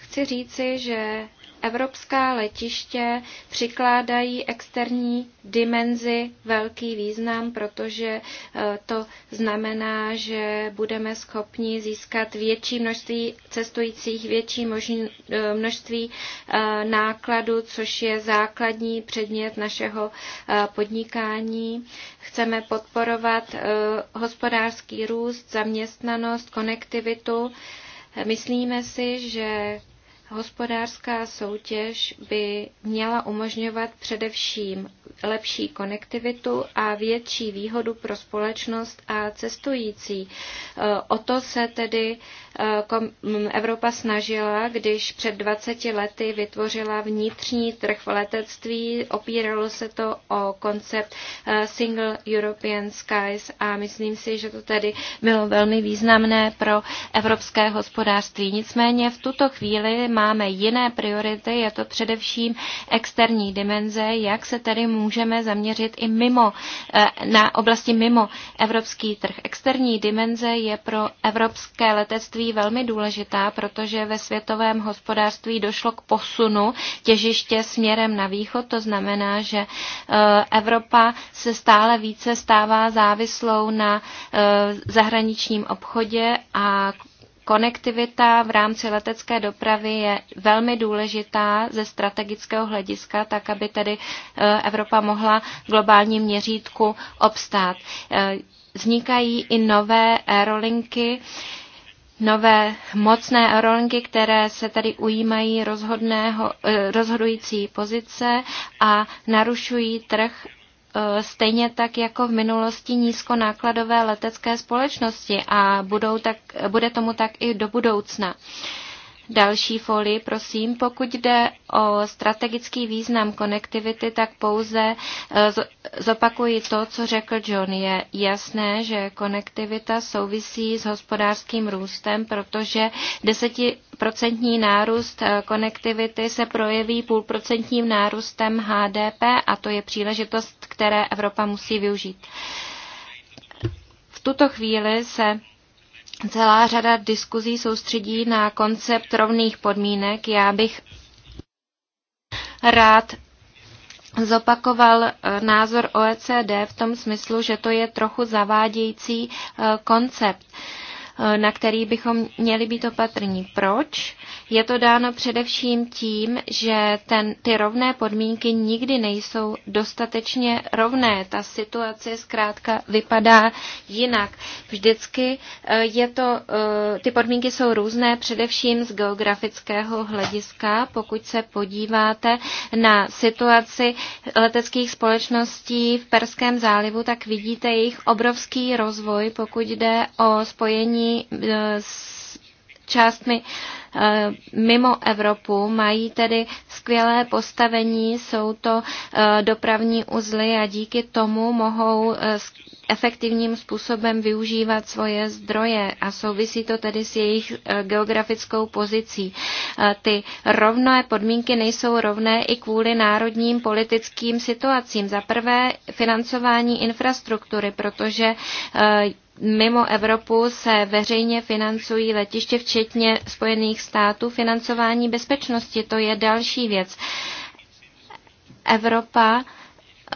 S4: Chci říci, že evropská letiště přikládají externí dimenzi velký význam, protože eh, to znamená, že budeme schopni získat větší množství cestujících, větší možný, eh, množství eh, nákladů, což je základní předmět našeho podnikání. Chceme podporovat hospodářský růst, zaměstnanost, konektivitu. Myslíme si, že Hospodářská soutěž by měla umožňovat především lepší konektivitu a větší výhodu pro společnost a cestující. E, o to se tedy Eh, Evropa snažila, když před 20 lety vytvořila vnitřní trh v letectví. Opíralo se to o koncept eh, Single European Skies a myslím si, že to tedy bylo velmi významné pro evropské hospodářství. Nicméně v tuto chvíli máme jiné priority, je to především externí dimenze, jak se tedy můžeme zaměřit i mimo, eh, na oblasti mimo evropský trh. Externí dimenze je pro evropské letectví odvětví velmi důležitá, protože ve světovém hospodářství došlo k posunu těžiště směrem na východ. To znamená, že e, Evropa se stále více stává závislou na e, zahraničním obchodě a Konektivita v rámci letecké dopravy je velmi důležitá ze strategického hlediska, tak aby tedy e, Evropa mohla v globálním měřítku obstát. Vznikají i nové aerolinky, nové mocné aronky, které se tady ujímají rozhodného, eh, rozhodující pozice a narušují trh eh, stejně tak jako v minulosti nízkonákladové letecké společnosti a budou tak, bude tomu tak i do budoucna. Uh, další folii, prosím. Pokud jde o strategický význam konektivity, tak pouze e, zopakuji to, co řekl John. Je jasné, že konektivita souvisí s hospodářským růstem, protože desetiprocentní nárůst e, konektivity se projeví půlprocentním nárůstem HDP a to je příležitost, které Evropa musí využít. V tuto chvíli se celá řada diskuzí soustředí na koncept rovných podmínek. Já bych rád zopakoval eh, názor OECD v tom smyslu, že to je trochu zavádějící eh, koncept. Eh, na který bychom měli být opatrní. Proč? Je to dáno především tím, že ten, ty rovné podmínky nikdy nejsou dostatečně rovné. Ta situace zkrátka vypadá jinak. Vždycky eh, je to, eh, ty podmínky jsou různé, především z geografického hlediska. Pokud se podíváte na situaci leteckých společností v Perském zálivu, tak vidíte jejich obrovský rozvoj, pokud jde o spojení ostatní eh, částmi eh, mimo Evropu, mají tedy skvělé postavení, jsou to eh, dopravní uzly a díky tomu mohou efektivním způsobem využívat svoje zdroje a souvisí to tedy s jejich geografickou pozicí. Ty rovné podmínky nejsou rovné i kvůli národním politickým situacím. Za prvé financování infrastruktury, protože mimo Evropu se veřejně financují letiště, včetně Spojených států. Financování bezpečnosti, to je další věc. Evropa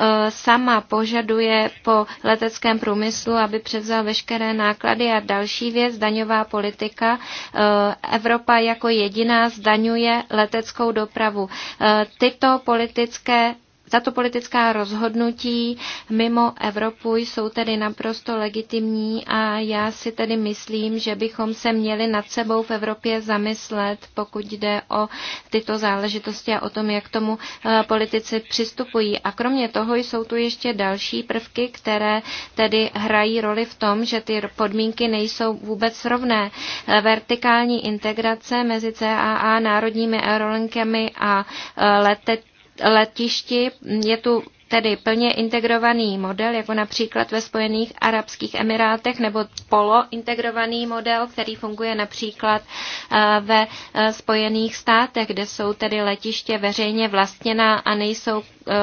S4: eh, sama požaduje po leteckém průmyslu, aby převzal veškeré náklady a další věc, daňová politika. Eh, Evropa jako jediná zdaňuje leteckou dopravu. Eh, tyto politické tato politická rozhodnutí mimo Evropu jsou tedy naprosto legitimní a já si tedy myslím, že bychom se měli nad sebou v Evropě zamyslet, pokud jde o tyto záležitosti a o tom, jak tomu eh, politici přistupují. A kromě toho jsou tu ještě další prvky, které tedy hrají roli v tom, že ty podmínky nejsou vůbec rovné. Eh, vertikální integrace mezi CAA, národními aerolinkami a eh, lete, letišti. Je tu tedy plně integrovaný model, jako například ve Spojených Arabských Emirátech, nebo polointegrovaný model, který funguje například eh, ve eh, Spojených státech, kde jsou tedy letiště veřejně vlastněná a nejsou eh,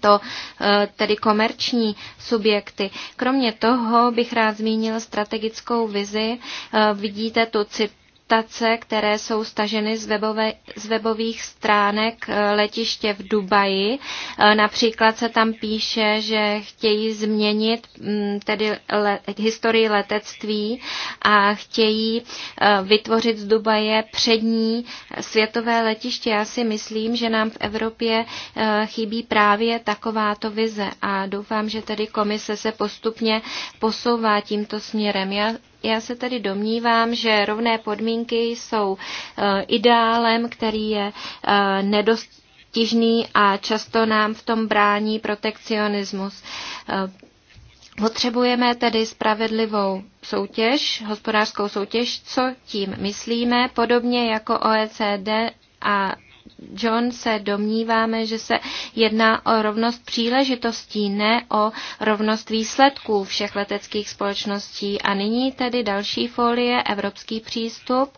S4: to tedy komerční subjekty. Kromě toho bych rád zmínil strategickou vizi. Vidíte tu cit citace, které jsou staženy z, webové, z webových stránek eh, letiště v Dubaji. Eh, například se tam píše, že chtějí změnit mm, tedy le, historii letectví a chtějí eh, vytvořit z Dubaje přední světové letiště. Já si myslím, že nám v Evropě chybí právě takováto vize a doufám, že tedy komise se postupně posouvá tímto směrem. Já já se tedy domnívám, že rovné podmínky jsou eh, ideálem, který je eh, nedostižný a často nám v tom brání protekcionismus. Eh, potřebujeme tedy spravedlivou soutěž, hospodářskou soutěž, co tím myslíme, podobně jako OECD a John se domníváme, že se jedná o rovnost příležitostí, ne o rovnost výsledků všech leteckých společností. A nyní tedy další folie, evropský přístup.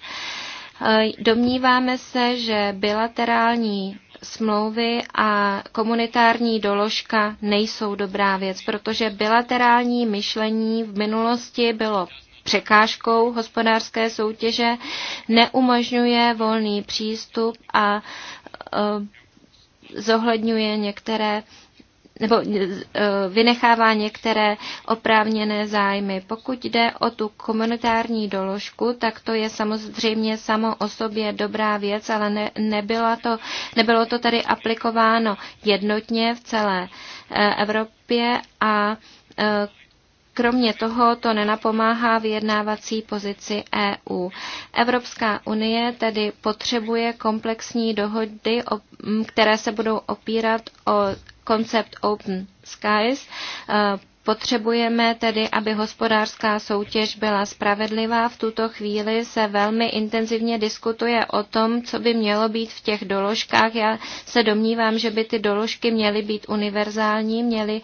S4: Eh, domníváme se, že bilaterální smlouvy a komunitární doložka nejsou dobrá věc, protože bilaterální myšlení v minulosti bylo překážkou hospodářské soutěže, neumožňuje volný přístup a e, zohledňuje některé nebo e, vynechává některé oprávněné zájmy. Pokud jde o tu komunitární doložku, tak to je samozřejmě samo o sobě dobrá věc, ale ne, nebylo, to, nebylo to tady aplikováno jednotně v celé e, Evropě a kromě toho to nenapomáhá vyjednávací pozici EU. Evropská unie tedy potřebuje komplexní dohody, které se budou opírat o koncept Open Skies, Potřebujeme tedy, aby hospodářská soutěž byla spravedlivá. V tuto chvíli se velmi intenzivně diskutuje o tom, co by mělo být v těch doložkách. Já se domnívám, že by ty doložky měly být univerzální, měly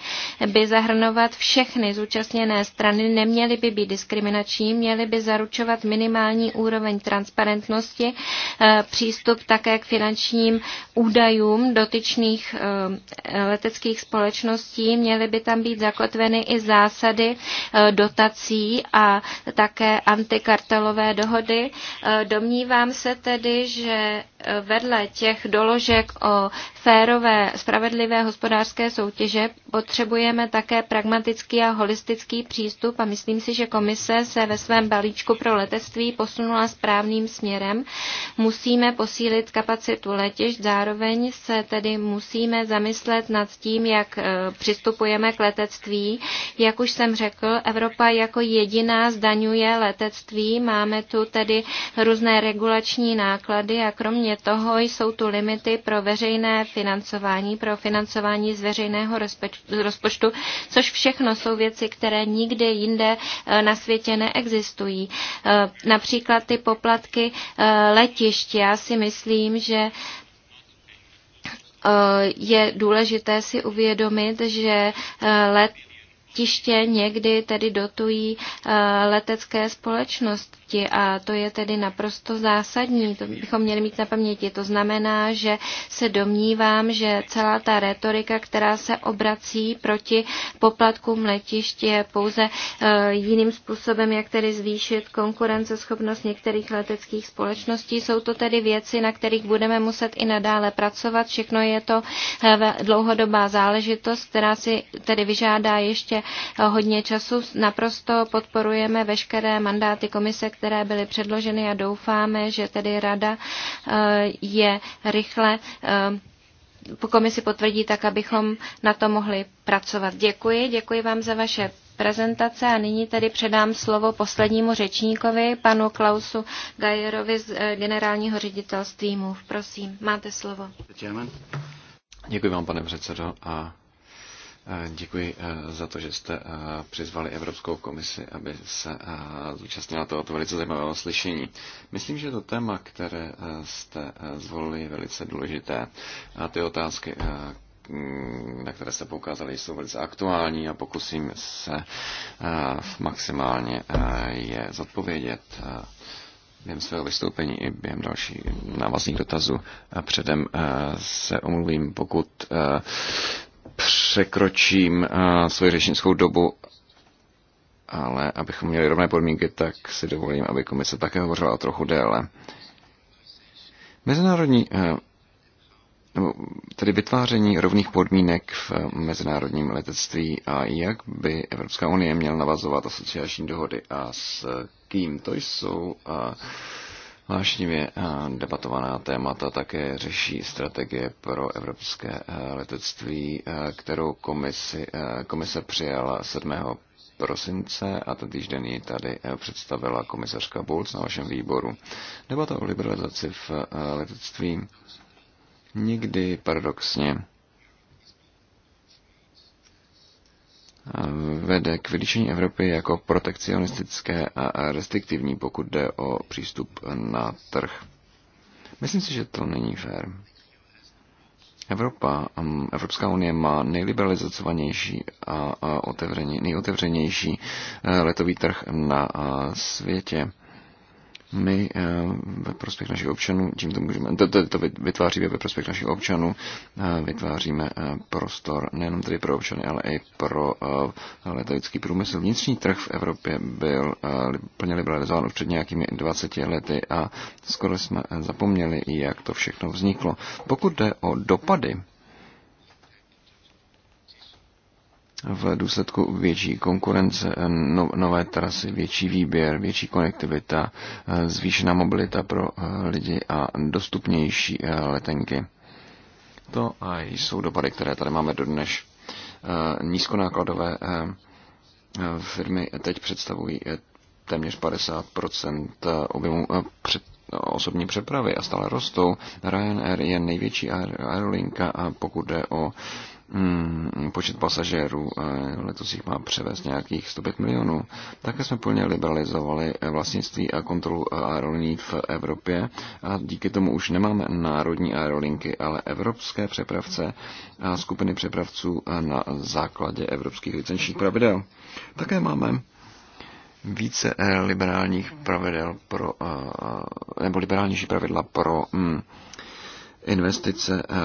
S4: by zahrnovat všechny zúčastněné strany, neměly by být diskriminační, měly by zaručovat minimální úroveň transparentnosti, eh, přístup také k finančním údajům dotyčných eh, leteckých společností, měly by tam být zakotveny změny i zásady e, dotací a také antikartelové dohody. E, domnívám se tedy, že e, vedle těch doložek o férové, spravedlivé hospodářské soutěže potřebujeme také pragmatický a holistický přístup a myslím si, že komise se ve svém balíčku pro letectví posunula správným směrem. Musíme posílit kapacitu letišť, zároveň se tedy musíme zamyslet nad tím, jak přistupujeme k letectví jak už jsem řekl, Evropa jako jediná zdaňuje letectví. Máme tu tedy různé regulační náklady a kromě toho jsou tu limity pro veřejné financování, pro financování z veřejného rozpočtu, což všechno jsou věci, které nikde jinde eh, na světě neexistují. Eh, například ty poplatky eh, letiště. Já si myslím, že je důležité si uvědomit, že let letiště někdy tedy dotují eh, letecké společnosti a to je tedy naprosto zásadní. To bychom měli mít na paměti. To znamená, že se domnívám, že celá ta retorika, která se obrací proti poplatkům letiště, je pouze eh, jiným způsobem, jak tedy zvýšit konkurenceschopnost některých leteckých společností. Jsou to tedy věci, na kterých budeme muset i nadále pracovat. Všechno je to eh, dlouhodobá záležitost, která si tedy vyžádá ještě hodně, času. Naprosto podporujeme veškeré mandáty komise, které byly předloženy a doufáme, že tedy rada eh, je rychle eh, komisi potvrdí tak, abychom na to mohli pracovat. Děkuji, děkuji vám za vaše prezentace a nyní tedy předám slovo poslednímu řečníkovi, panu Klausu Gajerovi z eh, generálního ředitelství MUV. Prosím, máte slovo.
S2: Děkuji vám, pane předsedo, a Děkuji za to, že jste přizvali Evropskou komisi, aby se zúčastnila tohoto velice zajímavého slyšení. Myslím, že to téma, které jste zvolili, je velice důležité. A ty otázky, na které jste poukázali, jsou velice aktuální a pokusím se maximálně je zodpovědět během svého vystoupení i během dalších návazných dotazů. A předem se omluvím, pokud překročím eh, svoji řečnickou dobu, ale abychom měli rovné podmínky, tak si dovolím, aby komise také hovořila trochu déle. Mezinárodní, eh, tedy vytváření rovných podmínek v eh, mezinárodním letectví a jak by Evropská unie měla navazovat asociační dohody a s kým to jsou. A vášnivě eh, debatovaná témata také řeší strategie pro evropské eh, letectví, eh, kterou komisi, komise přijala 7 prosince a ten týžden ji tady představila komisařka Bulc na vašem výboru. Debata o liberalizaci v letectví nikdy paradoxně vede k vylíčení Evropy jako protekcionistické a restriktivní, pokud jde o přístup na trh. Myslím si, že to není fér. Evropa, mm, Evropská unie má nejliberalizovanější a nejotevřenější eh, letový trh na eh, světě my eh, ve prospěch našich občanů, to můžeme, to, to, to vytváříme ve prospěch našich občanů, eh, vytváříme eh, prostor nejenom tedy pro občany, ale i pro letecký průmysl. Vnitřní trh v Evropě byl plně liberalizován už před nějakými 20 lety a skoro jsme zapomněli, jak to všechno vzniklo. Pokud jde o dopady v důsledku větší konkurence, no, nové trasy, větší výběr, větší konektivita, eh, zvýšená mobilita pro eh, lidi a dostupnější eh, letenky. To a jsou dopady, které tady máme do dneš. Nízkonákladové firmy teď představují téměř 50 objemu před osobní přepravy a stále rostou. Ryanair je největší aerolinka, pokud jde o mm, počet pasažérů eh, letos jich má převést nějakých 105 milionů. Také jsme plně liberalizovali eh, vlastnictví a kontrolu eh, aerolíní v Evropě a díky tomu už nemáme národní aerolinky, ale evropské přepravce a skupiny přepravců na základě evropských licenčních pravidel. Také máme více liberálních pravidel pro, nebo liberálnější pravidla pro hm, investice eh,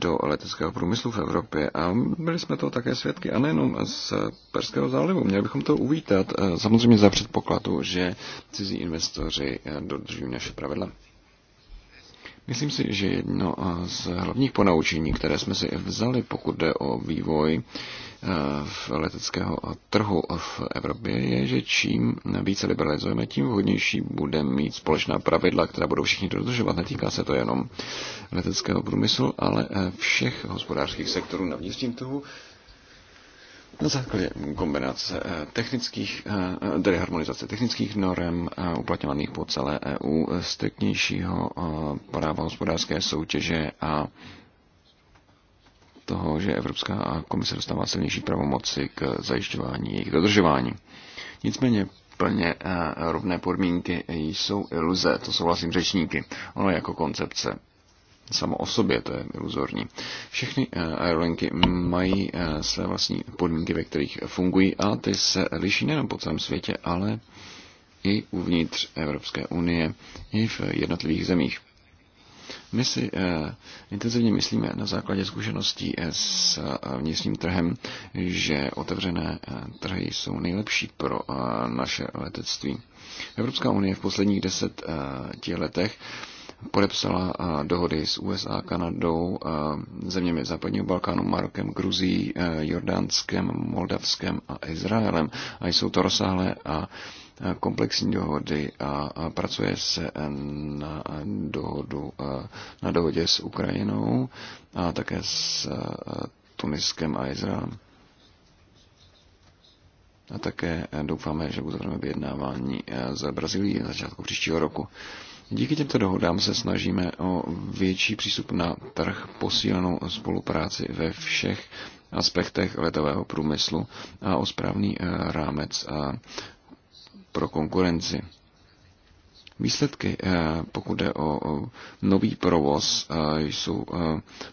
S2: do leteckého průmyslu v Evropě. A byli jsme toho také svědky, a nejenom z Perského zálivu. Měli bychom to uvítat, eh, samozřejmě za předpokladu, že cizí investoři eh, dodržují naše pravidla. Myslím si, že jedno z hlavních ponaučení, které jsme si vzali, pokud jde o vývoj e, v leteckého trhu v Evropě, je, že čím více liberalizujeme, tím vhodnější bude mít společná pravidla, která budou všichni dodržovat. Netýká se to jenom leteckého průmyslu, ale e, všech hospodářských sektorů na vnitřním trhu, na základě kombinace eh, technických, eh, eh, tedy harmonizace technických norem uplatňovaných po celé EU, striktnějšího práva hospodářské soutěže a toho, že Evropská komise dostává silnější pravomoci k zajišťování jejich dodržování. Nicméně plně rovné podmínky jsou iluze, to souhlasím řečníky, ono jako koncepce samo o sobě, to je iluzorní. Všechny eh, aerolinky mají eh, své vlastní podmínky, ve kterých fungují a ty se liší nejen po celém světě, ale i uvnitř Evropské unie, i v jednotlivých zemích. My si eh, intenzivně myslíme na základě zkušeností s vnitřním trhem, že otevřené trhy jsou nejlepší pro naše letectví. Evropská unie v posledních deseti letech podepsala dohody s USA, Kanadou, zeměmi západního Balkánu, Marokem, Gruzí, Jordánskem, Moldavskem a Izraelem. A jsou to rozsáhlé a komplexní dohody a pracuje se na, dohodu, na dohodě s Ukrajinou a také s Tuniskem a Izraelem. A také doufáme, že budeme vyjednávání z Brazílie na začátku příštího roku. Díky těmto dohodám se snažíme o větší přístup na trh, posílenou spolupráci ve všech aspektech letového průmyslu a o správný eh, rámec eh, pro konkurenci. Výsledky, eh, pokud jde o nový provoz, jsou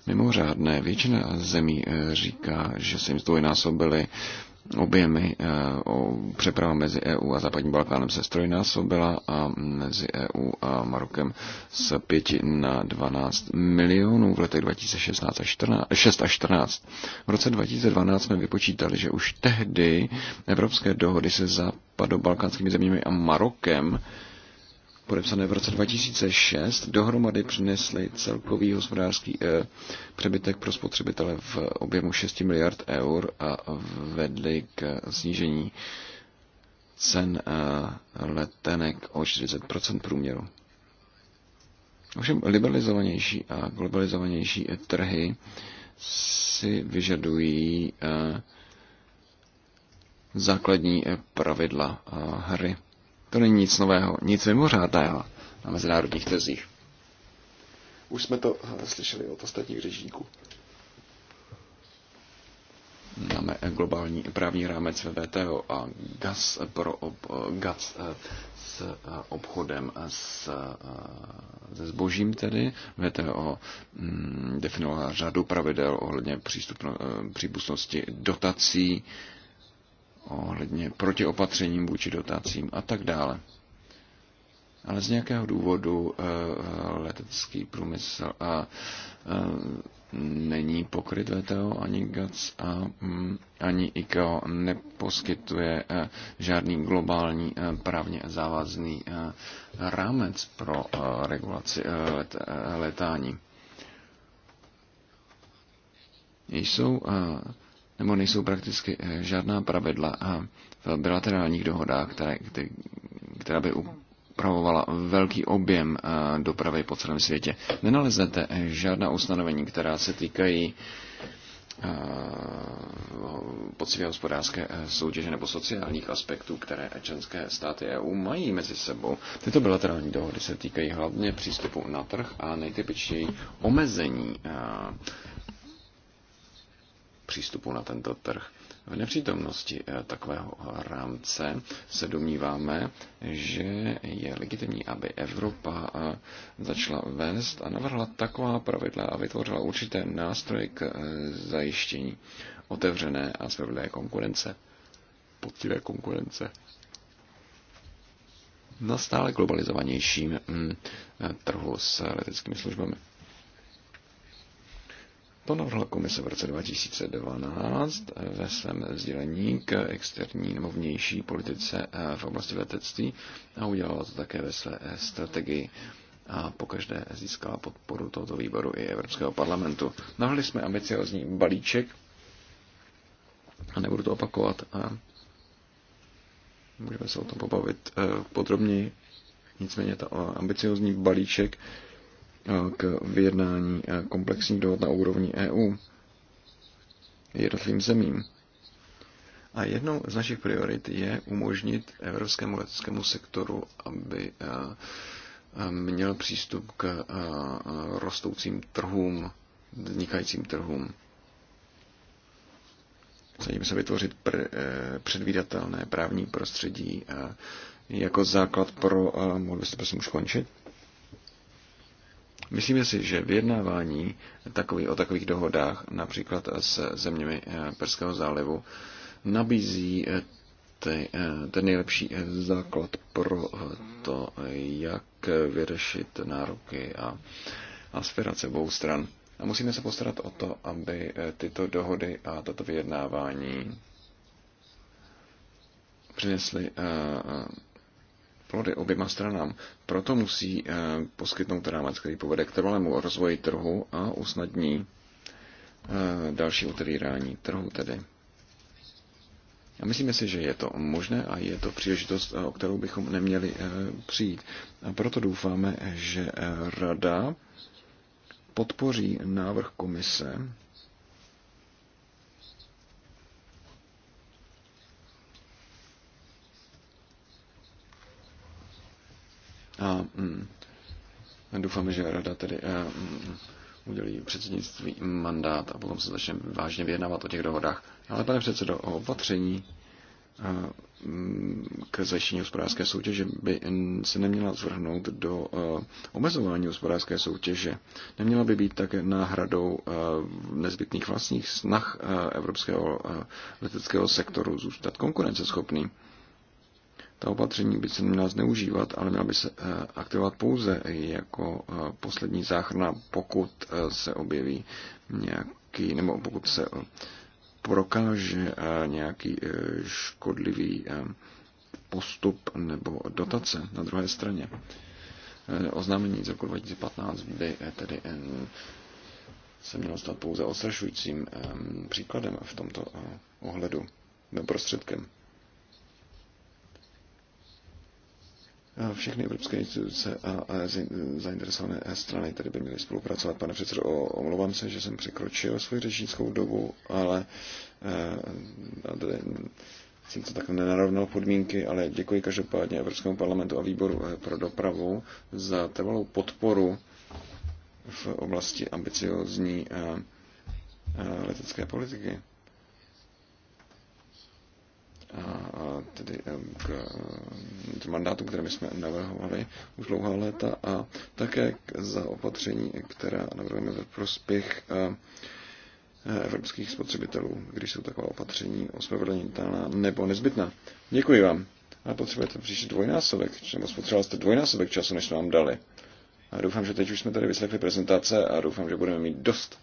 S2: mimořádné. Většina zemí říká, že se jim zdvojnásobily objemy eh, o přeprava mezi EU a Západním Balkánem se strojnásobila a mezi EU a Marokem z 5 na 12 milionů v letech 2016 a 14, 6 14. V roce 2012 jsme vypočítali, že už tehdy evropské dohody se západobalkánskými zeměmi a Marokem podepsané v roce 2006, dohromady přinesly celkový hospodářský eh, přebytek pro spotřebitele v objemu 6 miliard eur a vedly k snížení cen eh, letenek o 40 průměru. Ovšem liberalizovanější a globalizovanější trhy si vyžadují eh, základní eh, pravidla eh, hry. To není nic nového, nic mimořádného na mezinárodních trzích. Už jsme to eh, slyšeli od ostatních řečníků. Máme globální právní rámec ve a GAS pro ob, eh, GAS eh, s obchodem s, se zbožím tedy. VTO mm, definovala řadu pravidel ohledně přístupno, přípustnosti dotací, ohledně protiopatřením vůči dotacím a tak dále. Ale z nějakého důvodu eh, letecký průmysl a eh, není pokryt VTO, ani GATS a mm, ani ICAO neposkytuje eh, žádný globální právně závazný rámec pro regulaci letání. Jsou nebo nejsou prakticky eh, žádná pravidla a v bilaterálních dohodách, které, která by upravovala velký objem eh, dopravy po celém světě. Nenaleznete eh, žádná ustanovení, která se týkají pocivě hospodářské soutěže nebo sociálních aspektů, které členské státy EU mají mezi sebou. Tyto bilaterální dohody se týkají hlavně přístupu na trh a nejtypičtěji omezení přístupu na tento trh. V nepřítomnosti eh, takového rámce se domníváme, že je legitimní, aby Evropa eh, začala vést a navrhla taková pravidla a vytvořila určité nástroje k eh, zajištění otevřené a spravedlivé konkurence. Poctivé konkurence na stále globalizovanějším mm, trhu s leteckými službami. To navrhla komise v roce 2012 ve svém sdělení k externí nebo vnější politice eh, v oblasti letectví a udělala to také ve své eh, strategii a pokaždé získala podporu tohoto výboru i Evropského parlamentu. Nahli jsme ambiciozní balíček a nebudu to opakovat a můžeme se o tom pobavit eh, podrobněji. Nicméně to ambiciozní balíček k vyjednání komplexních dohod na úrovni EU jednotlivým zemím. A jednou z našich priorit je umožnit evropskému leteckému sektoru, aby měl přístup k rostoucím trhům, vznikajícím trhům. Snažíme se vytvořit pr- e, předvídatelné právní prostředí jako základ pro... Mohli byste prosím už končit? Myslíme si, že vyjednávání takový, o takových dohodách, například s zeměmi eh, Perského zálivu, nabízí eh, ty, eh, ten nejlepší základ pro to, jak vyřešit nároky a aspirace obou stran. A musíme se postarat o to, aby tyto dohody a tato vyjednávání přinesly plody oběma stranám. Proto musí eh, poskytnout rámec, který povede k trvalému rozvoji trhu a usnadní eh, další otevírání trhu tedy. A myslíme si, že je to možné a je to příležitost, eh, o kterou bychom neměli přijít. A proto doufáme, že Rada podpoří návrh komise A mm, doufám, že rada tedy eh, mm, udělí předsednictví mandát a potom se začne vážně vyjednávat o těch dohodách. Ale pane předsedo, o opatření eh, mm, k zajištění hospodářské soutěže by se neměla zvrhnout do eh, omezování hospodářské soutěže. Neměla by být také náhradou nezbytných vlastních snah evropského leteckého sektoru zůstat konkurenceschopný. Ta opatření by se neměla zneužívat, ale měla by se eh, aktivovat pouze jako eh, poslední záchrana, pokud eh, se objeví nějaký, nebo pokud se prokáže nějaký škodlivý postup nebo dotace na druhé straně. Oznámení z roku 2015 by tedy se mělo stát pouze ostrašujícím příkladem v tomto ohledu, nebo prostředkem. Všechny evropské instituce a zainteresované strany tady by měly spolupracovat. Pane předsedo, omlouvám se, že jsem překročil svoji řečnickou dobu, ale eh, jsem to tak nenarovnal podmínky, ale děkuji každopádně Evropskému parlamentu a výboru eh, pro dopravu za trvalou podporu v oblasti ambiciozní eh, letecké politiky tedy eh, eh, k mandátu, které my jsme navrhovali už dlouhá léta a také za opatření, která navrhujeme ve prospěch eh, evropských spotřebitelů, když jsou taková opatření ospravedlnitelná nebo nezbytná. Děkuji vám. A potřebujete příště dvojnásobek, nebo spotřebovali jste dvojnásobek času, než jsme vám dali. A doufám, že teď už jsme tady vyslechli prezentace a doufám, že budeme mít dost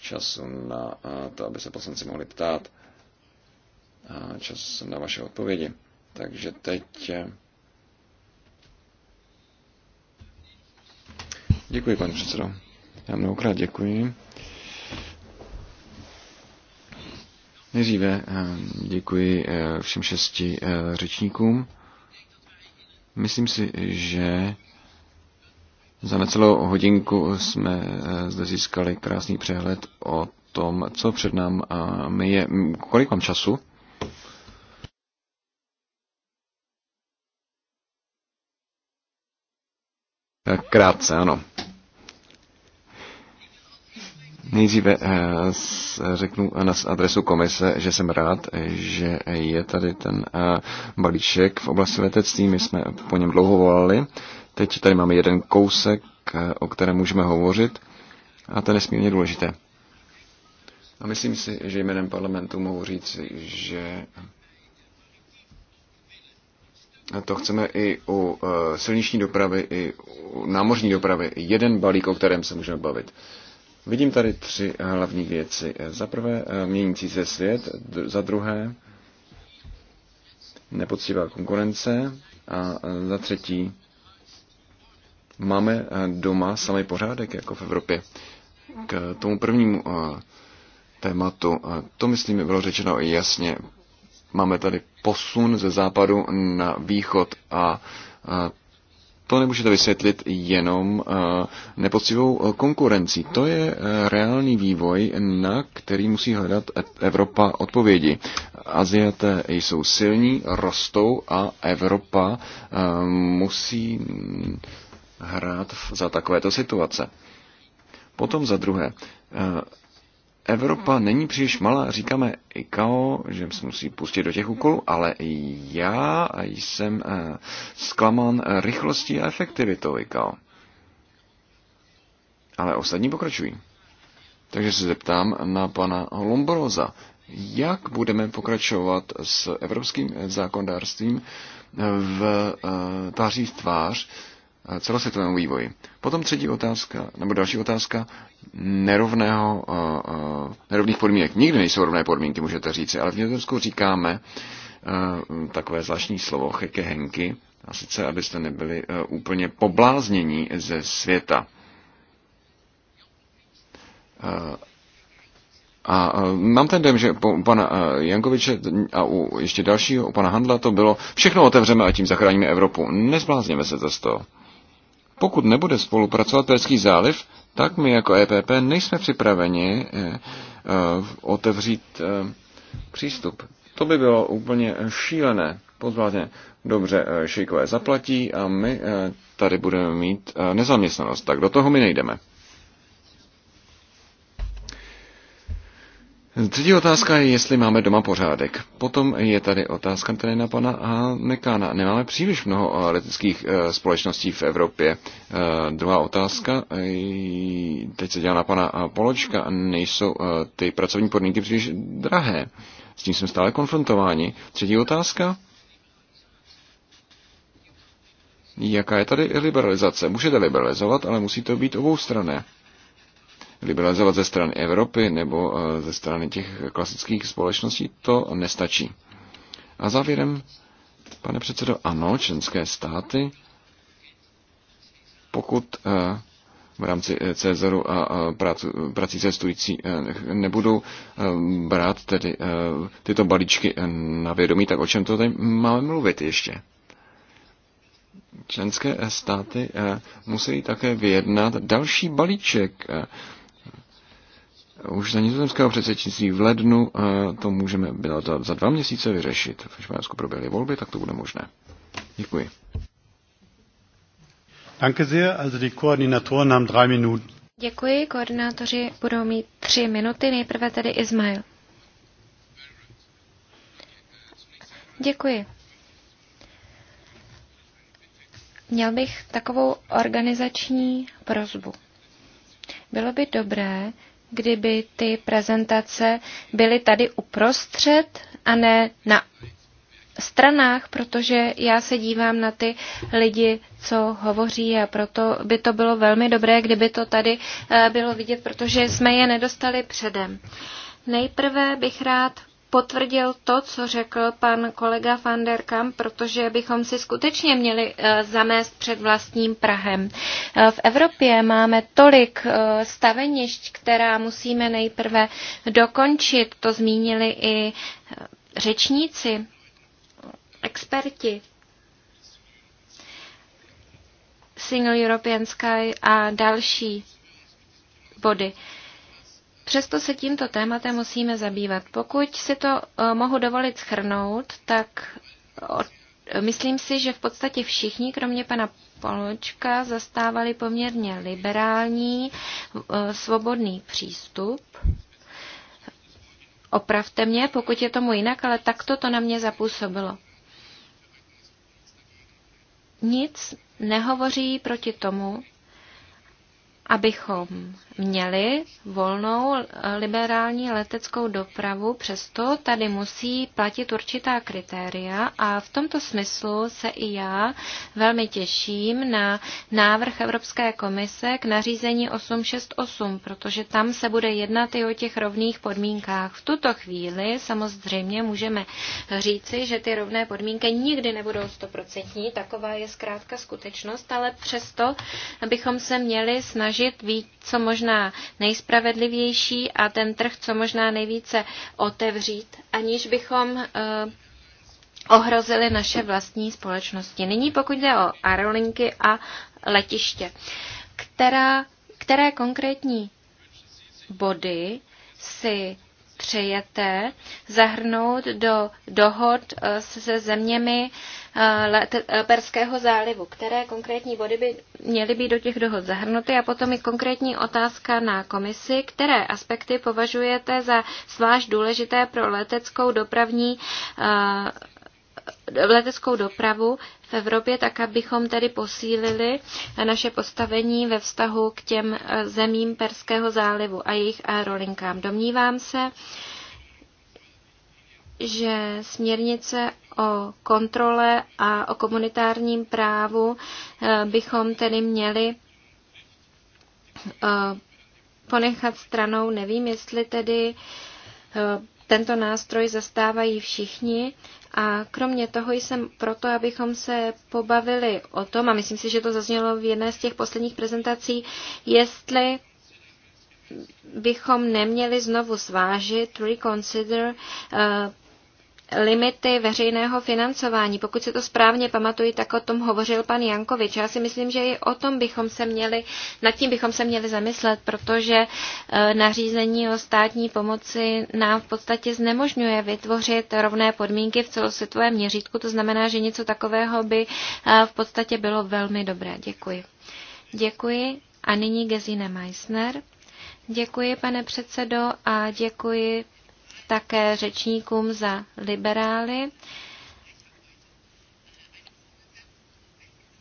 S2: času na to, aby se poslanci mohli ptát čas na vaše odpovědi. Takže teď. Eh, děkuji, pane předsedo. Já mnohokrát děkuji. Nejdříve eh, děkuji eh, všem šesti řečníkům. Myslím si, že za necelou hodinku jsme zde získali krásný přehled o tom, co před námi je. Kolik mám času? Eh, krátce, ano. Nejdříve eh, řeknu na adresu komise, že jsem rád, že je tady ten eh, balíček v oblasti letectví. My jsme po něm dlouho volali. Teď tady máme jeden kousek, o kterém můžeme hovořit a to je nesmírně důležité. A myslím si, že jménem parlamentu mohu říct, že to chceme i u eh, silniční dopravy, i u námořní dopravy. Jeden balík, o kterém se můžeme bavit. Vidím tady tři hlavní věci. Za prvé eh, měnící se svět, za druhé nepoctivá konkurence a eh, za třetí máme doma samý pořádek, jako v Evropě. K tomu prvnímu tématu, to myslím bylo řečeno jasně, Máme tady posun ze západu na východ a to nemůžete vysvětlit jenom nepocivou konkurencí. To je e, reálný vývoj, na který musí hledat e- Evropa odpovědi. Aziaté jsou silní, rostou a Evropa e, musí hrát za takovéto situace. Potom za druhé, Evropa není příliš malá, říkáme ICAO, že se musí pustit do těch úkolů, ale já jsem eh, zklamán rychlostí a efektivitou ICAO. Ale ostatní pokračují. Takže se zeptám na pana Lombroza, jak budeme pokračovat s evropským zákonodárstvím v eh, tváří v tvář celosvětovému vývoji. Potom třetí otázka, nebo další otázka, nerovného, nerovných podmínek. Nikdy nejsou rovné podmínky, můžete říct, ale v Nizozemsku říkáme takové zvláštní slovo, hekehenky, a sice, abyste nebyli úplně pobláznění ze světa. A mám ten dojem, že u pana Jankoviče a u ještě dalšího, u pana Handla to bylo, všechno otevřeme a tím zachráníme Evropu. Nezblázněme se to z toho. Pokud nebude spolupracovat Perský záliv, tak my jako EPP nejsme připraveni eh, eh, otevřít eh, přístup. To by bylo úplně šílené. Pozvátně dobře šejkové zaplatí a my tady budeme mít nezaměstnanost. Tak do toho my nejdeme. Třetí otázka je, jestli máme doma pořádek. Potom je tady otázka tady na pana Mekána. Nemáme příliš mnoho eh, leteckých eh, společností v Evropě. Eh, druhá otázka, teď se dělá na pana Poločka, nejsou ty pracovní podmínky příliš drahé. S tím jsme stále konfrontováni. Třetí otázka, jaká je tady liberalizace? Můžete liberalizovat, ale musí to být obou strané liberalizovat ze strany Evropy nebo eh, ze strany těch klasických společností, to nestačí. A závěrem, pane předsedo, ano, členské státy, pokud eh, v rámci eh, Cezaru a prací cestující nebudou brát tedy tyto balíčky na vědomí, tak o čem to tady máme mluvit ještě? Členské státy musí také vyjednat další balíček už za nizozemského předsednictví v lednu eh, to můžeme, bylo to za dva měsíce vyřešit. V Španělsku proběhly volby, tak to bude možné. Děkuji.
S1: Danke sehr. Also die Koordinatoren haben drei Minuten.
S4: Děkuji, koordinátoři budou mít tři minuty, nejprve tedy Ismail. Děkuji. Měl bych takovou organizační prozbu. Bylo by dobré, kdyby ty prezentace byly tady uprostřed a ne na stranách, protože já se dívám na ty lidi, co hovoří a proto by to bylo velmi dobré, kdyby to tady eh, bylo vidět, protože jsme je nedostali předem. Nejprve bych rád potvrdil to, co řekl pan kolega van der Kamp, protože bychom si skutečně měli eh, zamést před vlastním Prahem. Eh, v Evropě máme tolik eh, stavenišť, která musíme nejprve dokončit, to zmínili i řečníci, experti. Single European Sky a další body. Uh, Přesto se tímto tématem musíme zabývat. Pokud si to eh, mohu dovolit schrnout, tak myslím si, že v podstatě všichni, kromě pana Poločka, zastávali poměrně liberální, eh, svobodný přístup. Opravte mě, pokud je tomu jinak, ale takto to na mě zapůsobilo. Nic nehovoří proti tomu, abychom měli volnou eh, liberální leteckou dopravu, přesto tady musí platit určitá kritéria a v tomto smyslu se i já velmi těším na návrh Evropské komise k nařízení 868, protože tam se bude jednat i o těch rovných podmínkách. V tuto chvíli samozřejmě můžeme říci, že ty rovné podmínky nikdy nebudou stoprocentní, taková je zkrátka skutečnost, ale přesto bychom se měli snažit snažit být co možná nejspravedlivější a ten trh co možná nejvíce otevřít, aniž bychom eh, ohrozili naše vlastní společnosti. Nyní pokud jde o aerolinky a letiště, která, které konkrétní body si přejete zahrnout do dohod eh, se zeměmi Eh, eh, Perského zálivu. Které konkrétní body by měly být do těch dohod zahrnuty? A potom i konkrétní otázka na komisi. Které aspekty považujete za zvlášť důležité pro leteckou dopravní eh, leteckou dopravu v Evropě, tak abychom tedy posílili naše postavení ve vztahu k těm zemím Perského zálivu a jejich aerolinkám. Domnívám se, že směrnice o kontrole a o komunitárním právu eh, bychom tedy měli eh, ponechat stranou. Nevím, jestli tedy eh, tento nástroj zastávají všichni. A kromě toho jsem proto, abychom se pobavili o tom, a myslím si, že to zaznělo v jedné z těch posledních prezentací, jestli bychom neměli znovu zvážit, reconsider, limity veřejného financování. Pokud se to správně pamatuji, tak o tom hovořil pan Jankovič. Já si myslím, že i o tom bychom se měli, nad tím bychom se měli zamyslet, protože e, nařízení o státní pomoci nám v podstatě znemožňuje vytvořit rovné podmínky v celosvětovém měřítku. To znamená, že něco takového by e, v podstatě bylo velmi dobré. Děkuji. Děkuji. A nyní Gesine Meissner. Děkuji, pane předsedo, a děkuji také řečníkům za liberály.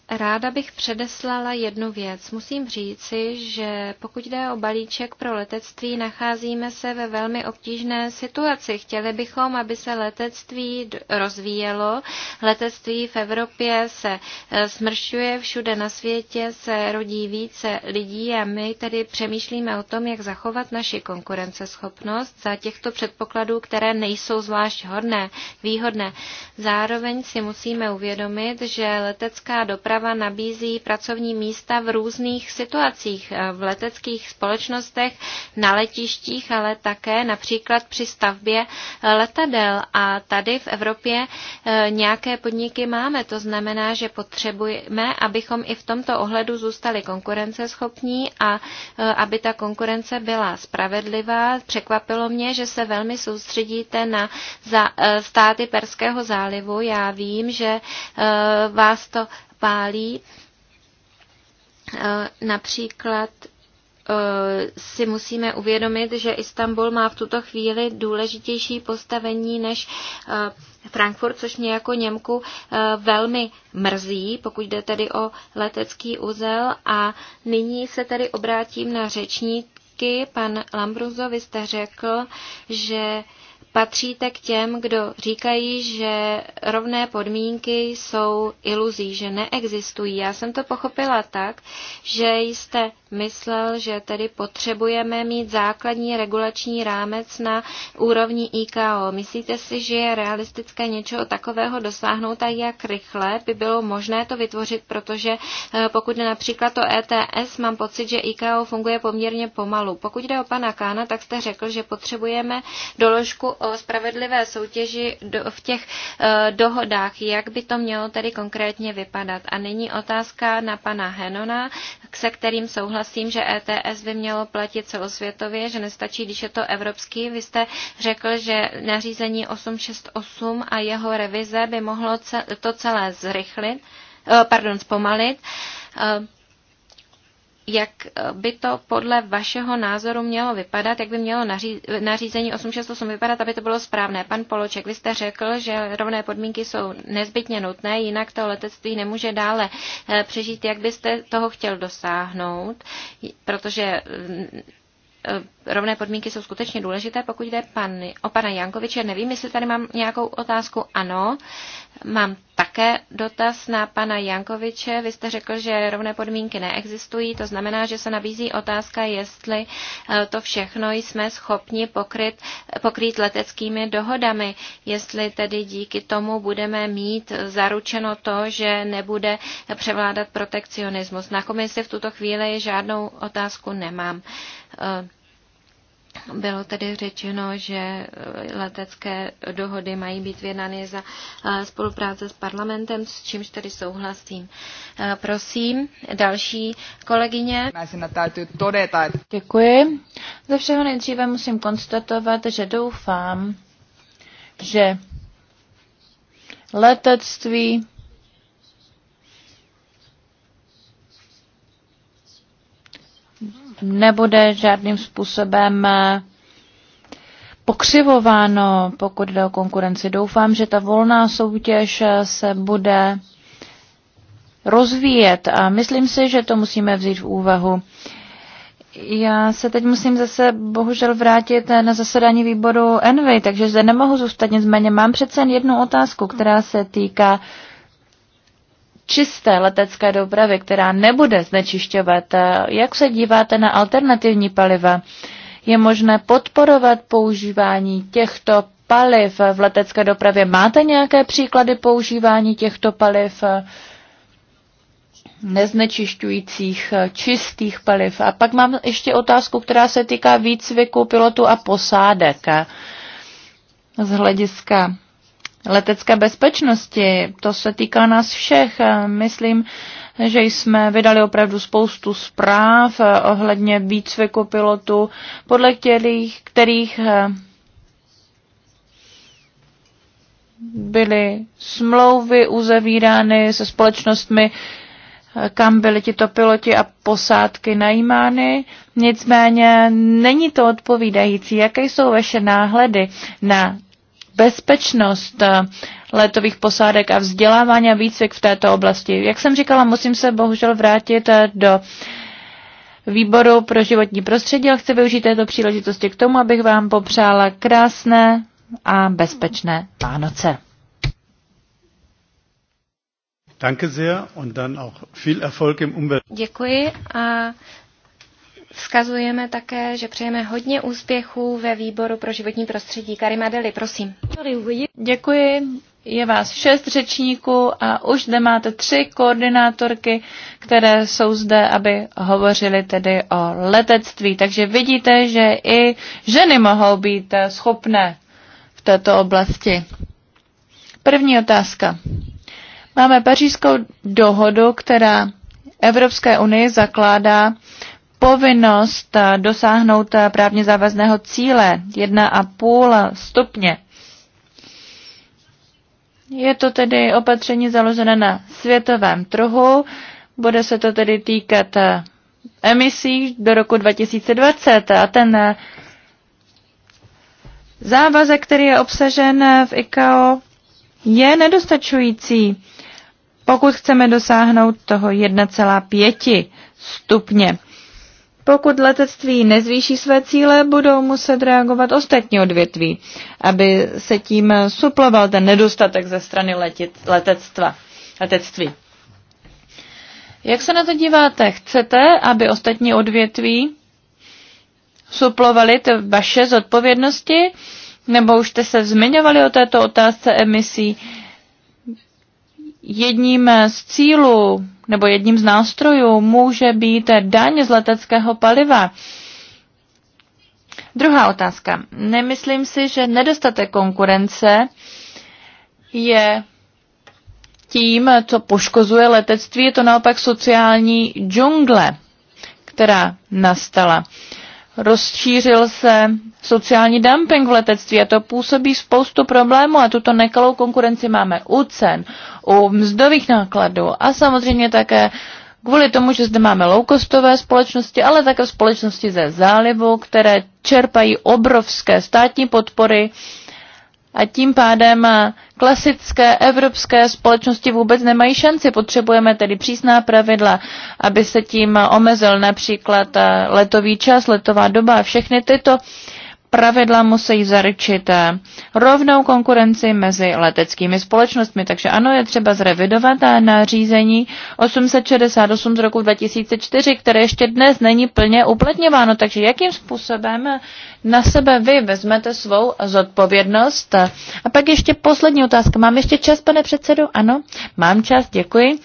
S4: Ráda bych předeslala jednu věc. Musím říci, že pokud jde o balíček pro letectví, nacházíme se ve velmi obtížné situaci. Chtěli bychom, aby se letectví rozvíjelo. Letectví v Evropě se eh, smršuje, všude na světě se rodí více lidí a my tedy přemýšlíme o tom, jak zachovat naši konkurenceschopnost za těchto předpokladů, které nejsou zvlášť hodné, výhodné. Zároveň si musíme uvědomit, že letecká doprava doprava nabízí pracovní místa v různých situacích, eh, v leteckých společnostech, na letištích, ale také například při stavbě eh, letadel. A tady v Evropě eh, nějaké podniky máme. To znamená, že potřebujeme, abychom i v tomto ohledu zůstali konkurenceschopní a aby ta konkurence byla spravedlivá. Překvapilo mě, že se velmi soustředíte na státy Perského zálivu. Já vím, že vás to pálí. Eh, například eh, si musíme uvědomit, že Istanbul má v tuto chvíli důležitější postavení než eh, Frankfurt, což mě jako Němku velmi mrzí, pokud jde tedy o letecký uzel. A nyní se tedy obrátím na řečníky. Pan Lambruzo, vy jste řekl, že patříte k těm, kdo říkají, že rovné podmínky jsou iluzí, že neexistují. Já jsem to pochopila tak, že jste myslel, že tedy potřebujeme mít základní regulační rámec na úrovni IKO. Myslíte si, že je realistické něčeho takového dosáhnout a jak rychle by bylo možné to vytvořit, protože eh, pokud jde například to ETS, mám pocit, že IKO funguje poměrně pomalu. Pokud jde o pana Kána, tak jste řekl, že potřebujeme doložku o spravedlivé soutěži v těch eh, dohodách. Jak by to mělo tedy konkrétně vypadat? A nyní otázka na pana Henona, se kterým souhlasím souhlasím, že ETS by mělo platit celosvětově, že nestačí, když je to evropský. Vy jste řekl, že nařízení 868 a jeho revize by mohlo to celé zrychlit, eh, pardon, zpomalit. Eh, jak eh, by to podle vašeho názoru mělo vypadat, jak by mělo nařízení 868 vypadat, aby to bylo správné. Pan Poloček, vy jste řekl, že rovné podmínky jsou nezbytně nutné, jinak to letectví nemůže dále eh, přežít. Jak byste toho chtěl dosáhnout, protože mm, Eh, rovné podmínky jsou skutečně důležité. Pokud jde pan, o pana Jankoviče, nevím, jestli tady mám nějakou otázku. Ano, mám také dotaz na pana Jankoviče. Vy jste řekl, že rovné podmínky neexistují, to znamená, že se nabízí otázka, jestli eh, to všechno jsme schopni pokryt, pokrýt leteckými dohodami, jestli tedy díky tomu budeme mít zaručeno to, že nebude převládat protekcionismus. Na komisi v tuto chvíli žádnou otázku nemám. Eh, bylo tedy řečeno, že e, letecké dohody mají být vyjednány za e, spolupráce s parlamentem, s čímž tedy souhlasím. E, prosím, další kolegyně.
S3: Děkuji. Ze všeho nejdříve musím konstatovat, že doufám, že letectví nebude žádným způsobem eh, pokřivováno, pokud jde o konkurenci. Doufám, že ta volná soutěž eh, se bude rozvíjet a myslím si, že to musíme vzít v úvahu. Já se teď musím zase bohužel vrátit eh, na zasedání výboru Envy, takže zde nemohu zůstat, nicméně mám přece jen jednu otázku, která se týká uh, čisté letecké dopravy, která nebude znečišťovat. Jak se díváte na alternativní paliva? Je možné podporovat používání těchto paliv v letecké dopravě? Máte nějaké příklady používání těchto paliv? Eh, neznečišťujících eh, čistých paliv. A pak mám ještě otázku, která se týká výcviku pilotů a posádek eh, z hlediska letecké bezpečnosti. To se týká nás všech. Myslím, že jsme vydali opravdu spoustu zpráv ohledně výcviku pilotů, podle kterých, kterých eh, byly smlouvy uzavírány se společnostmi, eh, kam byli tito piloti a posádky najímány. Nicméně není to odpovídající. Jaké jsou vaše náhledy na bezpečnost eh, letových posádek a vzdělávání a výcvik v této oblasti. Jak jsem říkala, musím se bohužel vrátit eh, do výboru pro životní prostředí a chci využít této příležitosti k tomu, abych vám popřála krásné a bezpečné Vánoce.
S1: Danke sehr und dann auch viel Erfolg im Umwelt.
S4: Děkuji a vzkazujeme také, že přejeme hodně úspěchů ve výboru pro životní prostředí. Karima Deli, prosím.
S3: Děkuji. Je vás šest řečníků a už zde máte tři koordinátorky, které jsou zde, aby hovořili tedy o letectví. Takže vidíte, že i ženy mohou být schopné v této oblasti. První otázka. Máme pařížskou dohodu, která Evropské unii zakládá povinnost eh, dosáhnout eh, právně závazného cíle 1,5 stupně. Je to tedy opatření založené na světovém trhu, bude se to tedy týkat eh, emisí do roku 2020 a ten závazek, který je obsažen v ICAO, je nedostačující, pokud chceme dosáhnout toho 1,5 stupně. Pokud letectví nezvýší své cíle, budou muset reagovat ostatní odvětví, aby se tím suploval ten nedostatek ze strany letit, letectva, letectví. Jak se na to díváte? Chcete, aby ostatní odvětví suplovali ty vaše zodpovědnosti? Nebo už jste se zmiňovali o této otázce emisí? jedním z cílů nebo jedním z nástrojů může být daň z leteckého paliva. Druhá otázka. Nemyslím si, že nedostatek konkurence je tím, co poškozuje letectví, je to naopak sociální džungle, která nastala rozšířil se sociální dumping v letectví a to působí spoustu problémů a tuto nekalou konkurenci máme u cen, u mzdových nákladů a samozřejmě také kvůli tomu, že zde máme loukostové společnosti, ale také společnosti ze zálivu, které čerpají obrovské státní podpory, a tím pádem eh, klasické evropské společnosti vůbec nemají šanci. Potřebujeme tedy přísná pravidla, aby se tím eh, omezil například eh, letový čas, letová doba a všechny tyto uh, pravidla musí zaručit eh, rovnou konkurenci mezi leteckými společnostmi. Takže ano, je třeba zrevidovat eh, nařízení 868 z roku 2004, které ještě dnes není plně uplatňováno. Takže jakým způsobem eh, na sebe vy vezmete svou zodpovědnost? A pak ještě poslední otázka. Mám ještě čas, pane předsedu? Ano, mám čas, děkuji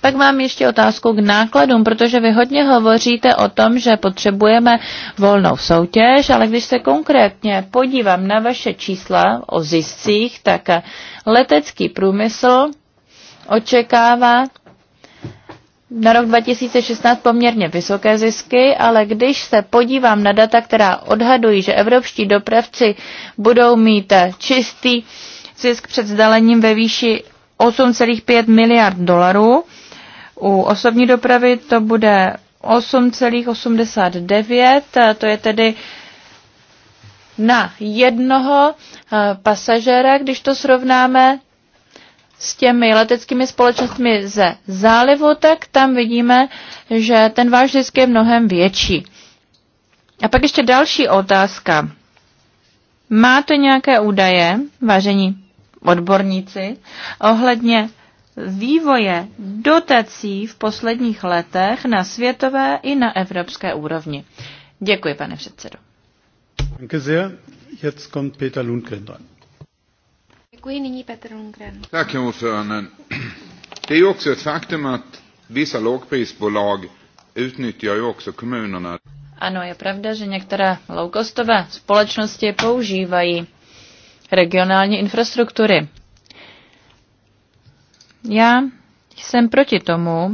S3: pak mám ještě otázku k nákladům, protože vy hodně hovoříte o tom, že potřebujeme volnou soutěž, ale když se konkrétně podívám na vaše čísla o ziscích, tak letecký průmysl očekává na rok 2016 poměrně vysoké zisky, ale když se podívám na data, která odhadují, že evropští dopravci budou mít čistý zisk před zdalením ve výši 8,5 miliard dolarů, u osobní dopravy to bude 8,89, to je tedy na jednoho eh, pasažéra, když to srovnáme s těmi leteckými společnostmi ze zálivu, tak tam vidíme, že ten váš zisk je mnohem větší. A pak ještě další otázka. Máte nějaké údaje, vážení odborníci, ohledně vývoje dotací v posledních letech na světové i na evropské úrovni. Děkuji, pane předsedo.
S1: Danke sehr. Jetzt kommt Peter Lundgren dran.
S4: Děkuji, nyní Petr Lundgren.
S1: Tak, ordföranden.
S2: Det är ju också ett faktum att vissa lågprisbolag utnyttjar ju också kommunerna.
S3: Ano, je pravda, že některé low společnosti používají regionální infrastruktury. Já jsem proti tomu,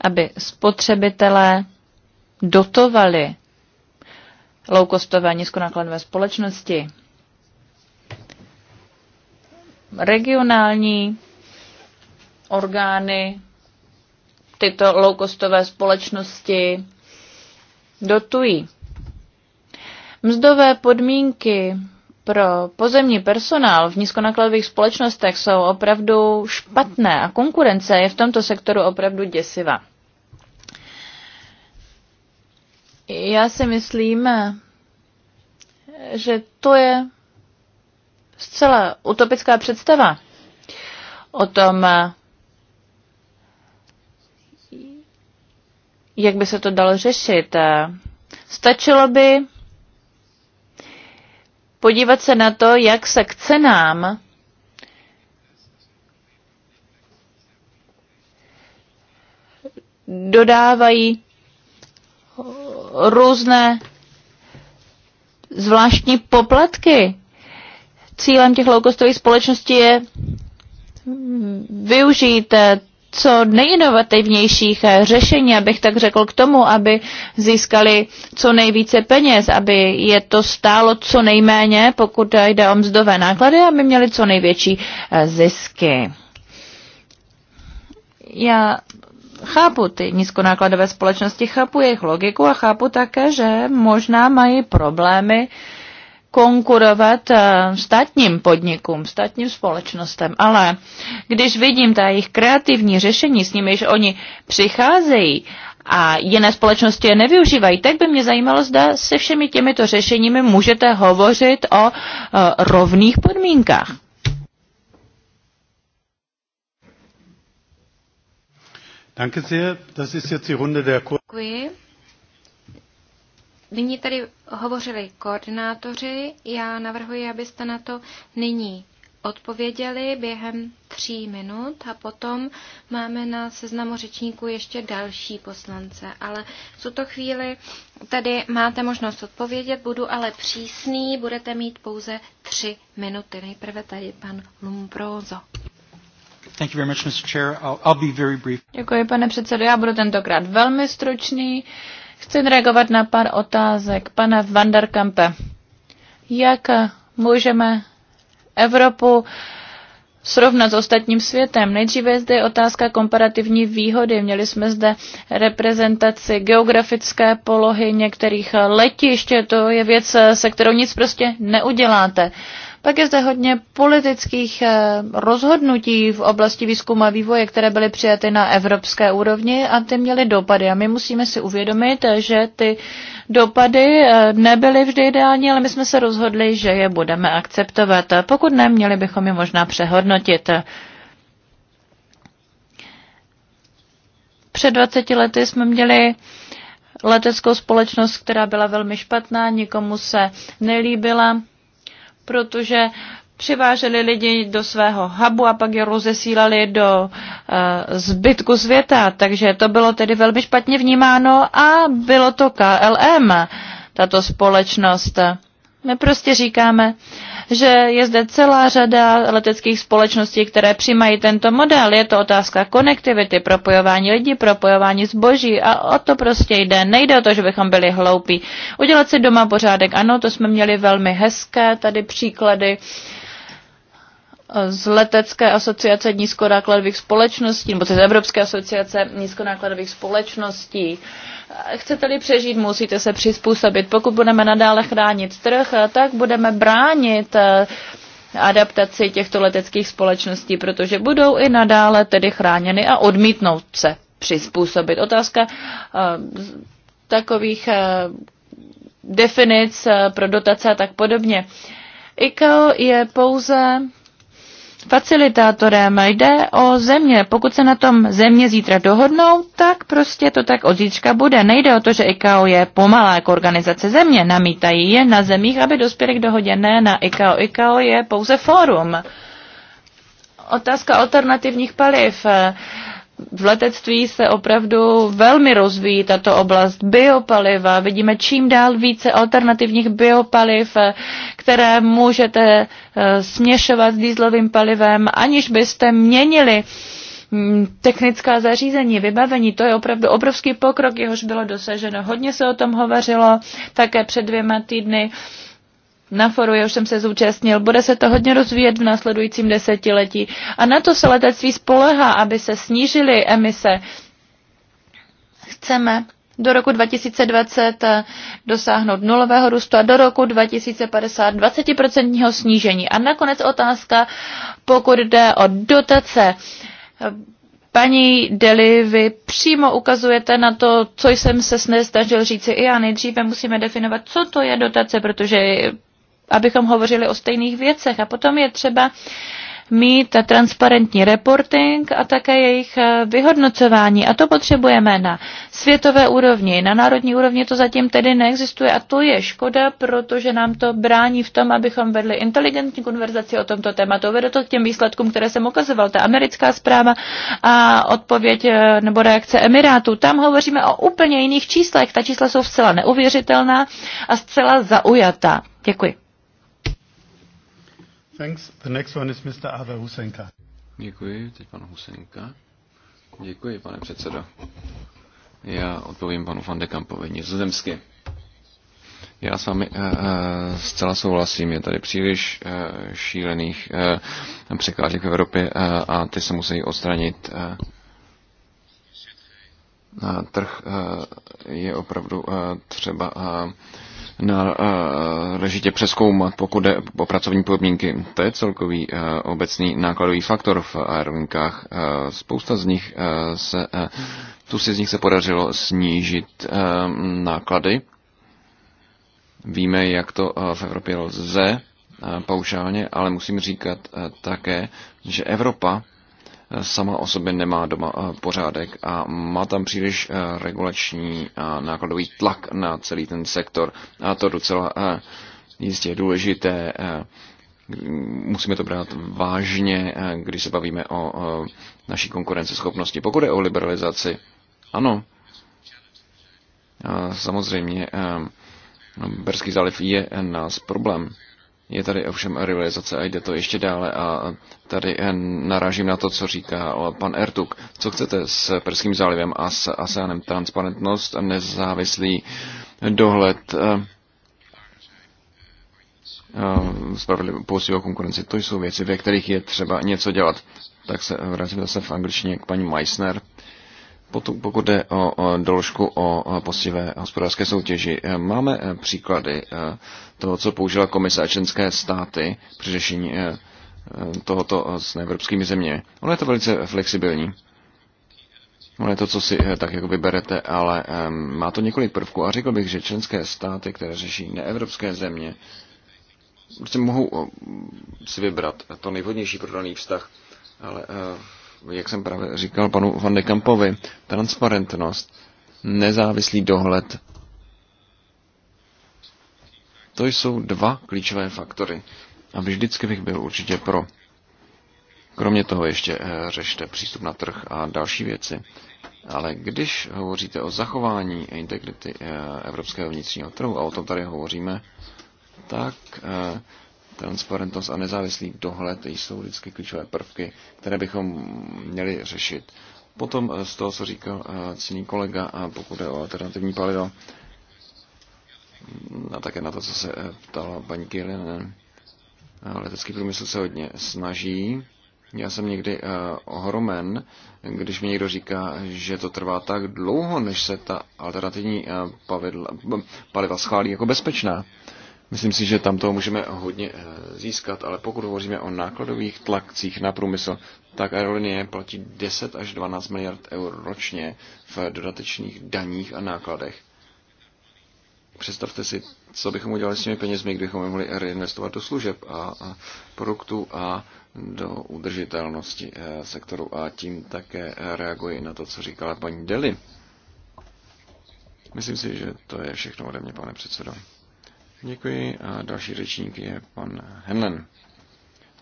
S3: aby spotřebitelé dotovali loukostové nízkonákladové společnosti. Regionální orgány tyto loukostové společnosti dotují. Mzdové podmínky pro pozemní personál v nízkonákladových společnostech jsou opravdu špatné a konkurence je v tomto sektoru opravdu děsivá. Já si myslím, že to je zcela utopická představa o tom, jak by se to dalo řešit. Stačilo by podívat se na to, jak se k cenám dodávají různé zvláštní poplatky. Cílem těch loukostových společností je využít co nejinovativnějších eh, řešení, abych tak řekl, k tomu, aby získali co nejvíce peněz, aby je to stálo co nejméně, pokud jde o mzdové náklady, aby měli co největší eh, zisky. Já chápu ty nízkonákladové společnosti, chápu jejich logiku a chápu také, že možná mají problémy uh, konkurovat eh, státním podnikům, státním společnostem, ale když vidím ta jejich kreativní řešení, s nimiž oni přicházejí a jiné společnosti je nevyužívají, tak by mě zajímalo, zda se všemi těmito řešeními můžete hovořit o eh, rovných podmínkách.
S4: Děkuji. Nyní tady hovořili koordinátoři. Já navrhuji, abyste na to nyní odpověděli během tří minut a potom máme na seznamu řečníků ještě další poslance. Ale v tuto chvíli tady máte možnost odpovědět, budu ale přísný, budete mít pouze tři minuty. Nejprve tady pan Lumbrozo.
S1: Thank you very much, Mr. Chair. I'll, I'll be very brief.
S4: Děkuji, pane předsedo. Já budu tentokrát
S3: velmi stručný. Uh, Chci reagovat na pár otázek. Pane Vanderkampe, jak můžeme Evropu srovnat s ostatním světem. Nejdříve je zde otázka komparativní výhody. Měli jsme zde reprezentaci geografické polohy některých letišť. To je věc, se kterou nic prostě neuděláte. Uh, pak je zde hodně politických eh, rozhodnutí v oblasti výzkumu a vývoje, které byly přijaty na evropské úrovni a ty měly dopady. A my musíme si uvědomit, že ty dopady eh, nebyly vždy ideální, ale my jsme se rozhodli, že je budeme akceptovat. Pokud ne, měli bychom je možná přehodnotit. Před 20 lety jsme měli leteckou společnost, která byla velmi špatná, nikomu se nelíbila protože přiváželi lidi do svého hubu a pak je rozesílali do uh, zbytku světa. Takže to bylo tedy velmi špatně vnímáno a bylo to KLM, tato společnost. My prostě říkáme, že je zde celá řada leteckých společností, které přijímají tento model. Je to otázka konektivity, propojování lidí, propojování zboží a o to prostě jde. Nejde o to, že bychom byli hloupí. Udělat si doma pořádek, ano, to jsme měli velmi hezké tady příklady z letecké asociace nízkonákladových společností, nebo z Evropské asociace nízkonákladových společností. Uh, Chcete-li přežít, musíte se přizpůsobit. Pokud budeme nadále chránit trh, tak budeme bránit eh, adaptaci těchto leteckých společností, protože budou i nadále tedy chráněny a odmítnout se přizpůsobit. Otázka eh, takových eh, definic pro dotace a tak podobně. ICAO je pouze facilitátorem. Jde o země. Pokud se na tom země zítra dohodnou, tak prostě to tak od zítřka bude. Nejde o to, že ICAO je pomalá jako organizace země. Namítají je na zemích, aby dospěli k dohodě. Ne na ICAO. ICAO je pouze fórum. Otázka alternativních paliv v letectví se opravdu velmi rozvíjí tato oblast biopaliva. Vidíme čím dál více alternativních biopaliv, které můžete eh, směšovat s dýzlovým palivem, aniž byste měnili mm, technická zařízení, vybavení, to je opravdu obrovský pokrok, jehož bylo dosaženo. Hodně se o tom hovořilo také před dvěma týdny na foru, jehož jsem se zúčastnil, bude se to hodně rozvíjet v následujícím desetiletí. A na to se letectví spolehá, aby se snížily emise. Chceme do roku 2020 eh, dosáhnout nulového růstu a do roku 2050 20% snížení. A nakonec otázka, pokud jde o dotace. Paní Deli, vy přímo ukazujete na to, co jsem se snažil říci i já. Nejdříve musíme definovat, co to je dotace, protože abychom hovořili o stejných věcech. A potom je třeba mít transparentní reporting a také jejich eh, vyhodnocování. A to potřebujeme na světové úrovni. Na národní úrovni to zatím tedy neexistuje a to je škoda, protože nám to brání v tom, abychom vedli inteligentní konverzaci o tomto tématu. Vede to k těm výsledkům, které jsem ukazoval. Ta americká zpráva a odpověď eh, nebo reakce Emirátů. Tam hovoříme o úplně jiných číslech. Ta čísla jsou zcela neuvěřitelná a zcela zaujatá.
S1: Děkuji. Thanks. The next one is Mr. Husenka.
S2: Děkuji, teď pan Husenka. Děkuji, pane předsedo. Já odpovím panu Van de Kampovi nizozemsky. Já s vámi uh, zcela souhlasím, je tady příliš uh, šílených uh, překážek v Evropě uh, a ty se musí odstranit. Uh, trh uh, je opravdu uh, třeba uh, náležitě eh, přeskoumat, pokud jde o pracovní podmínky. To je celkový eh, obecný nákladový faktor v aerolinkách. Eh, spousta z nich se, tu si z nich se podařilo snížit náklady. Víme, jak to v Evropě lze paušálně, ale musím říkat také, že Evropa sama o sobě nemá doma eh, pořádek a má tam příliš eh, regulační a nákladový tlak na celý ten sektor. A to docela eh, jistě je důležité. Musíme to brát vážně, když se bavíme o naší konkurenceschopnosti. Pokud je o liberalizaci, ano, samozřejmě Berský záliv je nás problém. Je tady ovšem rivalizace a jde to ještě dále a tady narážím na to, co říká pan Ertuk. Co chcete s Perským zálivem a s ASEANem? Transparentnost, nezávislý dohled, eh, eh, spravedlivou posílou konkurenci. To jsou věci, ve kterých je třeba něco dělat. Tak se vrátím zase v angličtině k paní Meissner. Pokud jde o doložku o postivé hospodářské soutěži, eh, máme eh, příklady eh, toho, co použila komise a členské státy při řešení tohoto s evropskými země. Ono je to velice flexibilní. Ono je to, co si tak jako vyberete, ale má to několik prvků a řekl bych, že členské státy, které řeší neevropské země, prostě mohou si vybrat to nejvhodnější pro daný vztah, ale jak jsem právě říkal panu Van de Kampovi, transparentnost, nezávislý dohled. To jsou dva klíčové faktory. A vždycky bych byl určitě pro. Kromě toho ještě eh, řešte přístup na trh a další věci. Ale když hovoříte o zachování integrity eh, evropského vnitřního trhu, a o tom tady hovoříme, tak eh, transparentnost a nezávislý dohled jsou vždycky klíčové prvky, které bychom měli řešit. Potom eh, z toho, co říkal eh, cíní kolega, a pokud je o alternativní paliva, mm, a také na to, co se eh, ptala paní Kylian, letecký průmysl se hodně snaží. Já jsem někdy ohromen, když mi někdo říká, že to trvá tak dlouho, než se ta alternativní paliva schválí jako bezpečná. Myslím si, že tam toho můžeme hodně eh, získat, ale pokud hovoříme o nákladových tlakcích na průmysl, tak aerolinie platí 10 až 12 miliard eur ročně v dodatečných daních a nákladech. Představte si, co bychom udělali s těmi penězmi, kdybychom je mohli reinvestovat do služeb a, produktů a do udržitelnosti eh, sektoru. A tím také eh, reaguji na to, co říkala paní Deli. Myslím si, že to je všechno ode mě, pane předsedo. Děkuji a další řečník je pan Henlen.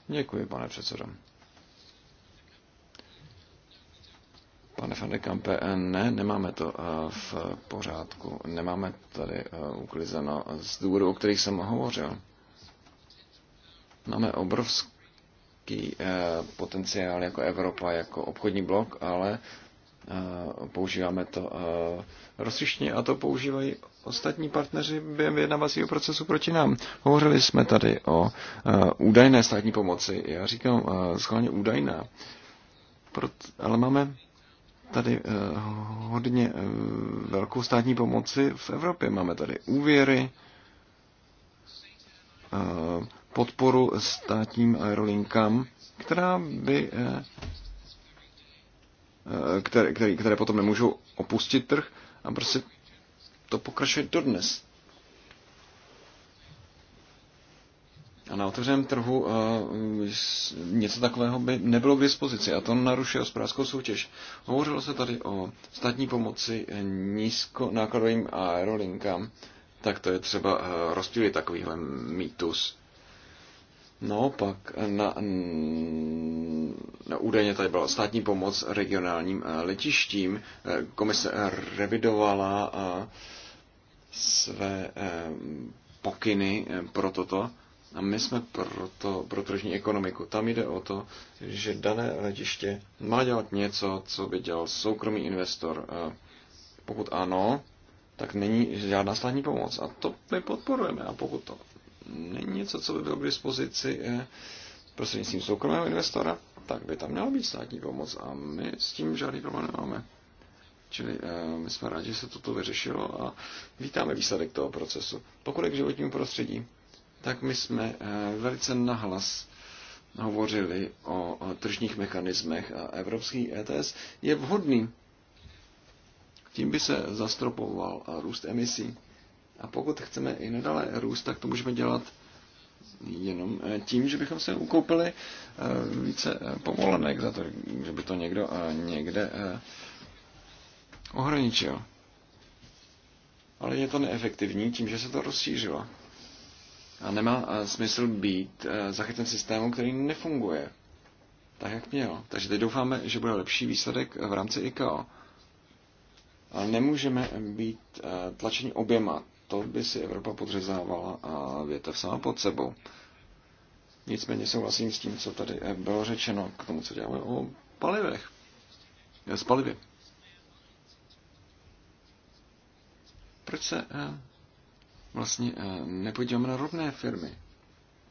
S2: Děkuji, pane předsedo. Pane van Kampe, ne, nemáme to eh, v pořádku. Nemáme tady eh, uklizeno z důvodu, o kterých jsem hovořil. Máme obrovský eh, potenciál jako Evropa, jako obchodní blok, ale Eh, používáme to eh, rozlišně a to používají ostatní partneři během vyjednavacího procesu proti nám. Hovořili jsme tady o eh, údajné státní pomoci. Já říkám schválně údajná, ale máme tady hodně velkou státní pomoci v Evropě. Máme tady úvěry, podporu státním aerolinkám, která by Eh, které, které, které potom nemůžou opustit trh a prostě to pokračuje dodnes. A na otevřeném trhu uh, něco takového by nebylo k dispozici a to narušuje hospodářskou soutěž. Hovořilo se tady o státní pomoci nízkonákladovým aerolinkám, tak to je třeba uh, rozptýlit takovýhle mýtus pak na, na údajně tady byla státní pomoc regionálním eh, letištím. Eh, komise revidovala eh, své pokyny pro toto. A my jsme proto, pro tržní ekonomiku. Tam jde o to, že dané letiště má dělat něco, co by dělal soukromý investor. Pokud ano, tak není žádná státní pomoc. A to my podporujeme. A pokud to není něco, co by bylo k dispozici eh, prostřednictvím soukromého investora, tak by tam měla být státní pomoc a my s tím žádný problém nemáme. Čili eh, my jsme rádi, že se toto vyřešilo a vítáme výsledek toho procesu. Pokud je k životnímu prostředí, tak my jsme eh, velice nahlas hovořili o tržních mechanismech a evropský ETS je vhodný. Tím by se zastropoval růst emisí. A pokud chceme i nadále růst, tak to můžeme dělat jenom eh, tím, že bychom se ukoupili eh, více eh, povolenek za to, že by to někdo někde ohraničil. Ale je to neefektivní tím, že se to rozšířilo. A nemá smysl být zachycen systému, který nefunguje tak, jak měl. Takže teď doufáme, že bude lepší výsledek v rámci IKO. Ale nemůžeme být tlačeni oběma to by si Evropa podřezávala a větev sama pod sebou. Nicméně souhlasím s tím, co tady bylo řečeno k tomu, co děláme o palivech. S palivy. Proč se eh, vlastně eh, nepodíváme na rovné firmy?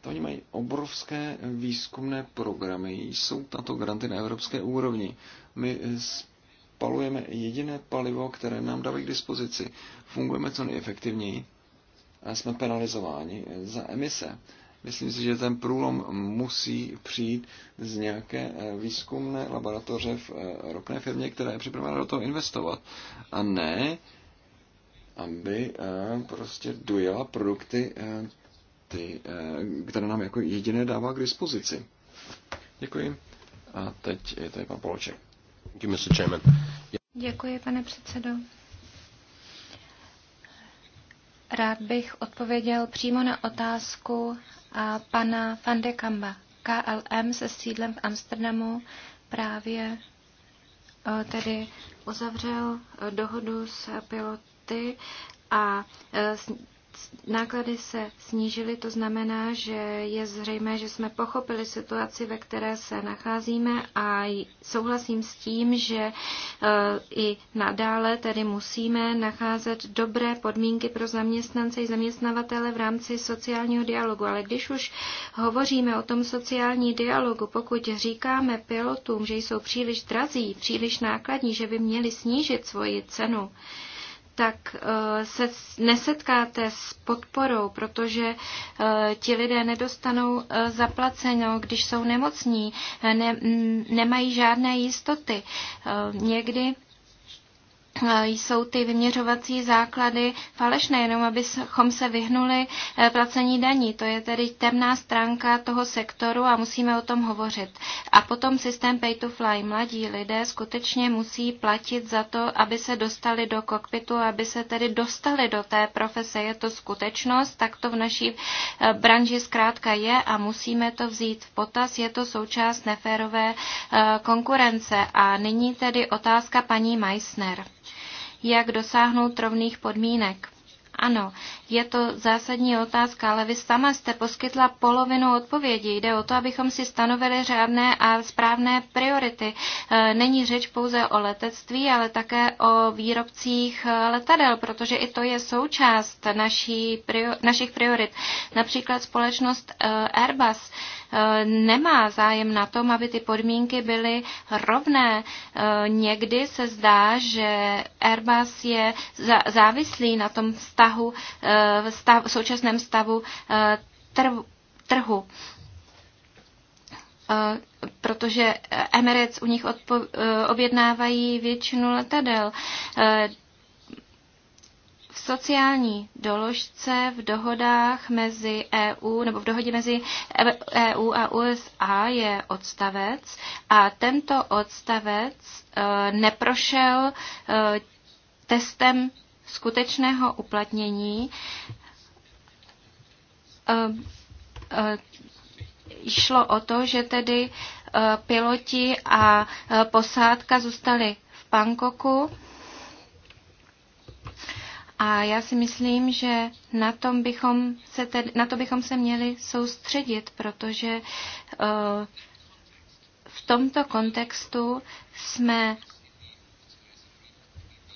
S2: To oni mají obrovské eh, výzkumné programy, jsou tato granty na evropské úrovni. My s palujeme jediné palivo, které nám dávají k dispozici. Fungujeme co nejefektivněji a jsme penalizováni za emise. Myslím si, že ten průlom musí přijít z nějaké eh, výzkumné laboratoře v eh, ropné firmě, která je připravena do toho investovat. A ne, aby eh, prostě dojela produkty, ty, které nám jako jediné dává k dispozici. Děkuji. A teď je tady pan Poloček.
S4: Děkuji, pane předsedo. Rád bych odpověděl přímo na otázku pana van de Kamba. KLM se sídlem v Amsterdamu právě e, tedy uzavřel e, dohodu s piloty a e, náklady se snížily, to znamená, že je zřejmé, že jsme pochopili situaci, ve které se nacházíme a souhlasím s tím, že e, i nadále tedy musíme nacházet dobré podmínky pro zaměstnance i zaměstnavatele v rámci sociálního dialogu. Ale když už hovoříme o tom sociální dialogu, pokud říkáme pilotům, že jsou příliš drazí, příliš nákladní, že by měli snížit svoji cenu, tak eh, se nesetkáte s podporou, protože eh, ti lidé nedostanou eh, zaplaceno, když jsou nemocní, ne, nemají žádné jistoty. Někdy Eh, jsou ty vyměřovací základy falešné, jenom abychom se vyhnuli eh, placení daní. To je tedy temná stránka toho sektoru a musíme o tom hovořit. A potom systém pay to fly. Mladí lidé skutečně musí platit za to, aby se dostali do kokpitu, aby se tedy dostali do té profese. Je to skutečnost, tak to v naší eh, branži zkrátka je a musíme to vzít v potaz. Je to součást neférové konkurence. A nyní tedy otázka paní Meissner jak dosáhnout rovných podmínek. Ano, je to zásadní otázka, ale vy sama jste poskytla polovinu odpovědi. Jde o to, abychom si stanovili řádné a správné priority. E, není řeč pouze o letectví, ale také o výrobcích e, letadel, protože i to je součást naší, našich priorit. Například společnost e, Airbus Eh, nemá zájem na tom, aby ty podmínky byly rovné. Eh, někdy se zdá, že Airbus je závislý na tom vztahu, stav, eh, současném stavu trhu protože Emirates u nich objednávají většinu letadel sociální doložce v dohodách mezi EU nebo v dohodě mezi EU a USA je odstavec a tento odstavec e, neprošel e, testem skutečného uplatnění e, šlo o to, že tedy piloti a posádka zůstali v Pankoku a já si myslím, že na, tom bychom se tedy, na to bychom se měli soustředit, protože eh, v tomto kontextu jsme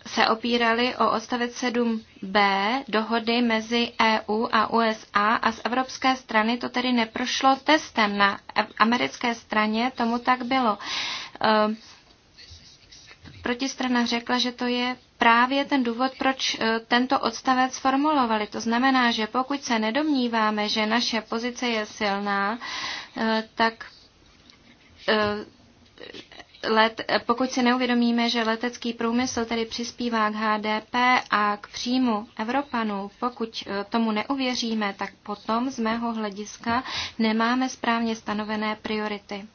S4: se opírali o odstavec 7b dohody mezi EU a USA a z evropské strany to tedy neprošlo testem. Na americké straně tomu tak bylo. Eh, protistrana řekla, že to je právě ten důvod, proč eh, tento odstavec formulovali. To znamená, že pokud se nedomníváme, že naše pozice je silná, eh, tak eh, let, pokud si neuvědomíme, že letecký průmysl tedy přispívá k HDP a k příjmu Evropanů, pokud tomu neuvěříme, tak potom z mého hlediska nemáme správně stanovené priority.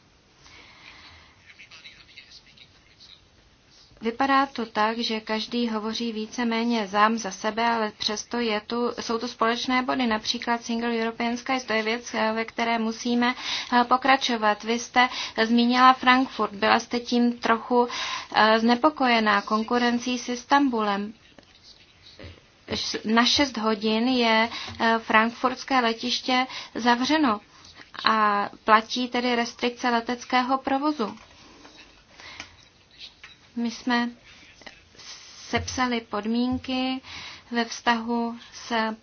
S4: Vypadá to tak, že každý hovoří více-méně za sebe, ale přesto je tu, jsou tu společné body, například Single European Sky to je věc, eh, ve které musíme eh, pokračovat. Vy jste zmínila Frankfurt, byla jste tím trochu eh, znepokojená konkurencí s Istanbulem na 6 hodin je frankfurtské letiště zavřeno a platí tedy restrikce leteckého provozu. My jsme sepsali podmínky ve vztahu se,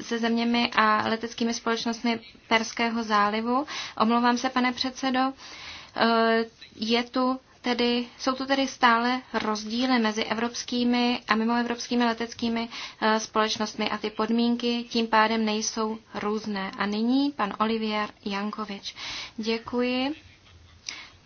S4: se zeměmi a leteckými společnostmi Perského zálivu. Omlouvám se, pane předsedo. Eh, je tu tedy, jsou tu tedy stále rozdíly mezi evropskými a mimoevropskými leteckými eh, společnostmi a ty podmínky tím pádem nejsou různé. A nyní pan Olivier Jankovič. Děkuji.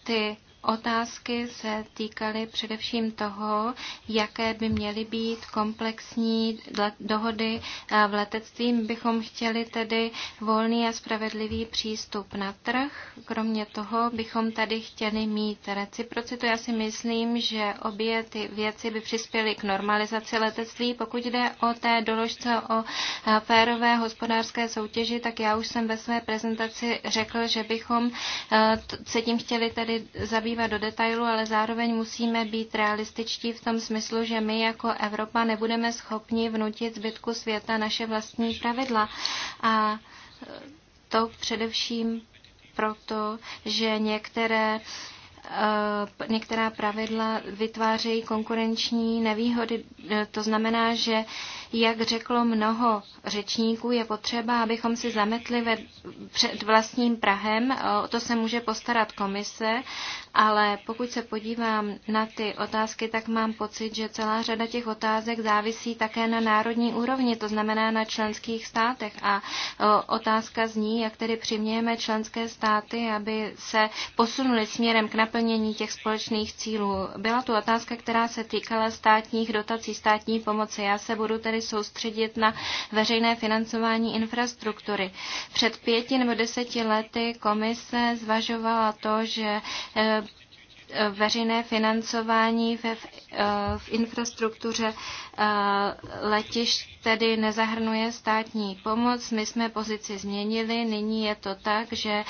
S4: Ty otázky se týkaly především toho, jaké by měly být komplexní dohody v letectví. My bychom chtěli tedy volný a spravedlivý přístup na trh. Kromě toho bychom tady chtěli mít reciprocitu. Já si myslím, že obě ty věci by přispěly k normalizaci letectví. Pokud jde o té doložce o férové hospodářské soutěži, tak já už jsem ve své prezentaci řekl, že bychom se tím chtěli tedy zabývat zabývat do detailu, ale zároveň musíme být realističtí v tom smyslu, že my jako Evropa nebudeme schopni vnutit zbytku světa naše vlastní pravidla. A to především proto, že některé uh, Eh, některá pravidla vytvářejí konkurenční nevýhody. Eh, to znamená, že, jak řeklo mnoho řečníků, je potřeba, abychom si zametli ve, před vlastním Prahem. Eh, o to se může postarat komise, ale pokud se podívám na ty otázky, tak mám pocit, že celá řada těch otázek závisí také na národní úrovni, to znamená na členských státech. A otázka zní, jak tedy přimějeme členské státy, aby se posunuli směrem k naplnění naplnění těch společných cílů. Byla tu otázka, která se týkala státních dotací, státní pomoci. Já se budu tedy soustředit na veřejné financování infrastruktury. Před pěti nebo deseti lety komise zvažovala to, že eh, veřejné financování ve, eh, v infrastruktuře eh, letišť tedy nezahrnuje státní pomoc. My jsme pozici změnili, nyní je to tak, že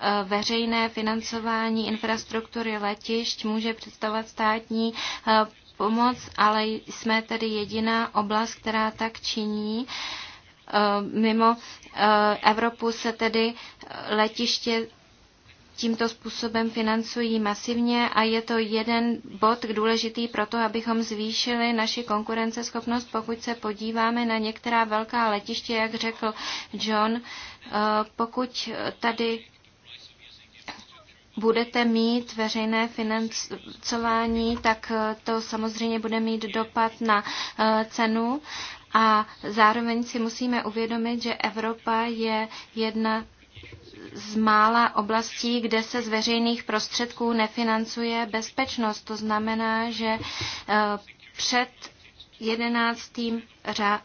S4: Eh, veřejné financování infrastruktury letišť může představovat státní eh, pomoc, ale jsme tedy jediná oblast, která tak činí. Eh, mimo Evropu se tedy letiště tímto způsobem financují masivně a je to jeden bod důležitý pro to, abychom zvýšili naši konkurenceschopnost. Pokud se podíváme na některá velká letiště, jak řekl John, pokud tady budete mít veřejné financování, tak eh, to samozřejmě bude mít dopad na eh, cenu. A zároveň si musíme uvědomit, že Evropa je jedna z mála oblastí, kde se z veřejných prostředků nefinancuje bezpečnost. To znamená, že eh, před 11.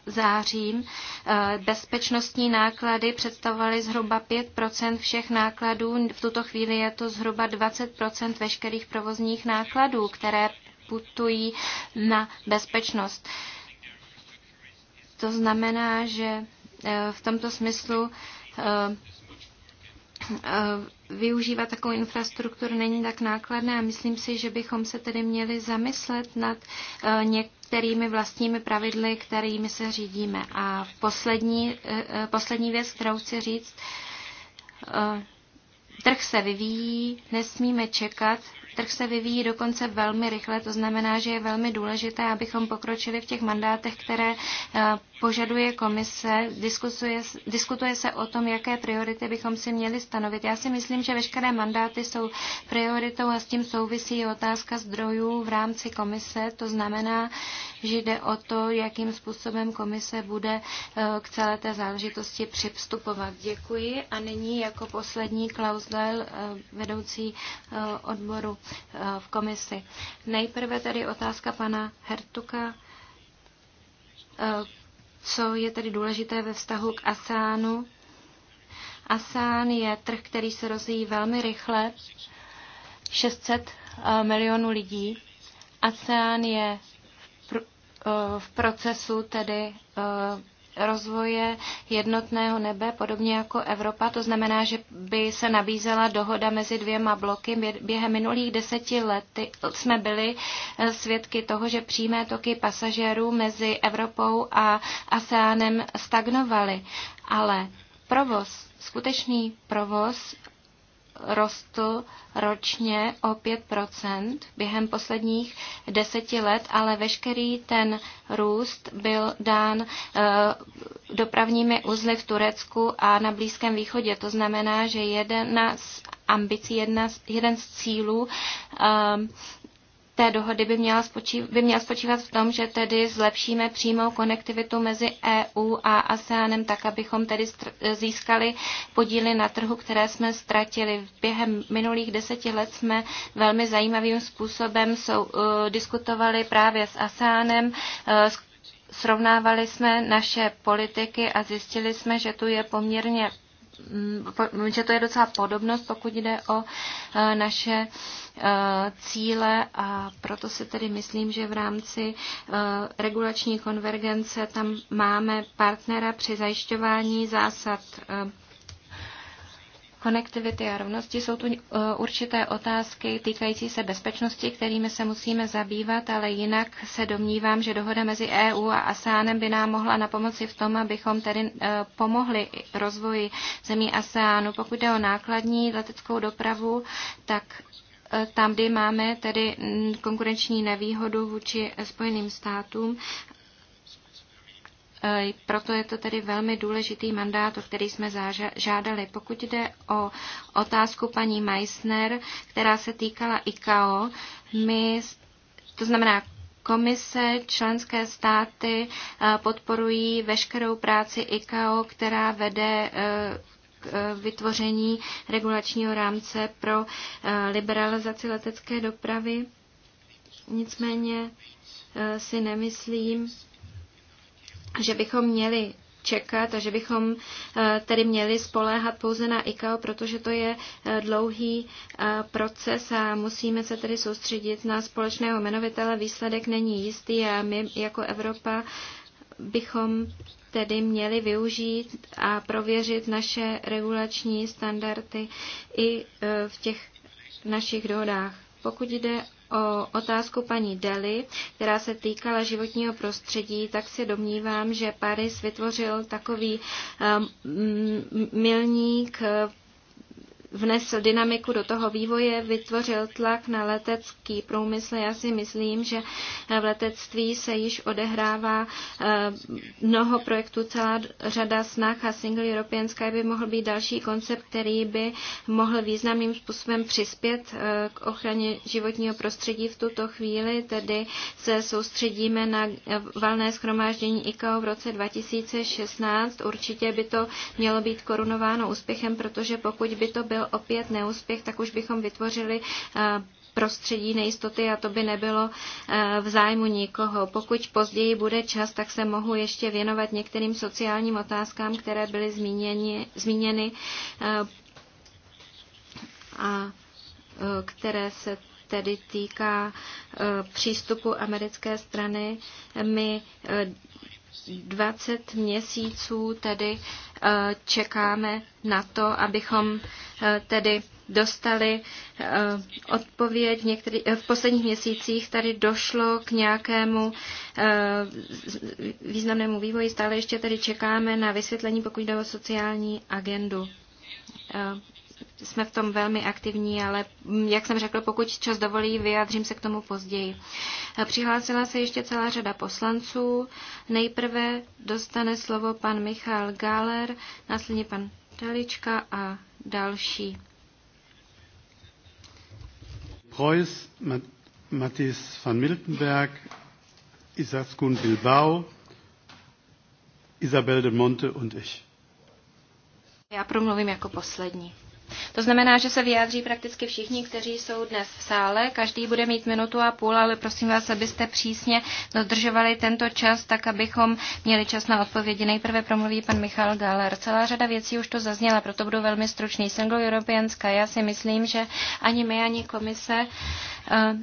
S4: zářím eh, bezpečnostní náklady představovaly zhruba 5 všech nákladů. V tuto chvíli je to zhruba 20 veškerých provozních nákladů, které putují na bezpečnost. To znamená, že eh, v tomto smyslu eh, využívat takovou infrastrukturu není tak nákladné a myslím si, že bychom se tedy měli zamyslet nad někým kterými vlastními pravidly, kterými se řídíme. A poslední, eh, eh, poslední věc, kterou chci říct, eh, trh se vyvíjí, nesmíme čekat, Trh se vyvíjí dokonce velmi rychle, to znamená, že je velmi důležité, abychom pokročili v těch mandátech, které eh, požaduje komise. Diskusuje, diskutuje se o tom, jaké priority bychom si měli stanovit. Já si myslím, že veškeré mandáty jsou prioritou a s tím souvisí otázka zdrojů v rámci komise. To znamená, že jde o to, jakým způsobem komise bude eh, k celé té záležitosti připstupovat. Děkuji. A nyní jako poslední Klaus Dahl, eh, vedoucí odboru v komisi. Nejprve tedy otázka pana Hertuka, eh, co je tedy důležité ve vztahu k Asánu. Asán je trh, který se rozvíjí velmi rychle, 600 eh, milionů lidí. ASEAN je eh, v procesu tedy rozvoje jednotného nebe, podobně jako Evropa. To znamená, že by se nabízela dohoda mezi dvěma bloky. Během minulých deseti let jsme byli eh, svědky toho, že přímé toky pasažérů mezi Evropou a ASEANem stagnovaly. Ale provoz, skutečný provoz rostl ročně o 5% během posledních deseti let, ale veškerý ten růst byl dán eh, dopravními uzly v Turecku a na Blízkém východě. To znamená, že jedna z ambicí, jedna z, jeden z cílů eh, té dohody by měla, spočívat, by měla spočívat v tom, že tedy zlepšíme přímou konektivitu mezi EU a ASEANem, tak abychom tedy získali podíly na trhu, které jsme ztratili. Během minulých deseti let jsme velmi zajímavým způsobem jsou, uh, diskutovali právě s ASEANem, uh, Srovnávali jsme naše politiky a zjistili jsme, že tu je poměrně Mm, že to je docela podobnost, pokud jde o eh, naše eh, cíle a proto se tedy myslím, že v rámci eh, regulační konvergence tam máme partnera při zajišťování zásad konektivity a rovnosti. Jsou tu eh, určité otázky týkající se bezpečnosti, kterými se musíme zabývat, ale jinak se domnívám, že dohoda mezi EU a ASEANem by nám mohla na pomoci v tom, abychom tedy eh, pomohli rozvoji zemí ASEANu. Pokud jde o nákladní leteckou dopravu, tak eh, tam, kdy máme tedy mm, konkurenční nevýhodu vůči Spojeným státům E, proto je to tedy velmi důležitý mandát, o který jsme žádali. Pokud jde o otázku paní Meissner, která se týkala ICAO, my, to znamená Komise členské státy e, podporují veškerou práci ICAO, která vede e, k vytvoření regulačního rámce pro liberalizaci letecké dopravy. Nicméně si nemyslím, že bychom měli čekat a že bychom eh, tedy měli spoléhat pouze na ICAO, protože to je eh, dlouhý eh, proces a musíme se tedy soustředit na společného jmenovitele. Výsledek není jistý a my jako Evropa bychom tedy měli využít a prověřit naše regulační standardy i v těch našich dohodách. Pokud jde o otázku paní Deli, která se týkala životního prostředí, tak se domnívám, že Paris vytvořil takový eh, milník eh, vnesl dynamiku do toho vývoje, vytvořil tlak na letecký průmysl. Já si myslím, že v letectví se již odehrává eh, mnoho projektů, celá řada snah a Single European Sky by mohl být další koncept, který by mohl významným způsobem přispět eh, k ochraně životního prostředí v tuto chvíli, tedy se soustředíme na valné schromáždění ICAO v roce 2016. Určitě by to mělo být korunováno úspěchem, protože pokud by to bylo byl opět neúspěch, tak už bychom vytvořili eh, prostředí nejistoty a to by nebylo eh, v zájmu nikoho. Pokud později bude čas, tak se mohu ještě věnovat některým sociálním otázkám, které byly zmíněny, zmíněny eh, a které se tedy týká přístupu americké strany. My 20 měsíců tedy eh, čekáme na to, abychom eh, tedy dostali eh, odpověď. Některý, v posledních měsících tady došlo k nějakému významnému vývoji. Stále ještě tady čekáme na vysvětlení, pokud jde o sociální agendu jsme v tom velmi aktivní, ale mm, jak jsem řekl, pokud čas dovolí, vyjádřím se k tomu později. Přihlásila se ještě celá řada poslanců. Nejprve dostane slovo pan Michal Galer, následně pan Telička a další.
S1: Preuss, Mat Matis van Miltenberg, Isaskun Bilbao, Isabel de Monte und ich.
S4: Já promluvím jako poslední. To znamená, že se vyjádří prakticky všichni, kteří jsou dnes v sále. Každý bude mít minutu a půl, ale prosím vás, abyste přísně dodržovali tento čas, tak abychom měli čas na odpovědi. Nejprve promluví pan Michal Galer. Celá řada věcí už to zazněla, proto budu velmi stručný. Single European Sky, já si myslím, že ani my, ani komise eh,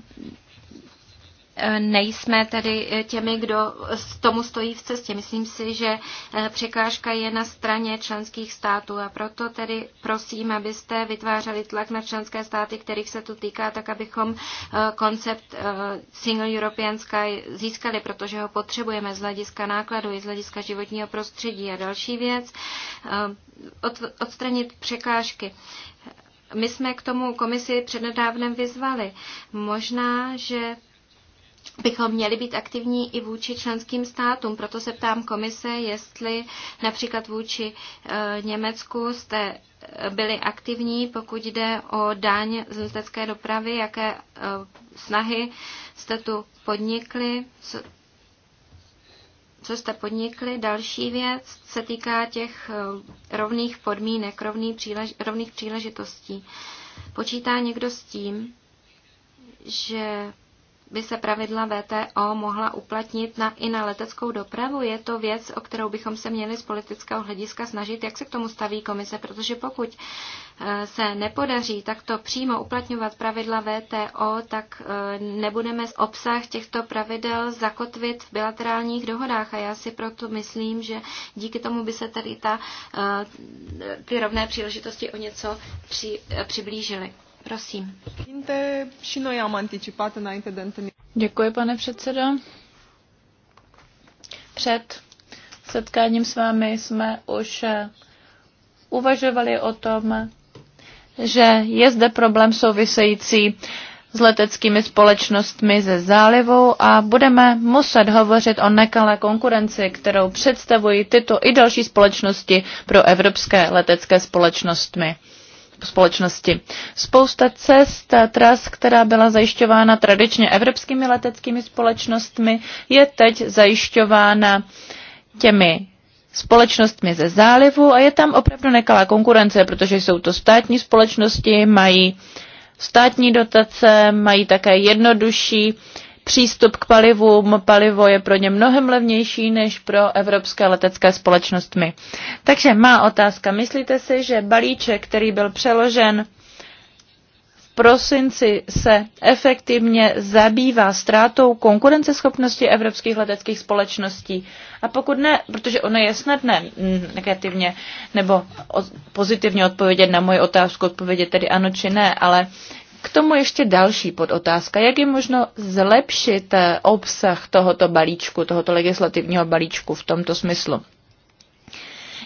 S4: nejsme tedy eh, těmi, kdo tomu stojí v cestě. Myslím si, že eh, překážka je na straně členských států a proto tedy prosím, abyste vytvářeli tlak na členské státy, kterých se tu týká, tak abychom eh, koncept Single European Sky získali, protože ho potřebujeme z hlediska nákladu, i z hlediska životního prostředí. A další věc, odstranit překážky. My jsme k tomu komisi přednedávnem vyzvali. Možná, že bychom měli být aktivní i vůči členským státům. Proto se ptám komise, jestli například vůči eh, Německu jste eh, byli aktivní, pokud jde o daň z letecké dopravy, jaké eh, snahy jste tu podnikli, co, co jste podnikli. Další věc se týká těch rovných podmínek, přílež, rovných příležitostí. Počítá někdo s tím, že by se pravidla VTO mohla uplatnit na, i na leteckou dopravu. Je to věc, o kterou bychom se měli z politického hlediska snažit, jak se k tomu staví komise, protože pokud eh, se nepodaří takto přímo uplatňovat pravidla VTO, tak eh, nebudeme obsah těchto pravidel zakotvit v bilaterálních dohodách. A já si proto myslím, že díky tomu by se tady ta, eh, ty rovné příležitosti o něco při, přiblížily. Prosím.
S3: Děkuji, pane předsedo. Před setkáním s vámi jsme už eh, uvažovali o tom, že je zde problém související s leteckými společnostmi ze zálivou a budeme muset hovořit o nekalé konkurenci, kterou představují tyto i další společnosti pro evropské letecké společnostmi společnosti. Spousta cest, tras, která byla zajišťována tradičně evropskými leteckými společnostmi, je teď zajišťována těmi společnostmi ze zálivu a je tam opravdu nekalá konkurence, protože jsou to státní společnosti, mají státní dotace, mají také jednodušší přístup k palivům. Palivo je pro ně mnohem levnější než pro evropské letecké společnostmi. Takže má otázka. Myslíte si, že balíček, který byl přeložen v prosinci, se efektivně zabývá ztrátou konkurenceschopnosti evropských leteckých společností? A pokud ne, protože ono je snadné negativně nebo pozitivně odpovědět na moji otázku, odpovědět tedy ano či ne, ale uh, k tomu ještě další podotázka. Jak je možno zlepšit eh, obsah tohoto balíčku, tohoto legislativního balíčku v tomto smyslu?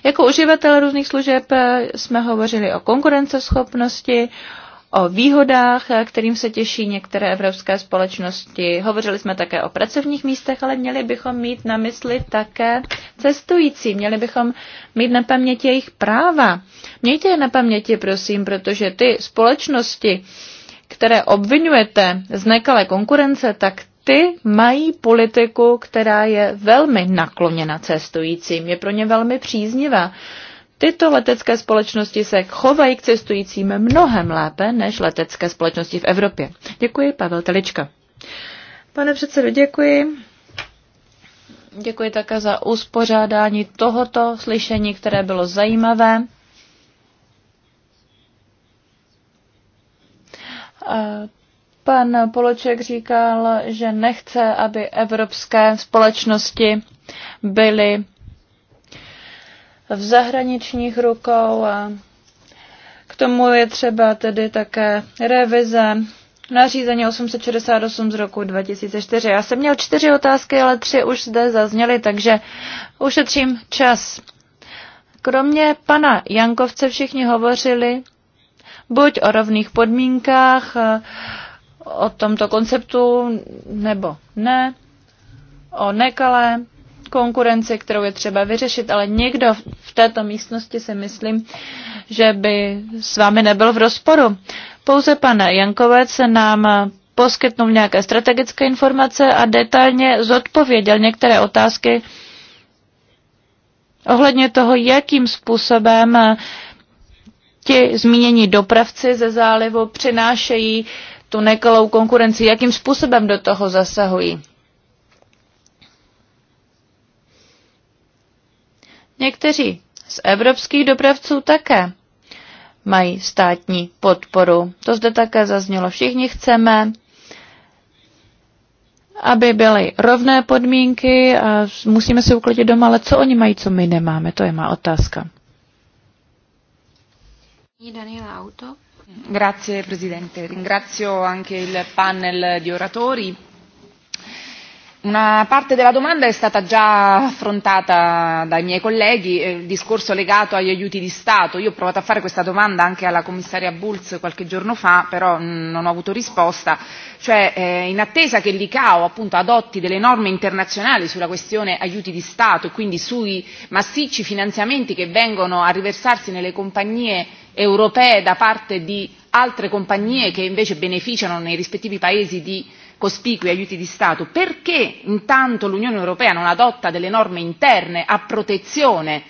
S3: Jako uživatel různých služeb eh, jsme hovořili o konkurenceschopnosti, o výhodách, eh, kterým se těší některé evropské společnosti. Hovořili jsme také o pracovních místech, ale měli bychom mít na mysli také cestující. Měli bychom mít na paměti jejich práva. Mějte je na paměti, prosím, protože ty společnosti, které obvinujete z nekalé konkurence, tak ty mají politiku, která je velmi nakloněna cestujícím, je pro ně velmi příznivá. Tyto letecké společnosti se chovají k cestujícím mnohem lépe než letecké společnosti v Evropě. Děkuji, Pavel Telička. Pane předsedo, děkuji. Děkuji také za uspořádání tohoto slyšení, které bylo zajímavé. Pan Poloček říkal, že nechce, aby evropské společnosti byly v zahraničních rukou a k tomu je třeba tedy také revize nařízení 868 z roku 2004. Já jsem měl čtyři otázky, ale tři už zde zazněly, takže ušetřím čas. Kromě pana Jankovce všichni hovořili buď o rovných podmínkách, eh, o tomto konceptu, nebo ne, o nekalé konkurenci, kterou je třeba vyřešit, ale někdo v této místnosti si myslím, že by s vámi nebyl v rozporu. Pouze pan Jankovec se nám poskytnul nějaké strategické informace a detailně zodpověděl některé otázky ohledně toho, jakým způsobem ti zmínění dopravci ze zálivu přinášejí tu nekalou konkurenci, jakým způsobem do toho zasahují. Někteří z evropských dopravců také mají státní podporu. To zde také zaznělo. Všichni chceme, aby byly rovné podmínky a musíme se uklidit doma, ale co oni mají, co my nemáme, to je má otázka.
S5: Daniela Auto. Grazie Presidente, ringrazio anche il panel di oratori Una parte della domanda è stata già affrontata dai miei colleghi, eh, il discorso legato agli aiuti di Stato. Io ho provato a fare questa domanda anche alla commissaria Bulz qualche giorno fa, però mm, non ho avuto risposta. Cioè, eh, in attesa che l'ICAO appunto, adotti delle norme internazionali sulla questione aiuti di Stato e quindi sui massicci finanziamenti che vengono a riversarsi nelle compagnie europee da parte di altre compagnie che invece beneficiano nei rispettivi paesi di cospicui aiuti di Stato, perché intanto l'Unione Europea non adotta delle norme interne a protezione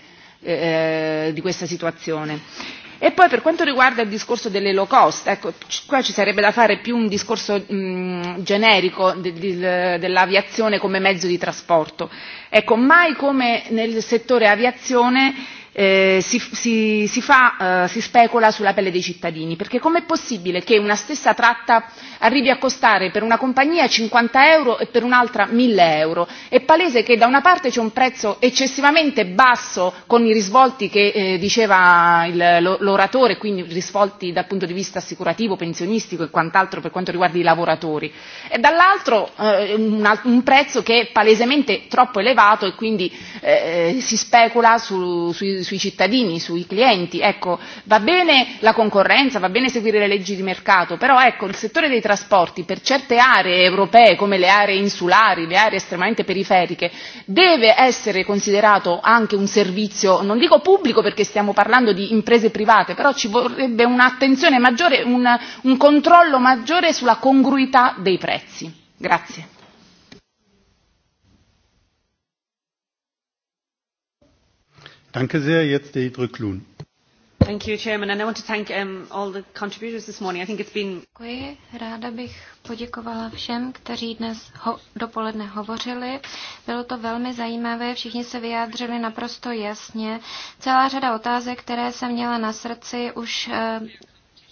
S5: eh, di questa situazione? E poi per quanto riguarda il discorso delle low cost, ecco, qua ci sarebbe da fare più un discorso mh, generico de, de, de, dell'aviazione come mezzo di trasporto. Ecco, mai come nel settore aviazione eh, eh, si, si, si, fa, eh, si specula sulla pelle dei cittadini, perché com'è possibile che una stessa tratta arrivi a costare per una compagnia 50 euro e per un'altra 1000 euro? È palese che da una parte c'è un prezzo eccessivamente basso con i risvolti che eh, diceva il, l'oratore, quindi risvolti dal punto di vista assicurativo, pensionistico e quant'altro per quanto riguarda i lavoratori, e dall'altro eh, un, un prezzo che è palesemente troppo elevato e quindi eh, eh si specula su, su, sui cittadini, sui clienti. Ecco, va bene la concorrenza, va bene seguire le leggi di mercato, però ecco, il settore dei trasporti per certe aree europee come le aree insulari, le aree estremamente periferiche, deve essere considerato anche un servizio, non dico pubblico perché stiamo parlando di imprese private, però ci vorrebbe un'attenzione maggiore, un, un controllo maggiore sulla congruità dei prezzi. Grazie.
S1: Danke sehr, jetzt die Drücklun.
S5: Thank you, Chairman, and I want to thank um, all the contributors this morning. I think it's been...
S4: Děkuji. Ráda bych poděkovala všem, kteří dnes ho- dopoledne hovořili. Bylo to velmi zajímavé, všichni se vyjádřili naprosto jasně. Celá řada otázek, které jsem měla na srdci, už uh,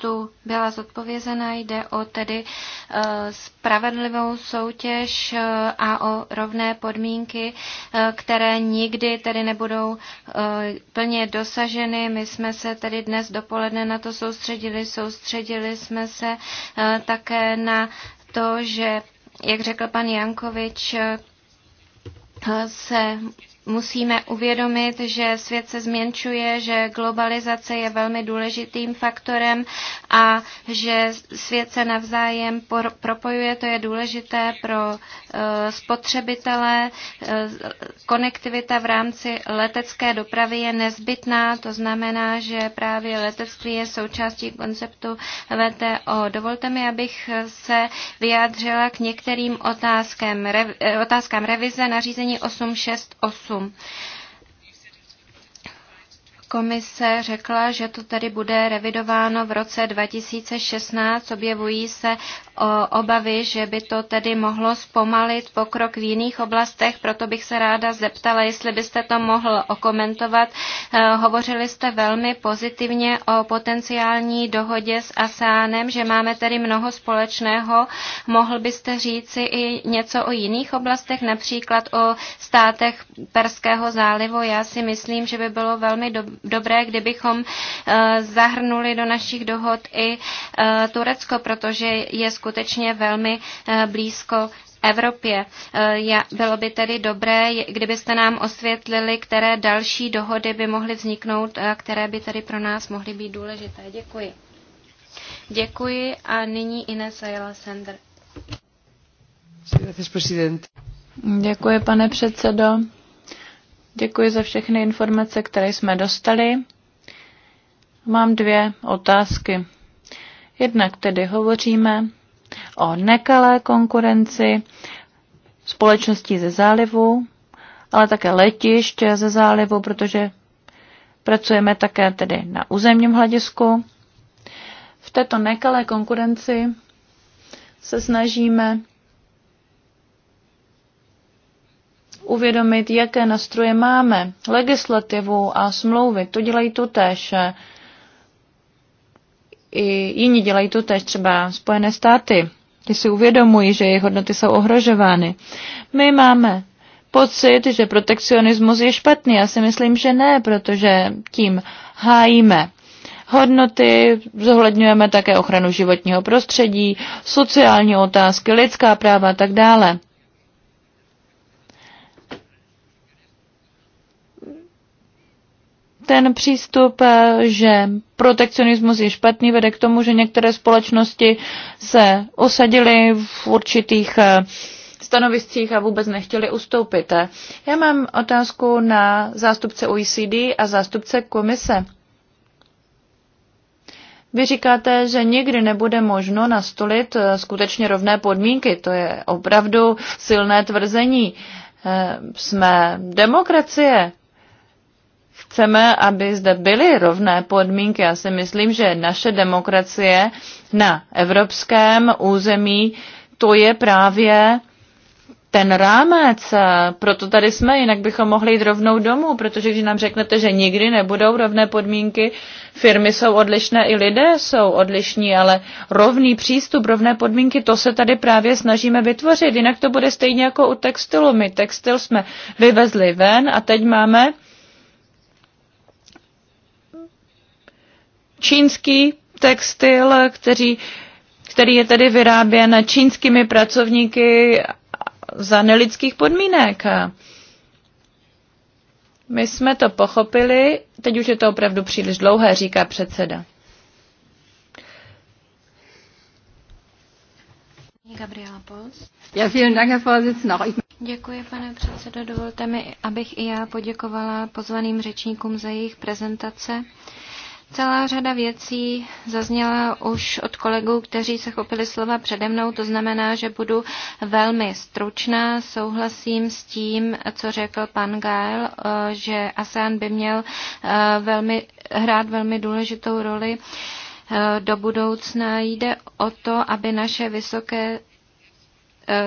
S4: tu byla zodpovězena. Jde o tedy eh, spravedlivou soutěž eh, a o rovné podmínky, eh, které nikdy tedy nebudou plně dosaženy. My jsme se tedy dnes dopoledne na to soustředili. Soustředili jsme se také na to, že, jak řekl pan Jankovič, se musíme uvědomit, že svět se změnčuje, že globalizace je velmi důležitým faktorem a že svět se navzájem propojuje. To je důležité pro eh, spotřebitele. Eh, konektivita v rámci letecké dopravy je nezbytná, to znamená, že právě letectví je součástí konceptu VTO. Dovolte mi, abych se vyjádřila k některým otázkám, eh, otázkám revize nařízení 868 aktům. Komise řekla, že to tedy bude revidováno v roce 2016. Objevují se obavy, že by to tedy mohlo zpomalit pokrok v jiných oblastech, proto bych se ráda zeptala, jestli byste to mohl okomentovat. Eh, hovořili jste velmi pozitivně o potenciální dohodě s ASEANem, že máme tedy mnoho společného. Mohl byste říci i něco o jiných oblastech, například o státech Perského zálivu? Já si myslím, že by bylo velmi dobré dobré, kdybychom eh, zahrnuli do našich dohod i eh, Turecko, protože je skutečně velmi eh, blízko Evropě. Bylo by tedy dobré, kdybyste nám osvětlili, které další dohody by mohly vzniknout, které by tedy pro nás mohly být důležité. Děkuji. Děkuji a nyní Ines Ayala Sender.
S3: Děkuji, pane předsedo. Děkuji za všechny informace, které jsme dostali. Mám dvě otázky. Jednak tedy hovoříme o nekalé konkurenci společností ze zálivu, ale také letiště ze zálivu, protože pracujeme také tedy na územním hledisku. V této nekalé konkurenci se snažíme uvědomit, jaké nastroje máme, legislativu a smlouvy. To dělají to tež. Eh, I jiní dělají to tež, třeba Spojené státy. Ty si uvědomují, že jejich hodnoty jsou ohrožovány. My máme pocit, že protekcionismus je špatný. Já si myslím, že ne, protože tím hájíme hodnoty, zohledňujeme také ochranu životního prostředí, sociální otázky, lidská práva a tak dále. ten přístup, eh, že protekcionismus je špatný, vede k tomu, že některé společnosti se osadily v určitých eh, stanoviscích a vůbec nechtěli ustoupit. Já mám otázku na zástupce OECD a zástupce komise. Vy říkáte, že nikdy nebude možno nastolit eh, skutečně rovné podmínky. To je opravdu silné tvrzení. Jsme demokracie chceme, aby zde byly rovné podmínky. Já si myslím, že naše demokracie na evropském území, to je právě ten rámec, proto tady jsme, jinak bychom mohli jít rovnou domů, protože když nám řeknete, že nikdy nebudou rovné podmínky, firmy jsou odlišné i lidé jsou odlišní, ale rovný přístup, rovné podmínky, to se tady právě snažíme vytvořit, jinak to bude stejně jako u textilu. My textil jsme vyvezli ven a teď máme čínský textil, který, který je tedy vyráběn čínskými pracovníky za nelidských podmínek. My jsme to pochopili, teď už je to opravdu příliš dlouhé, říká předseda.
S4: Gabriela Ja, Dank, Děkuji, pane předsedo. Dovolte mi, abych i já poděkovala pozvaným řečníkům za jejich prezentace. Celá řada věcí zazněla už od kolegů, kteří se chopili slova přede mnou, to znamená, že budu velmi stručná. Souhlasím s tím, co řekl pan Gail, eh, že ASEAN by měl eh, velmi, hrát velmi důležitou roli eh, do budoucna. Jde o to, aby naše vysoké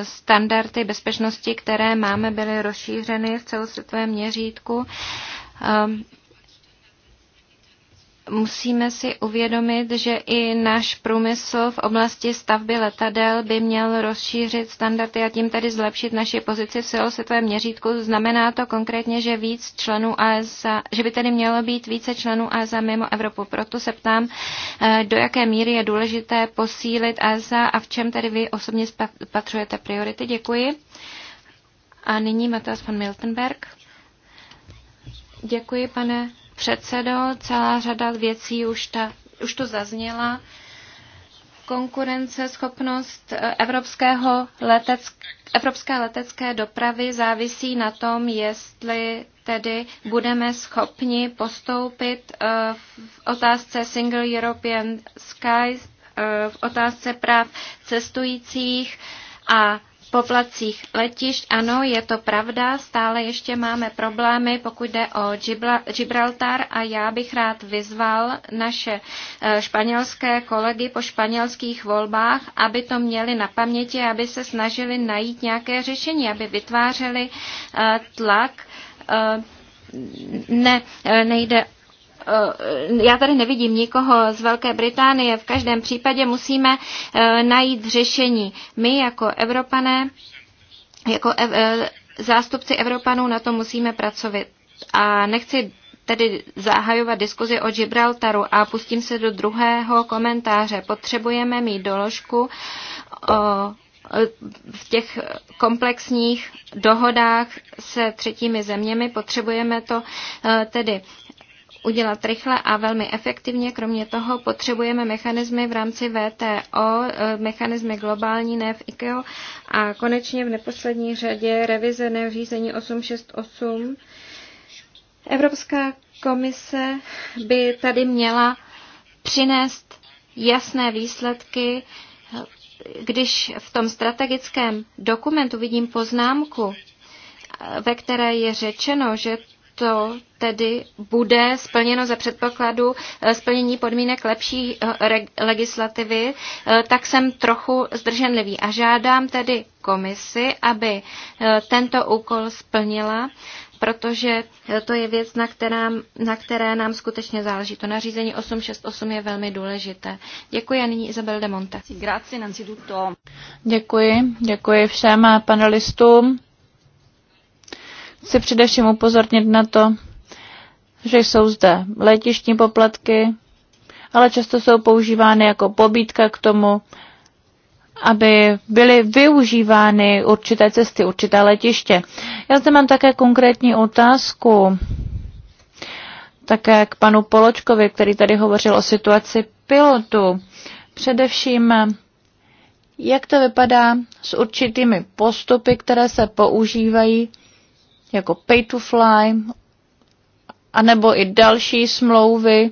S4: standardy bezpečnosti, které máme, byly rozšířeny v celosvětovém měřítku. Ehm, musíme si uvědomit, že i náš průmysl v oblasti stavby letadel by měl rozšířit standardy a tím tedy zlepšit naši pozici v celosvětovém měřítku. Znamená to konkrétně, že víc členů ASA, že by tedy mělo být více členů ASA mimo Evropu. Proto se ptám, eh, do jaké míry je důležité posílit ASA a v čem tedy vy osobně spatřujete priority. Děkuji. A nyní Matas van Miltenberg. Děkuji, pane předsedo. Celá řada věcí už, ta, už to zazněla. Konkurenceschopnost eh, evropského leteck, evropské letecké dopravy závisí na tom, jestli tedy budeme schopni postoupit eh, v otázce Single European Skies, eh, v otázce práv cestujících a poplatcích letišť. Ano, je to pravda, stále ještě máme problémy, pokud jde o Gibraltar a já bych rád vyzval naše e, španělské kolegy po španělských volbách, aby to měli na paměti, aby se snažili najít nějaké řešení, aby vytvářeli e, tlak e, ne, nejde Eh, já tady nevidím nikoho z Velké Británie. V každém případě musíme eh, najít řešení. My jako Evropané, jako ev, eh, zástupci Evropanů na to musíme pracovat. A nechci tedy zahajovat diskuzi o Gibraltaru a pustím se do druhého komentáře. Potřebujeme mít doložku o v těch komplexních dohodách se třetími zeměmi potřebujeme to tedy udělat rychle a velmi efektivně. Kromě toho potřebujeme mechanismy v rámci VTO, eh, mechanismy globální, ne v ICAO a konečně v neposlední řadě revize řízení 868. Evropská komise by tady měla přinést jasné výsledky, když v tom strategickém dokumentu vidím poznámku, ve které je řečeno, že to tedy bude splněno za předpokladu eh, splnění podmínek lepší eh, legislativy, eh, tak jsem trochu zdrženlivý a žádám tedy komisi, aby tento úkol splnila, protože to je věc, na, která, na které nám skutečně záleží. To nařízení 868 je velmi důležité. Děkuji a nyní Izabel de Monte.
S3: Děkuji, děkuji všem panelistům chci především upozornit na to, že jsou zde letištní poplatky, ale často jsou používány jako pobídka k tomu, aby byly využívány určité cesty, určitá letiště. Já zde mám také konkrétní otázku, také k panu Poločkovi, který tady hovořil o situaci pilotu. Především, jak to vypadá s určitými postupy, které se používají jako Pay to Fly, anebo i další smlouvy.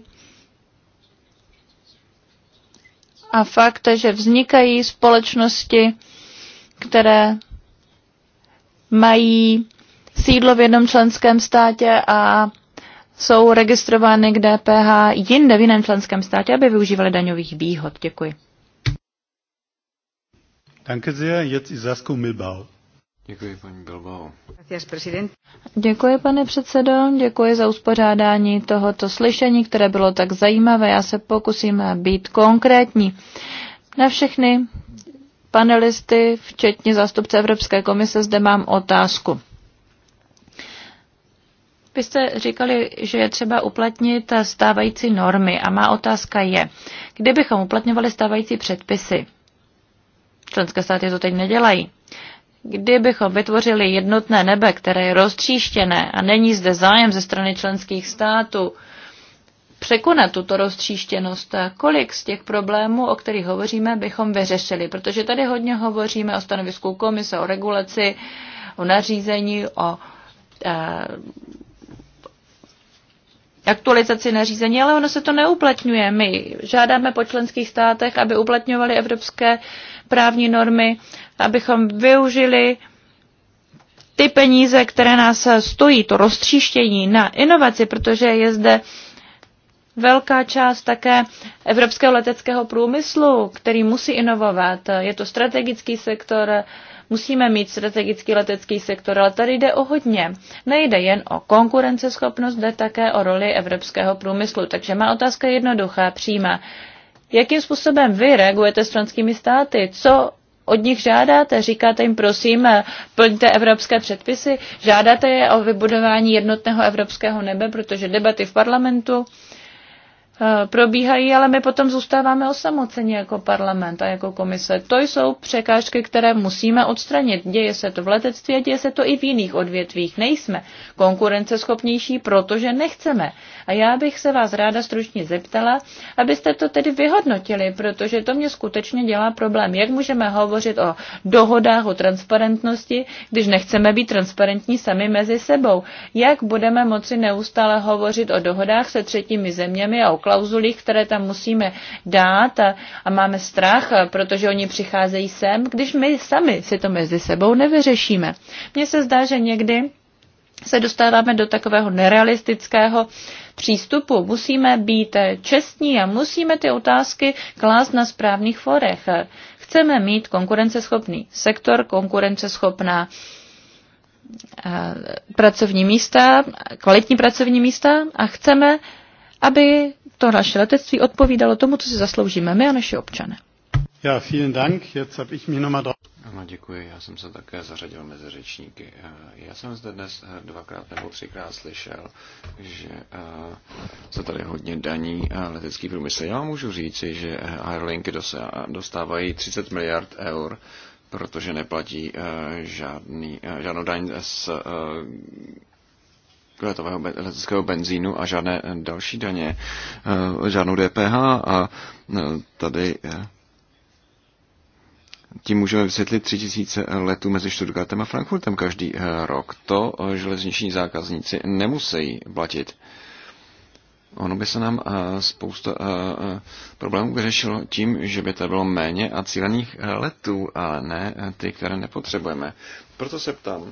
S3: A fakt, že vznikají společnosti, které mají sídlo v jednom členském státě a jsou registrovány k DPH jinde v jiném členském státě, aby využívali daňových výhod. Děkuji.
S1: Danke sehr. Jetzt Milbau. Děkuji, paní Bilbao.
S3: Děkuji, pane předsedo, děkuji za uspořádání tohoto slyšení, které bylo tak zajímavé. Já se pokusím být konkrétní. Na všechny panelisty, včetně zástupce Evropské komise, zde mám otázku. Vy jste říkali, že je třeba uplatnit stávající normy a má otázka je, kdybychom uplatňovali stávající předpisy, členské státy to teď nedělají, Kdybychom vytvořili jednotné nebe, které je roztříštěné a není zde zájem ze strany členských států překonat tuto roztříštěnost, kolik z těch problémů, o kterých hovoříme, bychom vyřešili. Protože tady hodně hovoříme o stanovisku komise, o regulaci, o nařízení, o e, aktualizaci nařízení, ale ono se to neuplatňuje. My žádáme po členských státech, aby uplatňovali evropské právní normy, abychom využili ty peníze, které nás stojí, to roztříštění na inovaci, protože je zde velká část také evropského leteckého průmyslu, který musí inovovat. Je to strategický sektor, musíme mít strategický letecký sektor, ale tady jde o hodně. Nejde jen o konkurenceschopnost, jde také o roli evropského průmyslu. Takže má otázka jednoduchá, přímá. Jakým způsobem vy reagujete s členskými státy? Co od nich žádáte? Říkáte jim, prosím, eh, plňte evropské předpisy? Žádáte je o vybudování jednotného evropského nebe, protože debaty v parlamentu Eh, probíhají, ale my potom zůstáváme osamoceni jako parlament a jako komise. To jsou překážky, které musíme odstranit. Děje se to v letectví a děje se to i v jiných odvětvích. Nejsme konkurenceschopnější, protože nechceme. A já bych se vás ráda stručně zeptala, abyste to tedy vyhodnotili, protože to mě skutečně dělá problém. Jak můžeme hovořit o dohodách, o transparentnosti, když nechceme být transparentní sami mezi sebou? Jak budeme moci neustále hovořit o dohodách se třetími zeměmi a o klauzulích, které tam musíme dát a, a máme strach, protože oni přicházejí sem, když my sami si to mezi sebou nevyřešíme. Mně se zdá, že někdy se dostáváme do takového nerealistického přístupu. Musíme být čestní a musíme ty otázky klást na správných forech. Chceme mít konkurenceschopný sektor, konkurenceschopná pracovní místa, kvalitní pracovní místa a chceme, aby to naše letectví odpovídalo tomu, co si zasloužíme my a naši občané.
S1: Ja, vielen Dank. Jetzt habe ich mich nochmal drauf. Ano, děkuji. Já jsem se také zařadil mezi řečníky. Eh, Já jsem zde dnes eh, dvakrát
S2: nebo třikrát slyšel, že eh, se tady hodně daní letecký průmysl. Já můžu říci, že aerolinky dostávají 30 miliard eur, protože neplatí žádný, žádnou daň z skvělého elektrického benzínu a žádné eh, další daně, eh, žádnou DPH a eh, tady tím můžeme vysvětlit 3000 letů mezi Stuttgartem a Frankfurtem každý rok. To železniční zákazníci nemusí platit. Ono by se nám spousta problémů vyřešilo tím, že by to bylo méně a cílených letů, ale ne ty, které nepotřebujeme. Proto se ptám,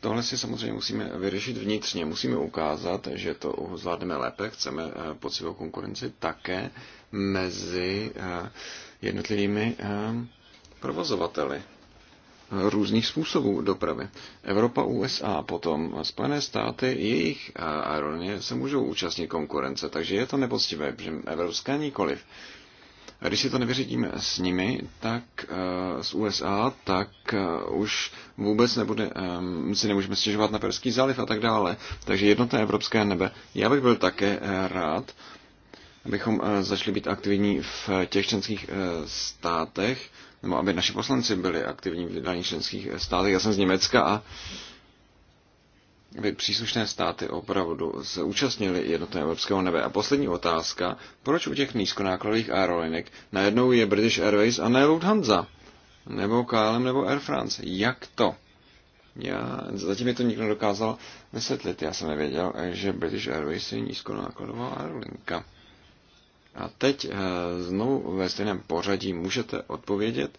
S2: Tohle si samozřejmě musíme vyřešit vnitřně. Musíme ukázat, že to zvládneme lépe, chceme eh, poctivou konkurenci také mezi eh, jednotlivými eh, provozovateli různých způsobů dopravy. Evropa, USA, potom Spojené státy, jejich aerolinie se můžou účastnit konkurence, takže je to nepoctivé, protože evropské nikoliv když si to nevyřídíme s nimi, tak eh, z USA, tak eh, už vůbec nebude, eh, si nemůžeme stěžovat na Perský záliv a tak dále. Takže jednotné evropské nebe. Já bych byl také rád, abychom začali být aktivní v těch členských státech, nebo aby naši poslanci byli aktivní v daných členských státech. Já jsem z Německa a by příslušné státy opravdu se účastnili jednotného evropského nebe. A poslední otázka, proč u těch nízkonákladových aerolinek najednou je British Airways a ne Lufthansa? Nebo KLM nebo Air France? Jak to? Já, zatím mi to nikdo dokázal vysvětlit. Já jsem nevěděl, že British Airways je nízkonákladová aerolinka. A teď eh, znovu ve stejném pořadí můžete odpovědět.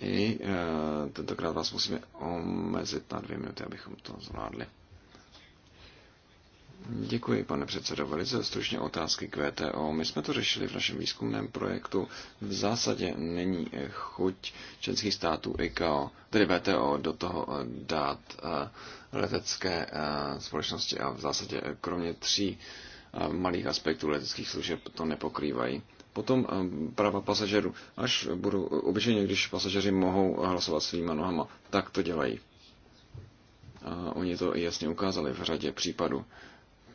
S2: I eh, tentokrát vás musíme omezit na dvě minuty, abychom to zvládli. Děkuji, pane předsedo. Velice stručně otázky k VTO. My jsme to řešili v našem výzkumném projektu. V zásadě není chuť členských států ICAO, tedy VTO, do toho eh, dát eh, letecké společnosti a v zásadě kromě tří malých aspektů leteckých služeb to nepokrývají. Potom eh, práva pasažerů. Až budou, obyčejně, když pasažeři mohou hlasovat svýma nohama, tak to dělají. A oni to i jasně ukázali v řadě případů.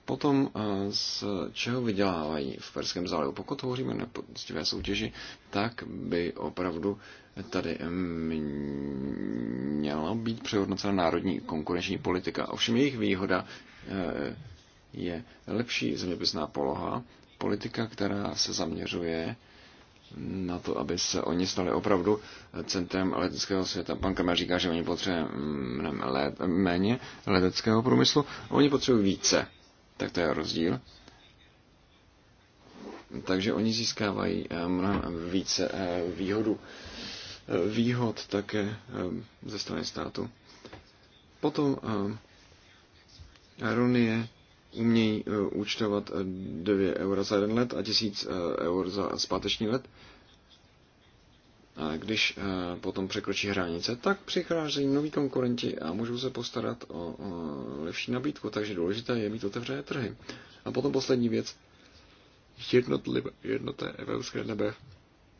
S2: Potom eh, z čeho vydělávají v Perském zálivu? Pokud hovoříme o nepoctivé soutěži, tak by opravdu tady eh, měla být přehodnocena národní konkurenční politika. Ovšem jejich výhoda je lepší zeměpisná poloha politika, která se zaměřuje na to, aby se oni stali opravdu centrem leteckého světa. Pan Kamer říká, že oni potřebují méně leteckého průmyslu, oni potřebují více. Tak to je rozdíl. Takže oni získávají eh, mnohem více eh, výhodu, eh, výhod také ze strany státu. Potom Arunie umějí eh, účtovat 2 eh, eura za jeden let a 1000 eh, eur za zpáteční let. A když potom překročí hranice, tak přicházejí noví konkurenti a můžou se postarat o lepší nabídku, takže důležité je mít otevřené trhy. A potom poslední věc. Jednotlivé, jednoté evropské nebe.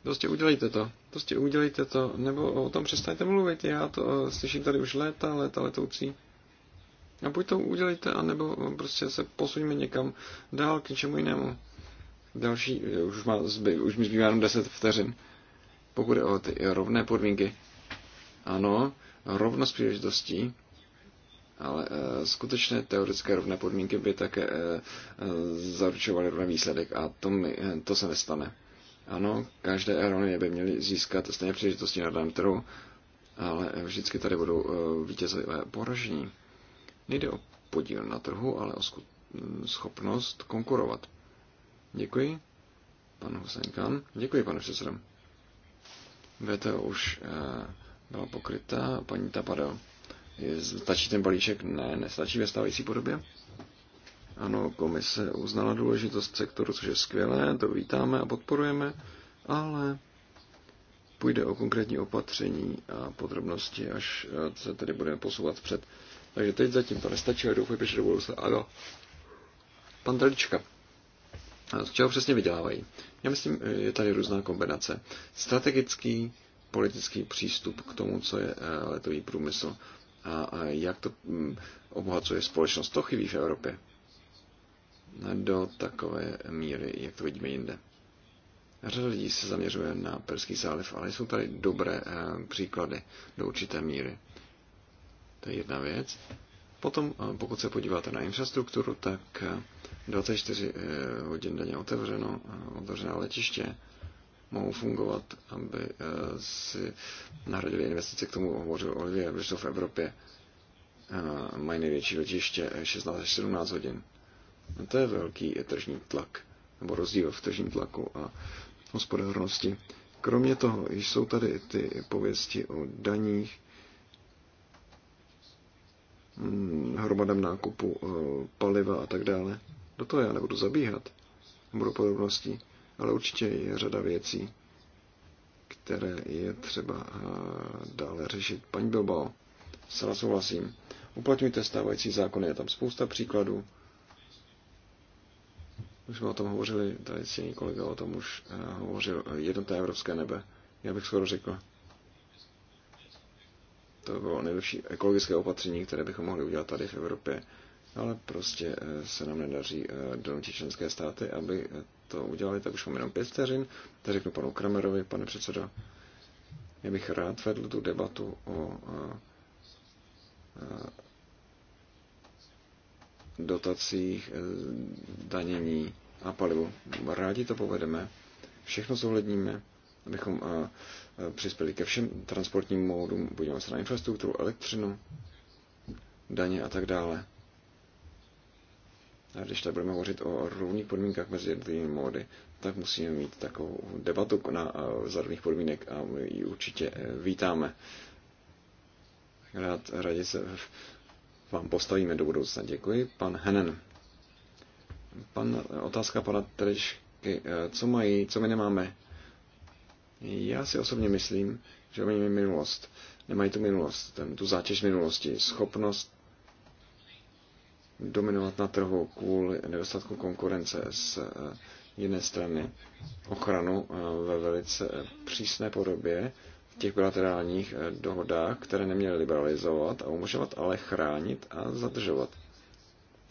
S2: Prostě udělejte to. Prostě udělejte to, nebo o tom přestaňte mluvit. Já to slyším tady už léta, léta letoucí. A buď to udělejte, anebo eh, prostě se posuňme někam dál k něčemu jinému. Další, eh, už, má, zby, už mi zbývá jenom 10 vteřin. Pokud je o ty rovné podmínky. Ano, rovnost příležitostí, ale e, skutečné teoretické rovné podmínky by také e, e, zaručovaly rovný výsledek a to, mi, e, to se nestane. Ano, každé aerolinie by měly získat stejné příležitosti na daném trhu, ale vždycky tady budou vítězové poražení. Nejde o podíl na trhu, ale o schopnost konkurovat. Děkuji, pan Hussein Khan. Děkuji, pane předsedo. VTO už eh, byla pokryta, paní Tapadel. Stačí ten balíček? Ne, nestačí ve stávající podobě. Ano, komise uznala důležitost sektoru, což je skvělé, to vítáme a podporujeme, ale půjde o konkrétní opatření a podrobnosti, až eh, se tedy budeme posouvat před. Takže teď zatím to nestačí, ale doufám, že do budoucna ano. Pan Tradička. Z čeho přesně vydělávají? Já myslím, e, je tady různá kombinace. Strategický, politický přístup k tomu, co je e, letový průmysl a, a jak to mm, obohacuje společnost. To chybí v Evropě do takové míry, jak to vidíme jinde. Řada lidí se zaměřuje na Perský záliv, ale jsou tady dobré e, příklady do určité míry. To je jedna věc. Potom, eh, pokud se podíváte na infrastrukturu, tak 24 eh, eh, hodin denně otevřeno, otevřené letiště mohou fungovat, aby si nahradili investice, k tomu hovořil Olivier, protože jsou v Evropě mají největší letiště 16 až 17 hodin. A to je velký tržní tlak, nebo rozdíl v tržním tlaku a hospodárnosti. Kromě toho jsou tady ty pověsti o daních, Mm, hromadem nákupu eh, paliva a tak dále. Do toho já nebudu zabíhat, nebudu podobností, ale určitě je řada věcí, které je třeba eh, dále řešit. Paní Bilbao, zcela souhlasím. Uplatňujte stávající zákony, je tam spousta příkladů. Už jsme o tom hovořili, tady si kolega o tom už eh, hovořil, jednotné evropské nebe, já bych skoro řekl. To by bylo nejlepší ekologické opatření, které bychom mohli udělat tady v Evropě. Ale prostě eh, se nám nedaří eh, donutit členské státy, aby eh, to udělali. Tak už mám jenom pět vteřin. Tak řeknu panu Kramerovi, pane předsedo, já bych rád vedl tu debatu o dotacích, danění a palivu. Rádi to povedeme, všechno zohledníme abychom eh, eh, přispěli ke všem transportním módům, budeme se na infrastrukturu, elektřinu, daně a tak dále. A když tak budeme hovořit o rovných podmínkách mezi jednotlivými módy, tak musíme mít takovou debatu na eh, zarovných podmínek a my ji určitě vítáme. Rád, rádi se vám postavíme do budoucna. Děkuji. Pan Henen. Pan, otázka pana Terešky. Co mají, co my nemáme? Já si osobně myslím, že oni mají minulost. Nemají tu minulost, ten, tu zátěž minulosti, schopnost dominovat na trhu kvůli nedostatku konkurence z eh, jedné strany, ochranu eh, ve velice eh, přísné podobě v těch bilaterálních dohodách, které neměly liberalizovat a umožňovat, ale chránit a zadržovat.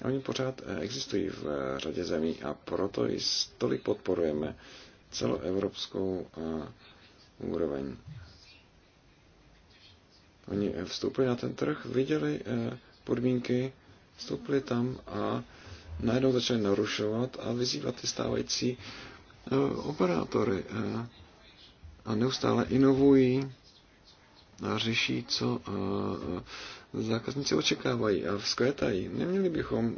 S2: A oni pořád existují v řadě zemí a proto i tolik podporujeme celoevropskou eh, úroveň. Oni eh, vstoupili na ten trh, viděli eh, podmínky, vstoupili tam a najednou začali narušovat a vyzývat ty stávající operátory a neustále inovují a řeší, co zákazníci očekávají a vzkvétají. Neměli bychom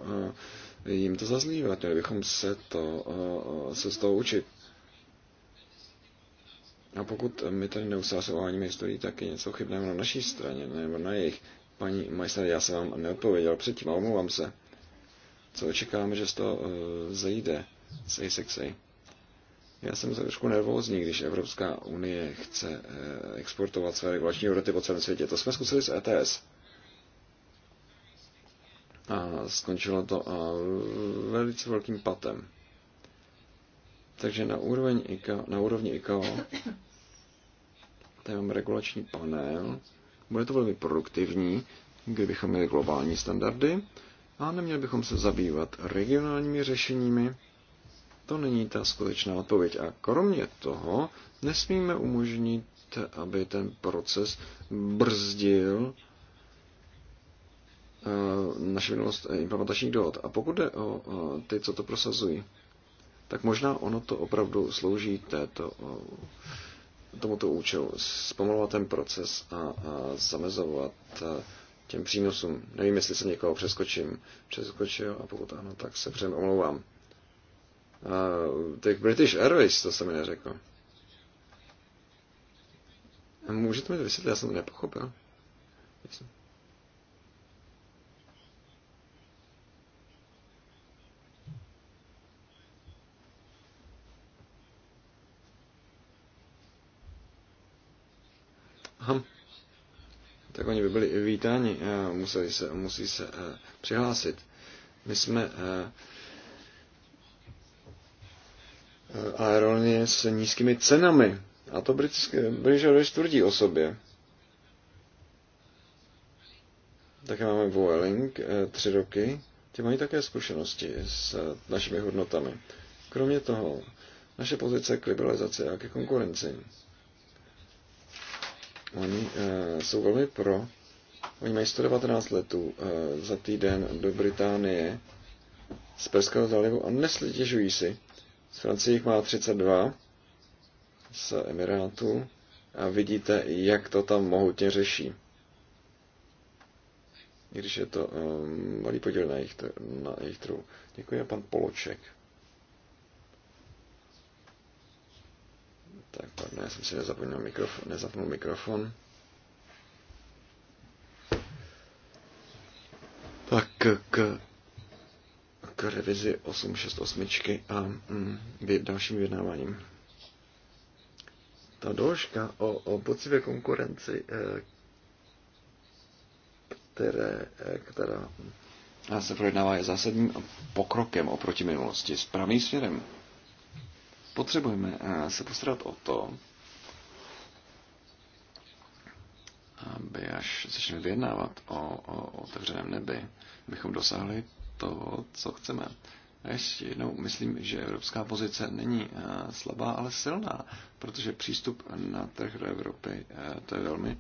S2: jim to zazlívat, měli bychom se, to, se z toho učit. A pokud my tady neustále historii, tak je něco chybného na naší straně, nebo na jejich. Paní majster, já jsem vám neodpověděl předtím, ale omlouvám se. Co očekáváme, že z toho uh, eh, zajde? Sej, sexej. Já jsem trošku nervózní, když Evropská unie chce uh, exportovat své regulační hodnoty po celém světě. To jsme zkusili s ETS. A skončilo to uh, velice velkým patem. Takže na, úroveň ICAO, na úrovni ICAO Tady máme regulační panel. Bude to velmi produktivní, kdybychom měli globální standardy a neměli bychom se zabývat regionálními řešeními. To není ta skutečná odpověď. A kromě toho nesmíme umožnit, aby ten proces brzdil eh, naše minulost eh, implementačních dohod. A pokud jde o eh, ty, co to prosazují, tak možná ono to opravdu slouží této tomuto účelu zpomalovat ten proces a, a zamezovat e, těm přínosům. Nevím, jestli jsem někoho přeskočím. Přeskočil a pokud ano, tak se předem omlouvám. E, tak British Airways, to jsem mi neřekl. Můžete mi to vysvětlit, já jsem to nepochopil. Jsem... Aha. Tak oni by byli vítáni, eh, museli se, musí se eh, přihlásit. My jsme eh, aerolně s nízkými cenami. A to britské, British tvrdí o sobě. Také máme Vueling, tři roky. Ti mají také zkušenosti s našimi hodnotami. Kromě toho, naše pozice k liberalizaci a ke konkurenci Oni eh, jsou velmi pro. Oni mají 119 letů eh, za týden do Británie z Perského zálivu a nestěžují si. Z Francie jich má 32 z Emirátu a vidíte, jak to tam mohutně řeší. I když je to um, malý podíl na jejich, na jejich trhu. Děkuji, pan Poloček. Tak, pardon, já jsem si nezapomněl mikrofon, nezapnul mikrofon. Tak k, k k revizi 868 a mm, dalším vyjednáváním. Ta doložka o, o pocivé konkurenci, eh, které, eh, která se projednává, je zásadním pokrokem oproti minulosti, s pravým směrem. Potřebujeme eh, se postarat o to, aby až začneme vyjednávat o, o otevřeném nebi, bychom dosáhli toho, co chceme. A ještě jednou myslím, že evropská pozice není eh, slabá, ale silná, protože přístup na trh do Evropy eh, to je velmi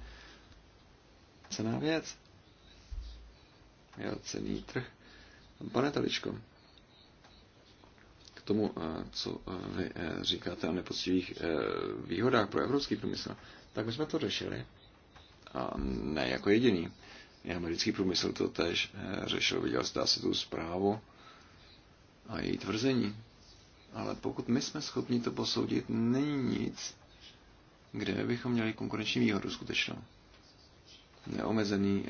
S2: cená věc. Jo, cený trh. Pane Taličko, tomu, eh, co eh, vy eh, říkáte o nepoctivých výhodách pro evropský průmysl, tak my jsme to řešili. A ne jako jediný. I americký průmysl to tež řešil, viděl jste asi tu zprávu a její tvrzení. Ale pokud my jsme schopni to posoudit, není nic, kde bychom měli konkurenční výhodu skutečnou. Neomezený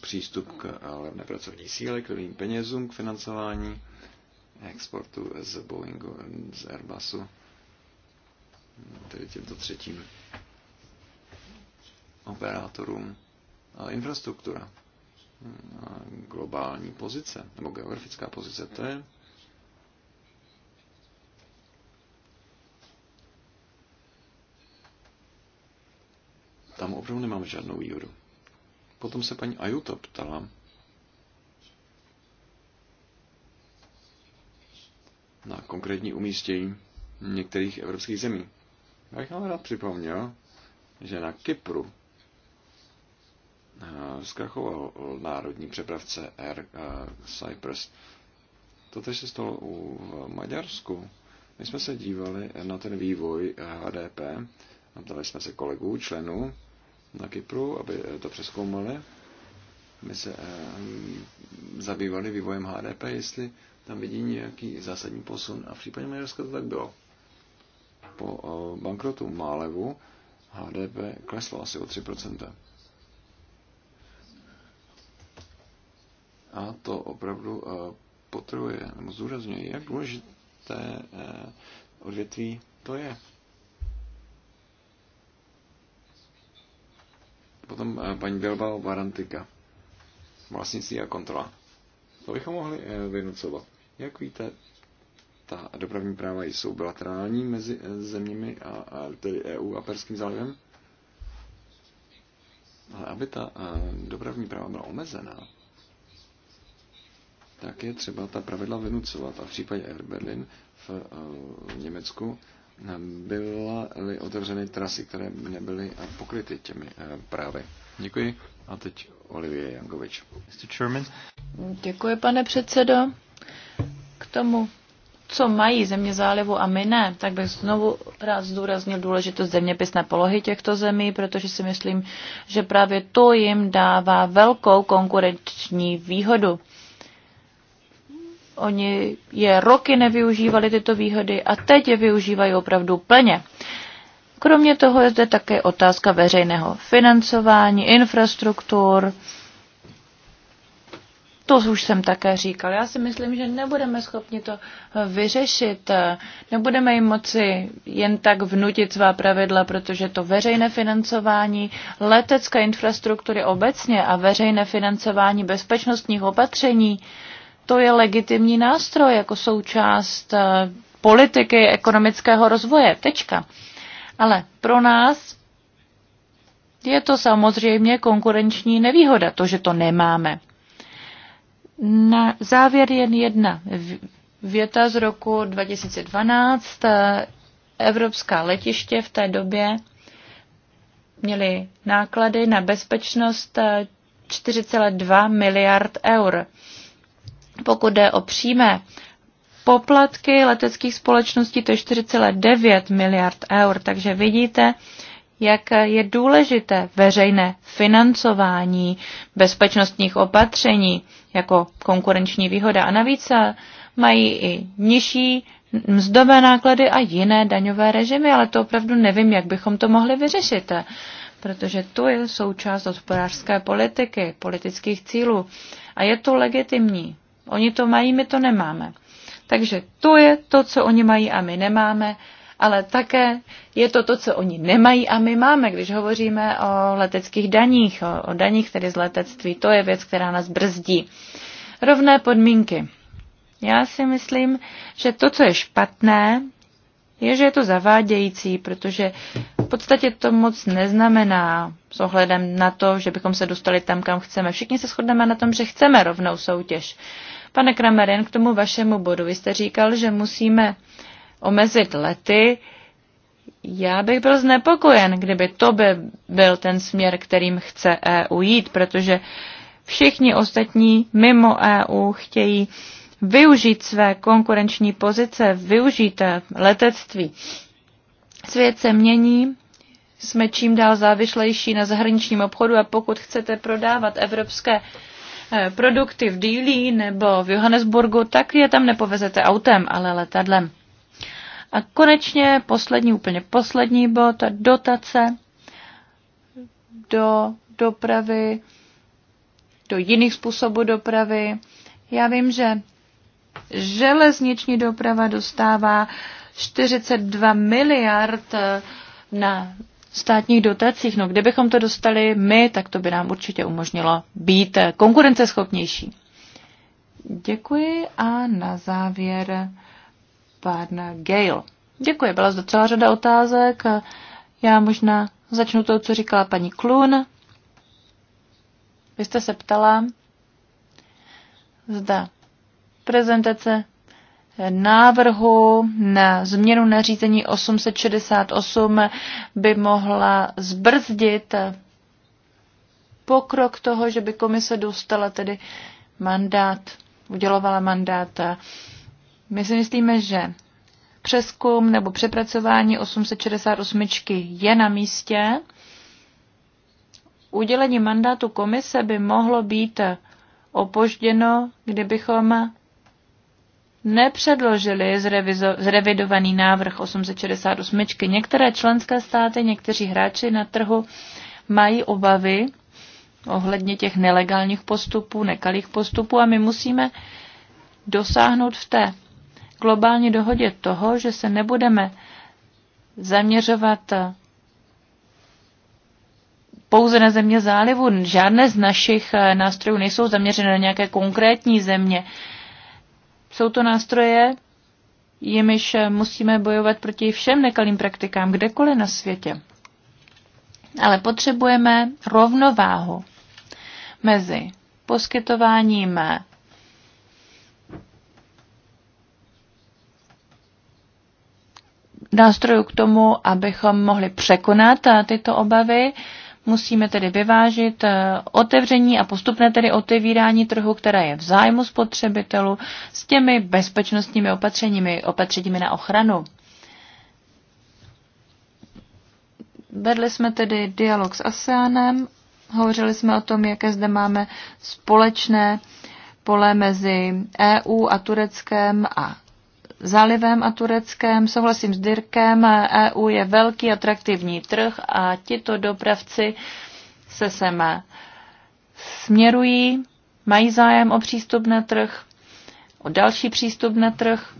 S2: přístup k levné pracovní síle, k levným penězům, k financování, exportu z Boeingu, z Airbusu, tedy těmto třetím operátorům, ale infrastruktura, globální pozice, nebo geografická pozice, to je tam opravdu nemáme žádnou výhodu. Potom se paní Ajuto ptala, na konkrétní umístění některých evropských zemí. Já bych ale rád připomněl, že na Kypru eh, zkrachoval národní přepravce Air eh, Cyprus. Totež se stalo u Maďarsku. My jsme se dívali na ten vývoj HDP eh, a dali jsme se kolegů, členů na Kypru, aby to přeskoumali. My se zabývali vývojem HDP, jestli tam vidí nějaký zásadní posun. A v případě Maďarska to tak bylo. Po eh, bankrotu Málevu HDP kleslo asi o 3%. A to opravdu eh, potrvuje, nebo zúrazňuje, jak důležité eh, odvětví to je. Potom paní Bilbao Barantika. Vlastnictví a kontrola. To bychom mohli vynucovat. Jak víte, ta dopravní práva jsou bilaterální mezi eh, zeměmi, a, a tedy EU a Perským zálivem. Ale aby ta eh, dopravní práva byla omezená, tak je třeba ta pravidla vynucovat. A v případě Air Berlin v eh, Německu byly otevřeny trasy, které nebyly pokryty těmi právy. Děkuji. A teď Olivier
S1: Jankovič.
S3: Děkuji, pane předsedo. K tomu, co mají země zálivu a my ne, tak bych znovu rád zdůraznil důležitost zeměpisné polohy těchto zemí, protože si myslím, že právě to jim dává velkou konkurenční výhodu. Oni je roky nevyužívali tyto výhody a teď je využívají opravdu plně. Kromě toho je zde také otázka veřejného financování, infrastruktur, to už jsem také říkal. Já si myslím, že nebudeme schopni to eh, vyřešit. Nebudeme jim moci jen tak vnutit svá pravidla, protože to veřejné financování letecké infrastruktury obecně a veřejné financování bezpečnostních opatření, to je legitimní nástroj jako součást eh, politiky ekonomického rozvoje. Tečka. Ale pro nás je to samozřejmě konkurenční nevýhoda, to, že to nemáme. Na závěr jen jedna věta z roku 2012. Evropská letiště v té době měly náklady na bezpečnost 4,2 miliard eur. Pokud jde o přímé poplatky leteckých společností, to je 4,9 miliard eur. Takže vidíte, jak je důležité veřejné financování bezpečnostních opatření jako konkurenční výhoda. A navíc mají i nižší mzdové náklady a jiné daňové režimy, ale to opravdu nevím, jak bychom to mohli vyřešit, protože to je součást hospodářské politiky, politických cílů a je to legitimní. Oni to mají, my to nemáme. Takže to je to, co oni mají a my nemáme ale také je to to, co oni nemají a my máme, když hovoříme o leteckých daních, o, o daních tedy z letectví. To je věc, která nás brzdí. Rovné podmínky. Já si myslím, že to, co je špatné, je, že je to zavádějící, protože v podstatě to moc neznamená s ohledem na to, že bychom se dostali tam, kam chceme. Všichni se shodneme na tom, že chceme rovnou soutěž. Pane Kramer, jen k tomu vašemu bodu. Vy jste říkal, že musíme omezit lety, já bych byl znepokojen, kdyby to by byl ten směr, kterým chce EU jít, protože všichni ostatní mimo EU chtějí využít své konkurenční pozice, využít letectví. Svět se mění, jsme čím dál závislejší na zahraničním obchodu a pokud chcete prodávat evropské eh, produkty v Dílí nebo v Johannesburgu, tak je tam nepovezete autem, ale letadlem. A konečně poslední, úplně poslední bod, dotace do dopravy, do jiných způsobů dopravy. Já vím, že železniční doprava dostává 42 miliard eh, na státních dotacích. No, kdybychom to dostali my, tak to by nám určitě umožnilo být eh, konkurenceschopnější. Děkuji a na závěr pan Gale. Děkuji, byla zde celá řada otázek. Já možná začnu to, co říkala paní Klun. Vy jste se ptala, zda prezentace návrhu na změnu nařízení 868 by mohla zbrzdit pokrok toho, že by komise dostala tedy mandát, udělovala mandát my si myslíme, že přeskum nebo přepracování 868 je na místě. Udělení mandátu komise by mohlo být opožděno, kdybychom nepředložili zrevizo- zrevidovaný návrh 868. Některé členské státy, někteří hráči na trhu mají obavy ohledně těch nelegálních postupů, nekalých postupů a my musíme dosáhnout v té globální dohodě toho, že se nebudeme zaměřovat eh, pouze na země zálivu. Žádné z našich eh, nástrojů nejsou zaměřené na nějaké konkrétní země. Jsou to nástroje, jimiž eh, musíme bojovat proti všem nekalým praktikám kdekoliv na světě. Ale potřebujeme rovnováhu mezi poskytováním nástrojů k tomu, abychom mohli překonat eh, tyto obavy. Musíme tedy vyvážit eh, otevření a postupné tedy otevírání trhu, které je v zájmu spotřebitelů, s těmi bezpečnostními opatřeními, opatřeními na ochranu. Vedli jsme tedy dialog s ASEANem, hovořili jsme o tom, jaké zde máme společné pole mezi EU a Tureckem a zálivem a tureckém. Souhlasím s Dirkem, EU je velký atraktivní trh a tito dopravci se sem směrují, mají zájem o přístup na trh, o další přístup na trh,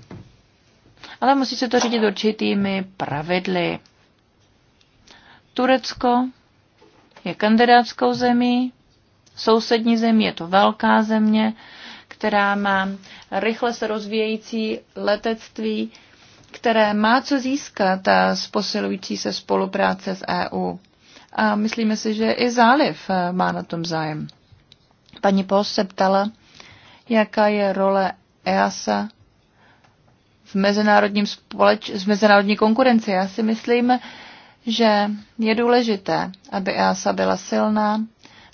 S3: ale musí se to řídit určitými pravidly. Turecko je kandidátskou zemí, sousední zemí je to velká země, která má rychle se rozvíjející letectví, které má co získat a posilující se spolupráce s EU. A myslíme si, že i záliv eh, má na tom zájem. Paní Post se ptala, jaká je role EASA v, mezinárodním společ- v mezinárodní konkurenci. Já si myslím, že je důležité, aby EASA byla silná,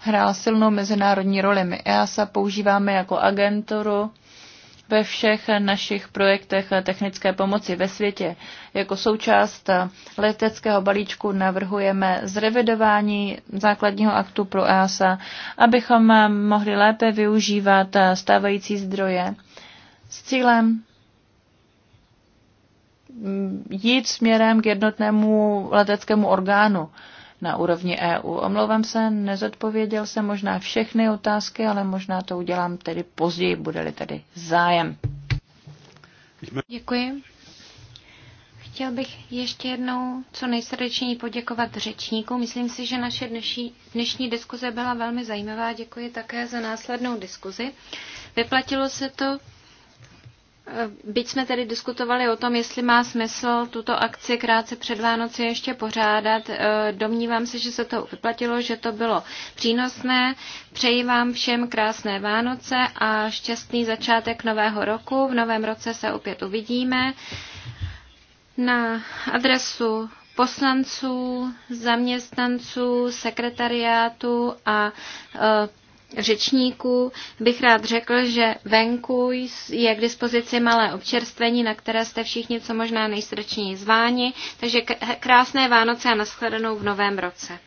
S3: hrál silnou mezinárodní roli. My EASA používáme jako agenturu ve všech našich projektech technické pomoci ve světě. Jako součást leteckého balíčku navrhujeme zrevidování základního aktu pro EASA, abychom mohli lépe využívat stávající zdroje s cílem jít směrem k jednotnému leteckému orgánu na úrovni EU. Omlouvám se, nezodpověděl jsem možná všechny otázky, ale možná to udělám tedy později, bude-li tedy zájem.
S4: Děkuji. Chtěl bych ještě jednou co nejsrdečněji poděkovat řečníku. Myslím si, že naše dnešní, dnešní diskuze byla velmi zajímavá. Děkuji také za následnou diskuzi. Vyplatilo se to Byť jsme tedy diskutovali o tom, jestli má smysl tuto akci krátce před Vánoci ještě pořádat, eh, domnívám se, že se to vyplatilo, že to bylo přínosné. Přeji vám všem krásné Vánoce a šťastný začátek nového roku. V novém roce se opět uvidíme. Na adresu poslanců, zaměstnanců, sekretariátu a eh, řečníků bych rád řekl, že venku je k dispozici malé občerstvení, na které jste všichni co možná nejsrdečněji zváni. Takže krásné Vánoce a nashledanou v novém roce.